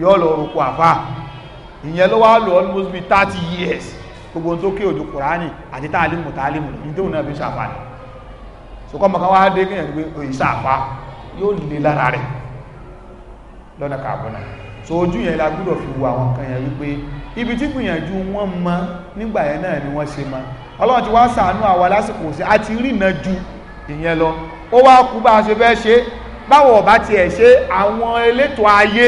yóò lọ orúkọ àfà ìyẹn ló wá lọ almost be 30 years gbogbo tó kí òjò kùránì àti ní tóun náà fi ṣàfà mọ̀ká wá dé ṣàfà yóò lè lára rẹ̀ lọ́nà kàbọ̀nà so ojú yẹn la gbúdọ̀ fi wo àwọn kan yẹn wípé ibi tí gbìyànjú wọn mọ nígbà yẹn náà ni wọ́n ṣe mọ ọlọ́run ti wá ṣàánú àwa lásìkò sí a ti rìnà ju ìyẹn lọ ó wá kú bá a ṣe fẹ́ ṣe báwo ọ̀bá tiẹ̀ ṣe àwọn elétò ayé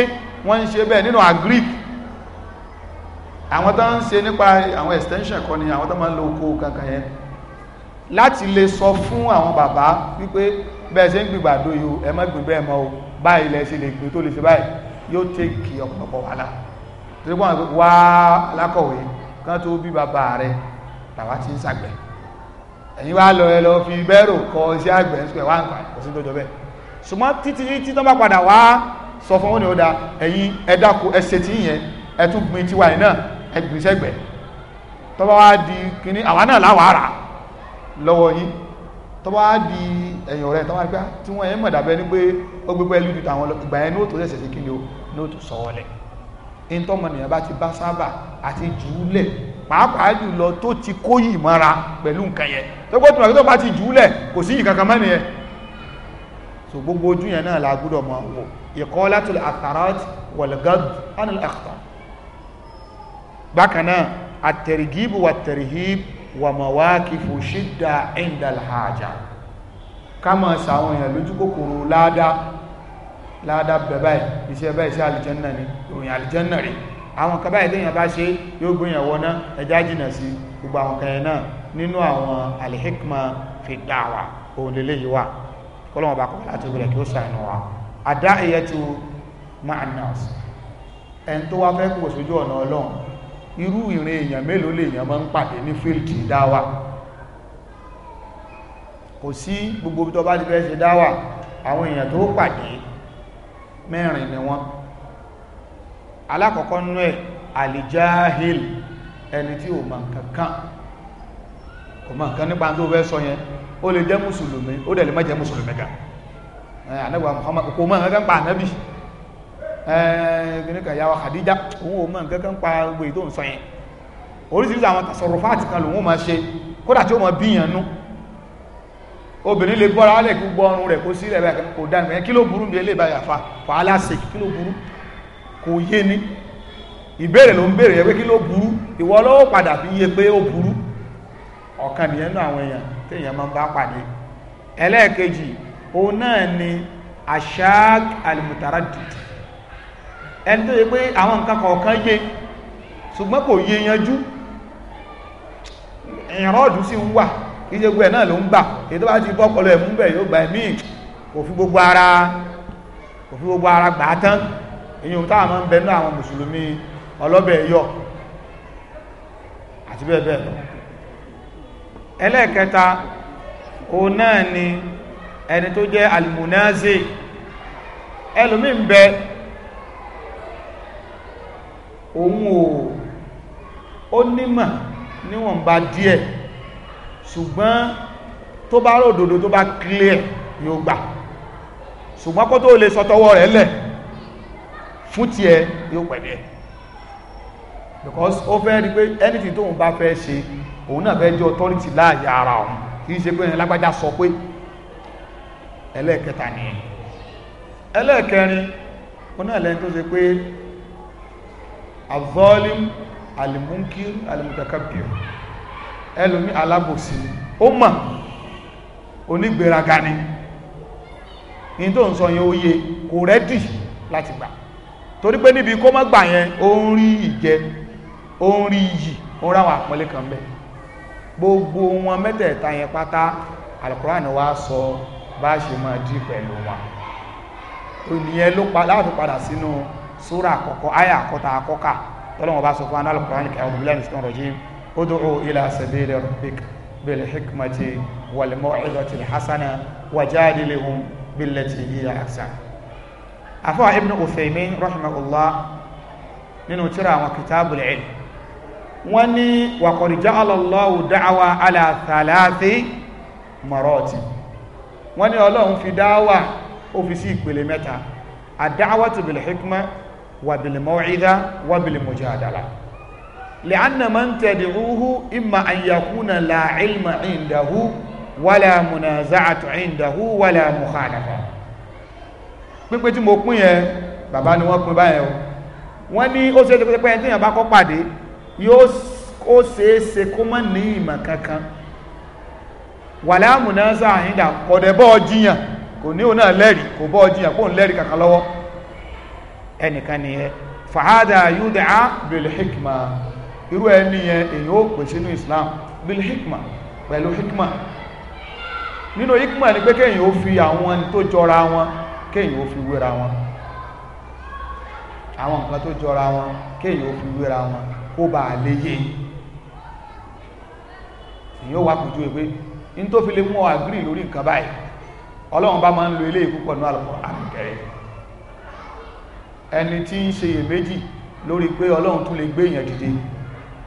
wọ́n ń ṣe bẹ́ẹ̀ nínú agric àwọn tó ń ṣe nípa àwọn extension kan ni àwọn tó máa ń lo oko kankan yẹn láti lè sọ fún àwọn bàbá wípé bẹ́ẹ̀ ṣe ń gbìgbàdo yìí ẹ má gbìn bẹ́ẹ̀ mọ́ o báyìí lẹ ṣe lè gbìn tó lè ṣe báyìí yóò take ọ̀pọ̀lọpọ̀ wàhálà torí wọ́n pẹ́ wá alákọ̀wé kan tó bí bàbá rẹ̀ làwá ti ń ṣàgbẹ̀ ẹ̀yin wá lọ ẹ lọ fi bẹ́rò kọ iṣẹ́ àgbẹ̀ ń sùpẹ̀ wá ń pa kò sí tó jọ bẹ́ẹ̀ ṣùgbọ́n títí tí tán bá padà wá sọ di kíní àwa náà láwàá rà lọ́wọ́ yín tó di ẹ̀yìn ọ̀rẹ́ tó bá ah, tí wọ́n yẹn mọ̀ dàbẹ́ ni pé ó gbé pẹ́ẹ́lú ju tàwọn ìgbà yẹn ní ó tó ṣẹ̀ṣẹ̀ sí kíni o ní ó tó sọ wọlé ìtọ́mọnìyàn bá ti bá sábà àti jùúlẹ̀ pàápàá jùlọ tó ti kó yìí mọ́ra pẹ̀lú nǹkan yẹn tó gbọ́ tùmọ̀ tó bá ti jùúlẹ̀ kò sí yìí kankan mẹ́rin yẹn so gbogbo ojú yẹn náà la gbọ́dọ̀ mọ̀ wò ìkọ́ látòlè àtàràt wọ̀lẹ̀gàd ánìl àkàtà bákan náà àtẹ̀rìgìbù wà tẹ̀rìhìbù wà mọ̀wáàkì fò ṣídà ẹ̀ndàlhájà ká máa sàwọn èèyàn lójú kòkòrò ládàá ládá bẹ̀bá iṣẹ́ bẹ́ iṣẹ́ alìjẹ́nà ni ìròyìn alìjẹ́nà rí àwọn kan báyìí lèyàn bá ṣe yóò gbìyàn wọ́ná ẹjá jìnà sí gbogbo àwọn kan náà nínú àwọn alìhikma fi dáwà òlélé yìí wà kọ́lọ́wọ́n bá kọ́kọ́ láti rẹ̀ kí ó ṣàìnà wa àdá ẹ̀yẹ tu ma'anas ẹni tó wá fẹ́ kò sójú ọ̀nà ọlọ́run irú ìrìn èèyàn àwọn èèyàn tó pàdé mẹ́rin ni wọ́n alákọ̀ọ́kọ́ nú ẹ̀ alìjáhìl ẹni tí ò mọ̀ kankan kò mọ̀ nǹkan nípa tó fẹ́ sọ yẹn ó lè jẹ́ mùsùlùmí ó dẹ̀ lè má jẹ́ mùsùlùmí gan anẹ́gbà Muhammad kò mọ̀ nǹkan pa ànábì ẹ̀ẹ́gbẹ̀rẹ̀ kan yàwó Khadija òun ò mọ̀ nǹkan pa gbogbo ètò ń sọ yẹn oríṣiríṣi àwọn tasọ̀rọ̀fáàtì kan lòun ó máa ṣe kódà tí ó máa bíyànnú obìnrin lè gbọ́ra alẹ́ kí gbọ́ ọrùn rẹ̀ kó sílẹ̀ báyìí kò dá nìkan kí ló burú bí eléyìí báyìí àfa fàálà sí kí ló burú kò yé ni ìbéèrè ló ń béèrè yẹ pé kí ló burú ìwọ padà fi yé pé ó burú ọ̀kan nìyẹn náà àwọn èèyàn máa ń bá pàdé ẹlẹ́ẹ̀kejì òun náà ni ashaq alimutaraddid ẹni tó yẹ pé àwọn nǹkan kọ̀ọ̀kan yé ṣùgbọ́n kò yé yanjú sì ń kí ṣe gbogbo ẹ̀ náà ló ń gbà èyí tó bá ti bọ́ kọlọ ẹ̀mú bẹ̀ yóò gbà ẹ̀mí kò fi gbogbo ara kò fi gbogbo ara gbà á tán èyí ohun táwọn máa ń bẹnu àwọn mùsùlùmí ọlọ́bẹ̀ yọ àti bẹ́ẹ̀ bẹ́ẹ̀ lọ ẹlẹ́ẹ̀kẹta òun náà ni ẹni tó jẹ́ alimunaze ẹlòmí ń bẹ òun ò ó nímọ̀ níwọ̀nba díẹ̀ ṣùgbọ́n tó bá ròdòdó tó bá clear yóò gbà ṣùgbọ́n kó tó lè sọtọwọ́ rẹ̀ lẹ̀ fún ti ẹ yóò pẹ̀lẹ̀ because ó fẹ́ rí pé anything tóun bá fẹ́ ṣe òun náà fẹ́ jẹ́ authority láàyè ara òun kìí ṣe pé ẹlágbájá sọ pé ẹlẹ́ẹ̀kẹta ni ẹlẹ́ẹ̀kẹrin òun náà lẹ́yìn tó ṣe pé azọ́lim alimunkir alimutakabbir ẹlòmí alábòsí ó mọ̀ onígbèraga ni ní tó ń sọ yẹn oyè kò rẹ́dì láti gbà torí pé níbi kó má gbà yẹn ó ń rí ìjẹ ó ń rí iyì ó ń ráwọn kan bẹ́ gbogbo wọn mẹ́tẹ̀ẹ̀ta yẹn pátá alukuraani wa sọ bá ṣe máa dí pẹ̀lú wọn ìyẹn ló pa láti padà sínú súrà àkọ́kọ́ àyà àkọ́ta àkọ́kà tọ́lọ́wọ́n bá sọ fún anáàlùkùnrin kẹwàá bílẹ̀ nìsítọ́rọ̀ jíìmù ادعو إلى سبيل ربك بالحكمة والموعظة الحسنة وجادلهم بالتي هي أحسن أفوى ابن أثيمين رحمه الله nínú tíra àwọn kìtàbù lẹ́yìn wọ́n ní waqad ja'ala Allahu da'wa ala thalathi marati wọ́n ní ọlọ́run fi dáwà ó fi sí ìpele mẹ́ta ad-da'watu bil hikma wa bil maw'idha wa bil mujadala لأن من تدعوه إما أن يكون لا علم عنده ولا منازعة عنده ولا مخالفة pínpín tí mo pín yẹn bàbá ni wọ́n pín báyẹn o wọ́n ní ó ṣe é ṣe pé ẹni tí èèyàn bá kọ́ pàdé yóò ṣe é ṣe kó mọ́ ní ìmọ̀ kankan wàlá múnáṣá àyíndà kò bọ́ jiyàn kò ní òun náà lẹ́rìí kò bọ́ jiyàn kò ń lẹ́rìí kankan lọ́wọ́ ẹnìkan nìyẹn fàádà yúdà bil hikma irú ẹni yẹn èyí ó pè sínú islam bil hikma pẹ̀lú hikma nínú hikma ni pé kéyìn ó fi àwọn tó jọra wọn kéyìn ó fi wéra wọn àwọn nǹkan tó jọra wọn kéyìn ó fi wéra wọn kó bá lè yé èyí ó wà kùjú ẹgbẹ́ in tó fi lè mú àgírí lórí nǹkan báyìí ọlọ́run bá máa ń lo ilé ìkúpọ̀ ní àlùkò àmìkẹrẹ ẹni tí ń ṣe lórí pé ọlọ́run tún lè gbé èèyàn dìde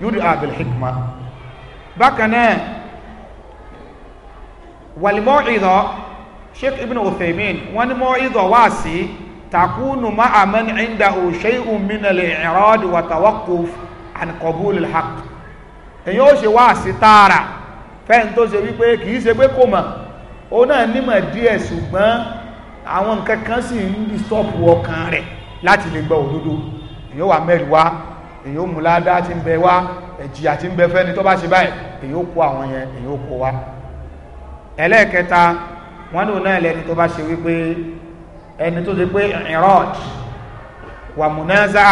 yúdí àbìl hikma bákanáà wàlìmọ́ ìdọ̀ sheikh ibn uthaymin wọ́n ni mọ́ ìdọ̀ wá sí takunu ma'a man inda o shay'un min al-i'rad wa tawaqquf an qabul al-haq èyàn ó ṣe wá sí tààrà fẹ́ni tó ṣe wípé kìí ṣe pé kò mọ̀ ó náà nímọ̀ díẹ̀ ṣùgbọ́n àwọn nǹkan sì ń disọ́pù ọkàn rẹ̀ láti lè gbọ́ òdodo èyàn wà mẹ́rin wá èyí ó mú ládá tí ń bẹ wá ẹ̀jìyà tí ń bẹ fẹ́ni tó bá ṣe báyìí èyí ó kó àwọn yẹn èyí ó kó wá ẹlẹ́ẹ̀kẹta wọ́n lò náà lẹ́ni tó bá ṣe wípé ẹni tó ṣe pé ìrọ́ọ̀d wà múnáza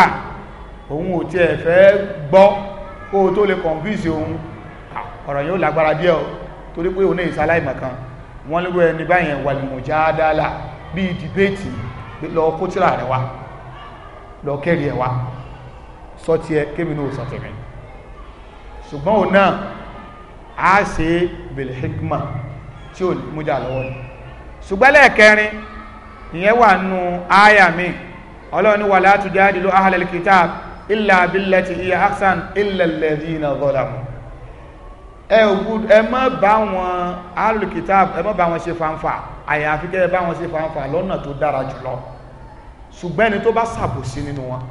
òun ò tiẹ̀ fẹ́ gbọ́ kó o tó lè kọ̀ǹfíìsì òun ọ̀rọ̀ yóò lágbára díẹ̀ o torí pé òun ní ìsáláìmọ̀ kan wọ́n lérò ẹni báyẹn wà lè mọ̀já dáadáa bíi dìbéètì lọ kó tíra rẹ̀ wá lọ kẹ́rì ẹ̀ wá sọ ti ẹ kémi ní òsàn tẹ̀mẹ̀ ṣùgbọ́n òun náà a ṣe bilhikma tí ó mújà lọ́wọ́ ni ṣùgbọ́n lẹ́ẹ̀kẹrin ìyẹn wà nù áyà mi ọlọ́run ní wala tujadilu ahlal kitab illa billati hiya ahsan illa alladhina zalamu ẹ ẹ má bá wọn ahlul kitab ẹ má tó bá ṣàbòsí nínú wọn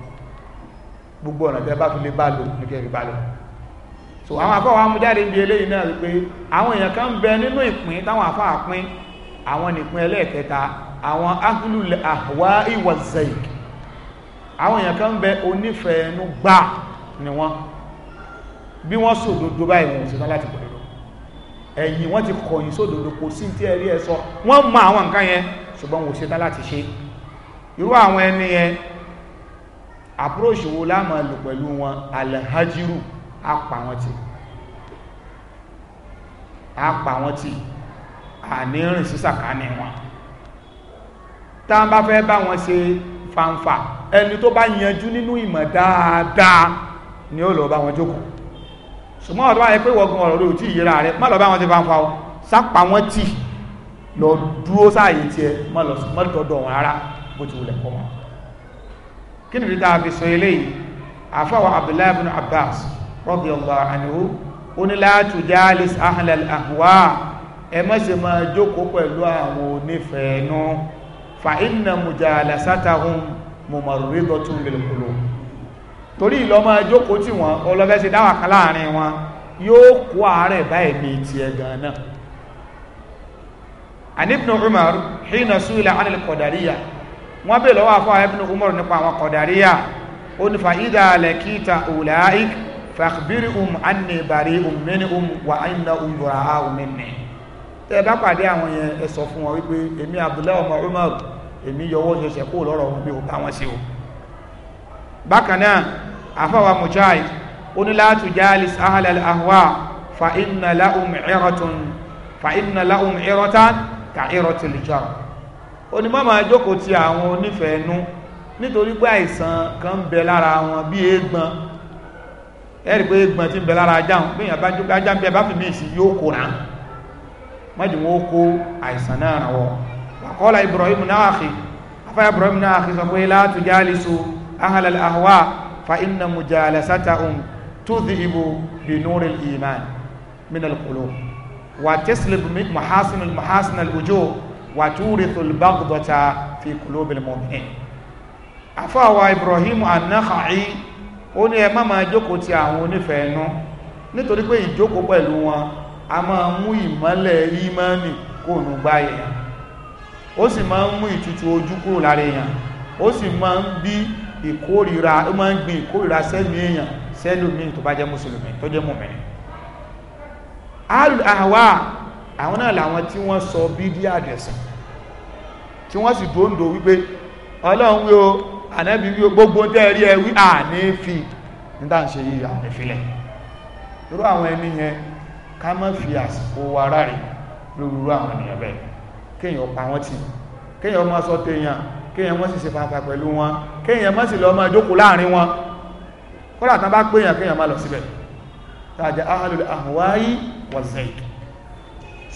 gbogbo ọ̀nà tẹ́ bá fi lè bá lò ní kẹ́ fi bá lò so àwọn afọ́ wa mú jáde níbi eléyìí náà wípé àwọn èèyàn kan ń bẹ nínú ìpín táwọn afọ́ àpín àwọn nìpín ẹlẹ́ẹ̀kẹta àwọn ahlul ahwa iwa zaik àwọn èèyàn kan ń bẹ onífẹ̀ẹ́ ẹnu gbà ni wọ́n bí wọ́n sòdodo báyìí wọn ò ṣetán láti pẹ̀lú ẹ̀yìn wọ́n ti kọ̀yìn sódodo kò sí tí ẹ̀rí ẹ sọ wọ́n mọ àwọn nǹkan yẹn ṣùgbọ́n wọn ò ṣetán láti ṣe irú àwọn ẹni yẹn approach wo láàmà lò pẹ̀lú wọn alhajiru apà wọn ti apà wọn ti ànírìn sísàkánì wọn tá a bá fẹ́ bá wọn ṣe fanfa ẹni tó bá yanjú nínú ìmọ̀ dáadáa ni ó lọ ba wọn jókòó ṣùgbọ́n ọ̀dọ́ ayẹ pé wọ́gun ọ̀rọ̀ rẹ̀ ò tí ìyẹra rẹ̀ má lọ bá wọn ti fanfa o sápa wọn tì lọ dúró sáàyè tiẹ̀ má lọ sọ́dọ̀ wọn rárá bó ti wulẹ̀ kọ́ wọn kí ni dídá fi sọ eléyìí àfọwọ́ abdullahi bin abbas radiyallahu anhu ó ní la tujalis ahlal ahwa ẹ má ṣe máa jókòó pẹ̀lú àwọn onífẹ̀ẹ́ nú fa inna mujalasatahum mumarridatun lil qulub torí ìlọ máa jókòó tí wọ́n ọlọ́fẹ́ ṣe dáwà kan láàrin wọn yóò kó àárẹ̀ báyìí ní ti ẹ̀gàn náà umar hina su'ila anil qadariyah wọ́n bèèrè lọ́wọ́ àfọ́ ibn umar nípa àwọn kọ̀dàríyà ó ní fàídà lẹ́kíta ulaik fàkbírí um anni bari um mini um wa anna um bura a um minni tẹ́ bá pàdé àwọn yẹn ẹ fún wọn wípé èmi abdullahi umar ka irati lijar onímọ̀mọ̀ àjókòó ti àwọn onífẹ̀ẹ́ nú nítorí pé àìsàn kan ń bẹ lára wọn bí eégbọn ẹ̀rì pé eégbọn ti ń bẹ lára ajá wọn gbìyànjú ajá ajá ń bẹ bá fi mí sí yóò kó ràn mọ́jú wọn ó kó àìsàn náà ràn wọ́n wàkọ́lá Ibrahim náà àkè afá Ibrahim náà àkè sọ pé la tujalisu ahlal ahwa fa inna mujalasatahum tudhibu bi nuril iman min al qulub wa taslibu mahasin al mahasin al wujuh wàtúrìtò bàgùdọ̀ta fi kùlóbìlì mọ̀mìn afáwa Ibrahim ibrahimu nakhai ó ní ẹ má máa jókòó ti àwọn onífẹ̀ẹ́ inú nítorí pé ìjókòó pẹ̀lú wọn a máa mú ìmọ́lẹ̀ ìmánì kò nù gbá ó sì máa ń mú ìtutù ojú kúrò lára èèyàn ó sì máa ń bí ìkórìíra ó máa ń gbin ìkórìíra sẹ́mi èèyàn tó bá jẹ́ mùsùlùmí àwọn náà làwọn tí wọ́n sọ bídíà dẹ̀sìn tí wọ́n sì dòndò wípé ọlọ́run wí o ànábì wí o gbogbo tẹ́ rí ẹ wí àní fi ní tàà ń ṣe yìí àní filẹ̀ irú àwọn ẹni yẹn ká má fi àsìkò wa ráre lórí irú àwọn ènìyàn bẹ́ẹ̀ kéèyàn pa wọ́n tì kéèyàn má sọ téèyàn kéèyàn má sì ṣe pàpà pẹ̀lú wọn kéèyàn má sì lọ máa jókòó láàrin wọn kọ́lá tán bá péèyàn kéèyàn má lọ síbẹ̀ tàjà ahàlùl ahwai wa zaid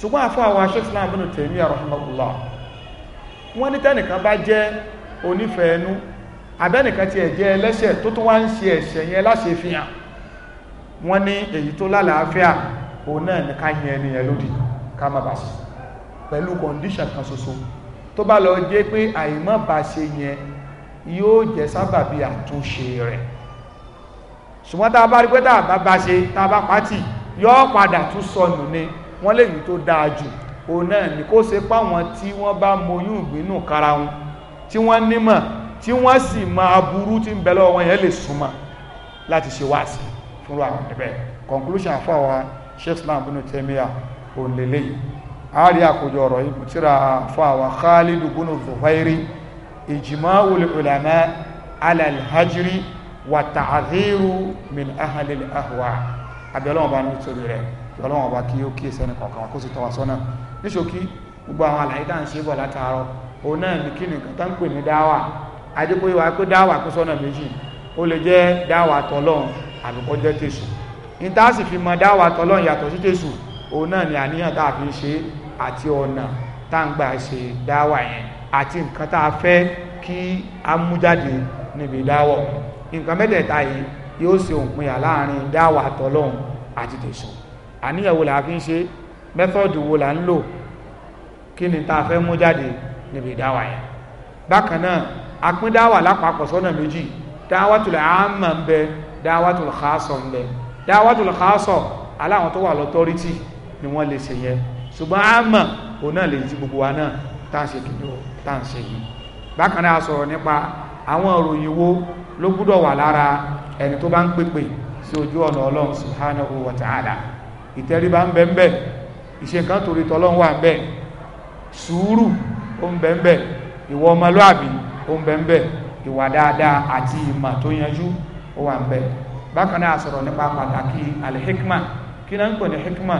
ṣùgbọ́n àfọ́ àwọn aṣẹ́sìláà bínú tèmí àrọ̀hánàkùlá wọ́n ní tẹ́nìkan bá jẹ́ onífẹ̀ẹ́nú abẹ́nìkan ti ẹ̀jẹ́ ẹlẹ́ṣẹ̀ tó tún wá ń ṣe ẹ̀ṣẹ̀ yẹn láṣẹ fi hàn wọ́n ní èyí tó lálàáfíà òun náà ní ká yẹn ẹni yẹn wọ́n léyìí tó dáa jù òun náà ni kó ṣe páwọn tí wọ́n bá moyún ìgbínú kára wọn tí wọ́n nímọ̀ tí wọ́n sì mọ aburú tí ń bẹ wọn yẹn lè súnmọ́ láti ṣe wáàsí fún àwọn ẹ̀bẹ̀ conclusion àfáwà Sheikh Islam bin Taymiyyah òun lélẹ́yìí àárí àkójọ ọ̀rọ̀ yìí tíra àfáwà Khalid bin Zuhairi ijma'ul ulama ala al-hajri min ahli al-ahwa àbẹ̀lọ́wọ̀n bá ní torí rẹ̀ ọlọ́wọ́n ọba kí ó kí ẹsẹ̀ nìkọ̀ọ̀kan wa kó sì tọ́ wa sọ́nà níṣòkí gbogbo àwọn àlàyé tá à ń ṣe bọ̀ látàárọ̀ òun náà ní kí nìkan tá ń pè ní dáwà adékòye wa pé dáwà kó sọ́nà méjì ó lè jẹ́ dáwà tọlọ́run àbíkọ́ jẹ́ tèṣù ní tá a sì fi mọ dáwà tọlọ́run yàtọ̀ sí tèṣù òun náà ni àníyàn tá a fi ń ṣe àti ọ̀nà tá ń gbà ṣe dáwà yẹn àti nǹkan tá a fẹ́ kí a mú jáde níbi dáwọ̀ nǹkan mẹ́tẹ̀ẹ̀ta yìí yóò ṣe òpin yà dáwà tọlọ́run àti tèṣù àníyàn wo là á fi ń ṣe mẹ́tọ́ọ̀dù wo là ń lò kí ni tá a fẹ́ mú jáde níbi ìdáwà yẹn bákan náà apíndáwà lápapọ̀ sọ́nà méjì dáwàtúlẹ̀ àmà ń bẹ dáwàtúlẹ̀ xaasọ̀ ń bẹ dáwàtúlẹ̀ xaasọ̀ aláwọn tó wà lọ́tọ́rítì ni wọ́n lè ṣe yẹn ṣùgbọ́n àmà òun náà lè ti gbogbo wa náà tá à ń ṣe kìdó tá à ń ṣe yìí bákan náà sọ̀rọ̀ nípa àwọn ìròyìn wo ló gbúdọ̀ wà lára ẹni tó bá ń pèpè sí ojú ọ̀nà ọlọ́run subhanahu wa ta'ala ìtẹríba ń bẹ ń bẹ ìṣe nǹkan torí tọlọ́run wà ń bẹ sùúrù ó ń bẹ ń bẹ ìwọ ọmọlúàbí ó ń bẹ ń bẹ ìwà dáadáa àti ìmọ̀ tó yanjú ó wà ń bẹ sọ̀rọ̀ nípa pàtàkì alhikma kí náà ń pè ní hikma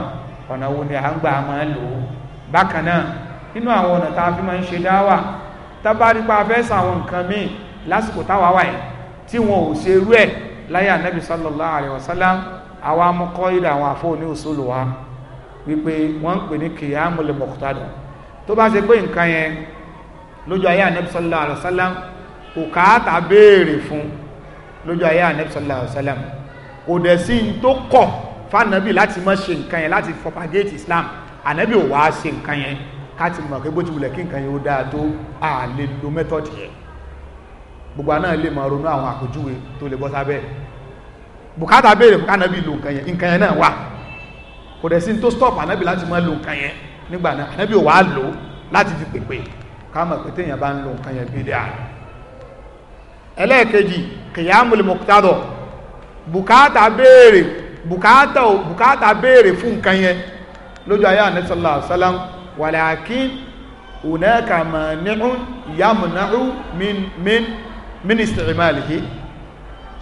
ọ̀nà wo ni à ń gbà máa lò ó bákan náà àwọn ọ̀nà tá a fi máa ń ṣe dáwà tábàrípa afẹ́sàn àwọn nǹkan míì lásìkò táwa wà yìí tí wọn ò ṣe irú ẹ̀ láyé ànábì sallallahu alayhi wa sallam àwa amúkọ́ ìdá àwọn àfọ́ ní òṣòlò wa wípé wọ́n ń pè ní kìyàmùlẹ̀ mọ̀kútàdà tó bá ṣe pé nǹkan yẹn lójú ayé ànábì sallallahu alaihi wasallam kò káàtà béèrè fún lójú ayé ànábì sallallahu kò dẹ̀ sí n tó kọ̀ fànàbì láti má ṣe nǹkan yẹn láti propagate Islam ànábì ò wá ṣe nǹkan yẹn káti mọ̀ pé bó ti wulẹ̀ kí nǹkan yẹn ó dáa tó a lè yẹn gbogbo àná lè máa ronú àwọn àpèjúwe tó lè bọ́ sábẹ́ bùkátà béèrè fún kánábì lo nǹkan yẹn nǹkan yẹn náà wà kò dẹ̀ sí tó stop ànábì láti máa lo nǹkan yẹn nígbà náà ànábì ò wá lò ó láti fi pèpè ká mọ̀ pé téèyàn bá ń lo nǹkan yẹn bídíà ẹlẹ́ẹ̀kejì kìyàmùlì mọ̀kútàdọ̀ bùkátà béèrè bùkátà bùkátà béèrè fún nǹkan yẹn lójú ayé ànábì sallallahu alaihi wasallam walakin hunaka mani'un yamna'u min min min isti'malihi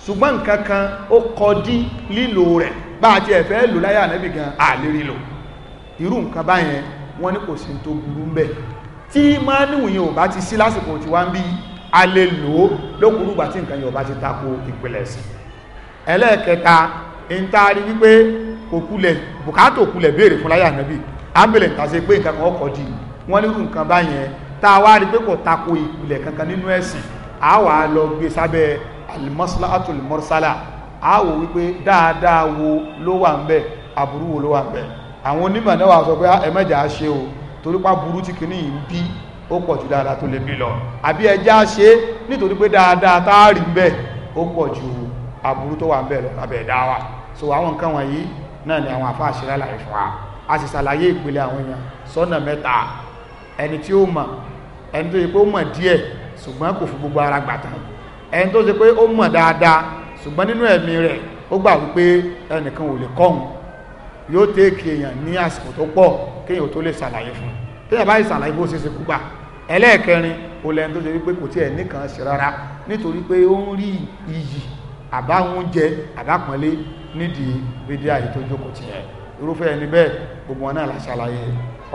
ṣùgbọ́n nǹkan kan ó kọ dí lílò rẹ̀ bá a ti ẹ̀fẹ́ lò láyé ànábì gan àlérí lò irú nǹkan báyẹn wọ́n ní kò sí tó burú ń bẹ̀ tí mánìwò yẹn ò bá ti sí lásìkò tí wá ń bí a lè lò ó lókùrúgbà tí nǹkan yẹn ò bá ti tako ìpìlẹ̀ sí ẹlẹ́ẹ̀kẹta ń taari wípé òkulẹ̀ bùkátà òkulẹ̀ béèrè fún láyé ànábì ábẹ̀lẹ̀ ń tàṣe pé nǹkan kan ọkọ̀ dì wọ́n nírú nǹkan báyẹn tá a wá rí pé kò tako ìpìlẹ̀ kankan nínú ẹ̀sìn a lọ gbé sábẹ́ almaslahatul mursala a wò wípé dáadáa wo ló wà ń bẹ aburú wo ló wà ń bẹ àwọn onímọ̀ náà wà sọ pé ah, ẹ mẹ́jà ṣe o torípa burú tí kìíní yìí ń bí ó pọ̀ ju dáadáa tó lè bí lọ àbí ẹjá ṣe nítorí pé dáadáa táàrí ń bẹ ó pọ̀ ju aburú tó wà ń bẹ lọ lábẹ́ ẹ̀dá wa so àwọn nǹkan wọ̀nyí náà ni àwọn àfáà ṣe lálàyé fún wa a sì ṣàlàyé ìpele àwọn èèyàn sọ́nà mẹ́ta ẹni tí ó mọ̀ ẹni tó yẹ pé ó mọ̀ díẹ̀ ṣùgbọ́n kò fi gbogbo ara gbà tán ẹni tó ṣe pé ó mọ̀ dáadáa ṣùgbọ́n nínú ẹ̀mí rẹ̀ ó gbà wípé ẹnìkan ò lè kọ́hun yóò téèkì èèyàn ní àsìkò tó pọ̀ kéèyàn tó lè ṣàlàyé fún un téèyàn bá ṣàlàyé bó ṣe ṣe kú gbà ẹlẹ́ẹ̀kẹrin ó lẹ́ni tó ṣe wípé kò tí ẹ̀ nìkan ṣe rárá nítorí pé ó ń rí iyì àbá oúnjẹ nídìí fídíà yìí tó jókòó ti yẹn irúfẹ́ ẹni bẹ́ẹ̀ gbogbo náà la ṣàlàyé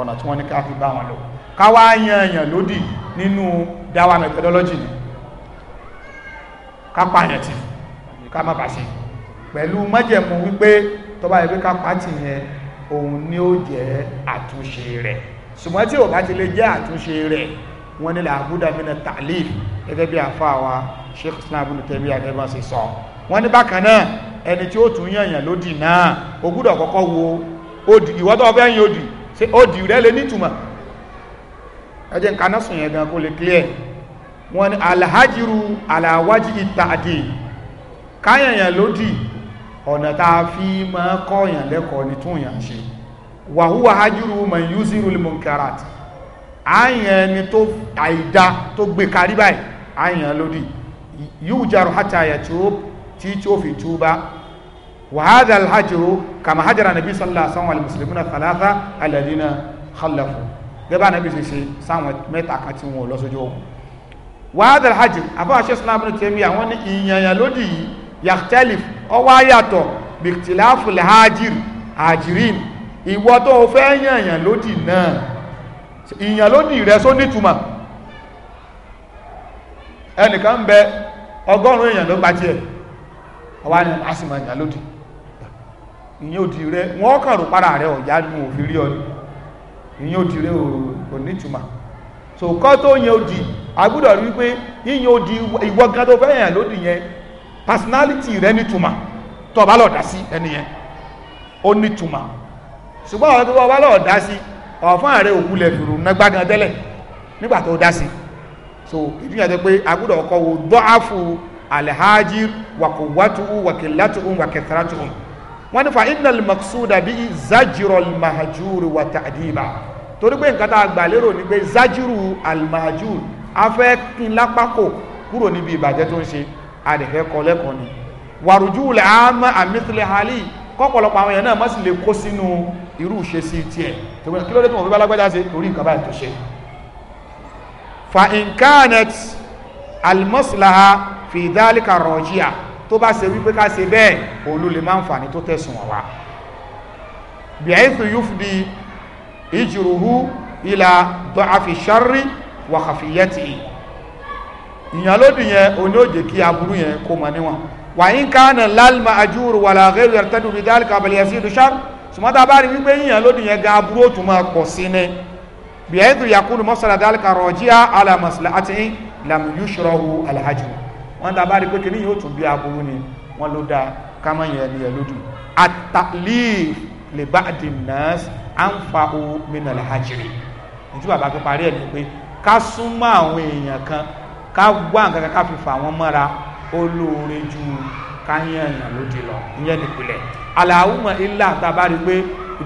ọ̀nà tí wọ́n ní ká fi bá wọn lò ká wá yan èèyàn lódì nínú dáwà methodology ni kápá yẹn ti ká má bàa ṣe pẹ̀lú májẹ̀mú wípé tó bá yẹ pé kápá tì yẹn òun ni ó jẹ́ àtúnṣe rẹ̀ ṣùgbọ́n tí ò bá ti lè jẹ́ àtúnṣe rẹ̀ wọ́n ní làbúdà mìíràn tàlíf gẹ́gẹ́ bí àfa wa Sheikh Islam ibn Taymiyyah àgẹ́gbọ́n ṣe sọ wọ́n ní bákan náà ẹni tí ó tún yànyàn lódì náà ó gbúdọ̀ kọ́kọ́ wo odì ìwọ́ tó fẹ́ yin odì odì rẹ̀ lè nítumọ̀ ẹ jẹ́ nǹkan sùn yẹn gan kó lè clear wọn ni alhajiru alawaji ìtàdì káyàyàn lódì ọ̀nà tàà fi ma kọ́yàn lẹ́kọ̀ọ́ ní tún yàn ṣe wàhúwà hajiru man yuziru limunkarat àyàn ni tó àìdá tó gbé karí báyìí àyàn lódì yíò jarò hátà yà tí tí ó fi túbá wàhádà alhajiru kama hajara nabi sallallahu alaihi wasallam muslimuna thalatha alladhina khallafu gẹ́bà nabi ṣe ṣe mẹ́ta kan wọn lọ wàhádà hajj àbáwọ̀ṣẹ́ sinamu tẹ́mi àwọn ní ìyànyàn lódì yìí yàtẹ́lif ọwọ́ ayàtọ̀ bìtìláfù hajir hajirin ìwọ tó o lódì náà ìyàn lódì rẹ só nítumọ̀ ẹnìkan bẹ ọgọ́rùn-ún ló ni a sì lódì ìyẹn òdì rẹ wọ́n kàn rò para rẹ ọ̀yá so tó agbúdọ̀ rí wípé yíyan odi ìwọ gan tó fẹ́ lódì yẹn personality rẹ nítumà tó bá lọ̀dá sí ẹni yẹn ó nítumà ṣùgbọ́n àwọn tó bá lọ̀dá sí ọ̀fún ààrẹ òkúlẹ̀ fìrù nágbágan tẹ́lẹ̀ nígbà tó dá sí so ìdíyàn tó pé agbúdọ̀ ọkọ̀ wo dọ́áfù alhajir wakuwatuhu wakilatuhu wakẹtàratuhu wọ́n ní fa innal maksuda bí zajiro almahajur wa ta'diba torí pé nǹkan tá a gbà lérò ní pé zajiru almahajur afẹ́ kí n lápákò kúrò níbi ìbàjẹ́ tó ń ṣe àdẹ̀fẹ́ kọ lẹ́kọ̀ọ́ ni wàrújú lẹ̀ á mọ́ àmìtìlẹ̀ hali kọ́pọ̀lọpọ̀ àwọn èèyàn náà má sì lè kó sínú irú ìṣe sí tiẹ̀ tòmìnà kí ló dé tó mọ̀ bí balagbájá ṣe torí nǹkan báyìí tó ṣe fa incarnet almaslaha fi dálíkà rọ̀jíà tó bá ṣe wípé ká ṣe bẹ́ẹ̀ olú lè máa ń fàní tó tẹ̀sùn wà bí i fi yúfdi ìjìrùhú ilà dọ́àfi sharri wa khafiyatihi ìyàn lódì yẹn òní ó jẹ́ kí aburú yẹn kó mọ̀ níwọ̀n wàyín kánà lálmà àjúrù wà láàrẹ́rù ẹ̀rẹ́tẹ́dù bí dáríkà abẹ̀lẹ̀ sí ìdúṣàr ṣùgbọ́n bá rí wípé ìyàn lódì yẹn ga aburú ó tún máa pọ̀ sí ni bí ẹ̀dù yakunu mọ́sálà dáríkà rọ̀jíà alàmọ̀sílà àti làmù yúṣọ́rọ̀hù alhajú wọ́n bá rí pé kí ni bí aburú ni wọ́n ló dáa kámọ́ yẹn ni ẹ̀ lè bá àdìnnàs àǹfà ká súnmọ́ àwọn èèyàn kan ká wá nǹkan ká fi fà wọ́n mọ́ra ó lóore ju ká yán èèyàn lódì lọ ìyẹn nìpìlẹ̀ aláwùmọ̀ ilé àtàbárí pé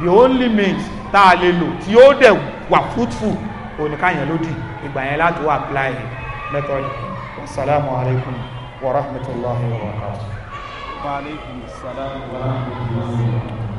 the only means tá a lè lò tí ó dẹ̀ wà fruitful òun ni ká yán lódì ìgbà yẹn láti wá apply method wasalaamu alaykum wa rahmatulahi wa barakatuh. wa aleykum rahmatulahi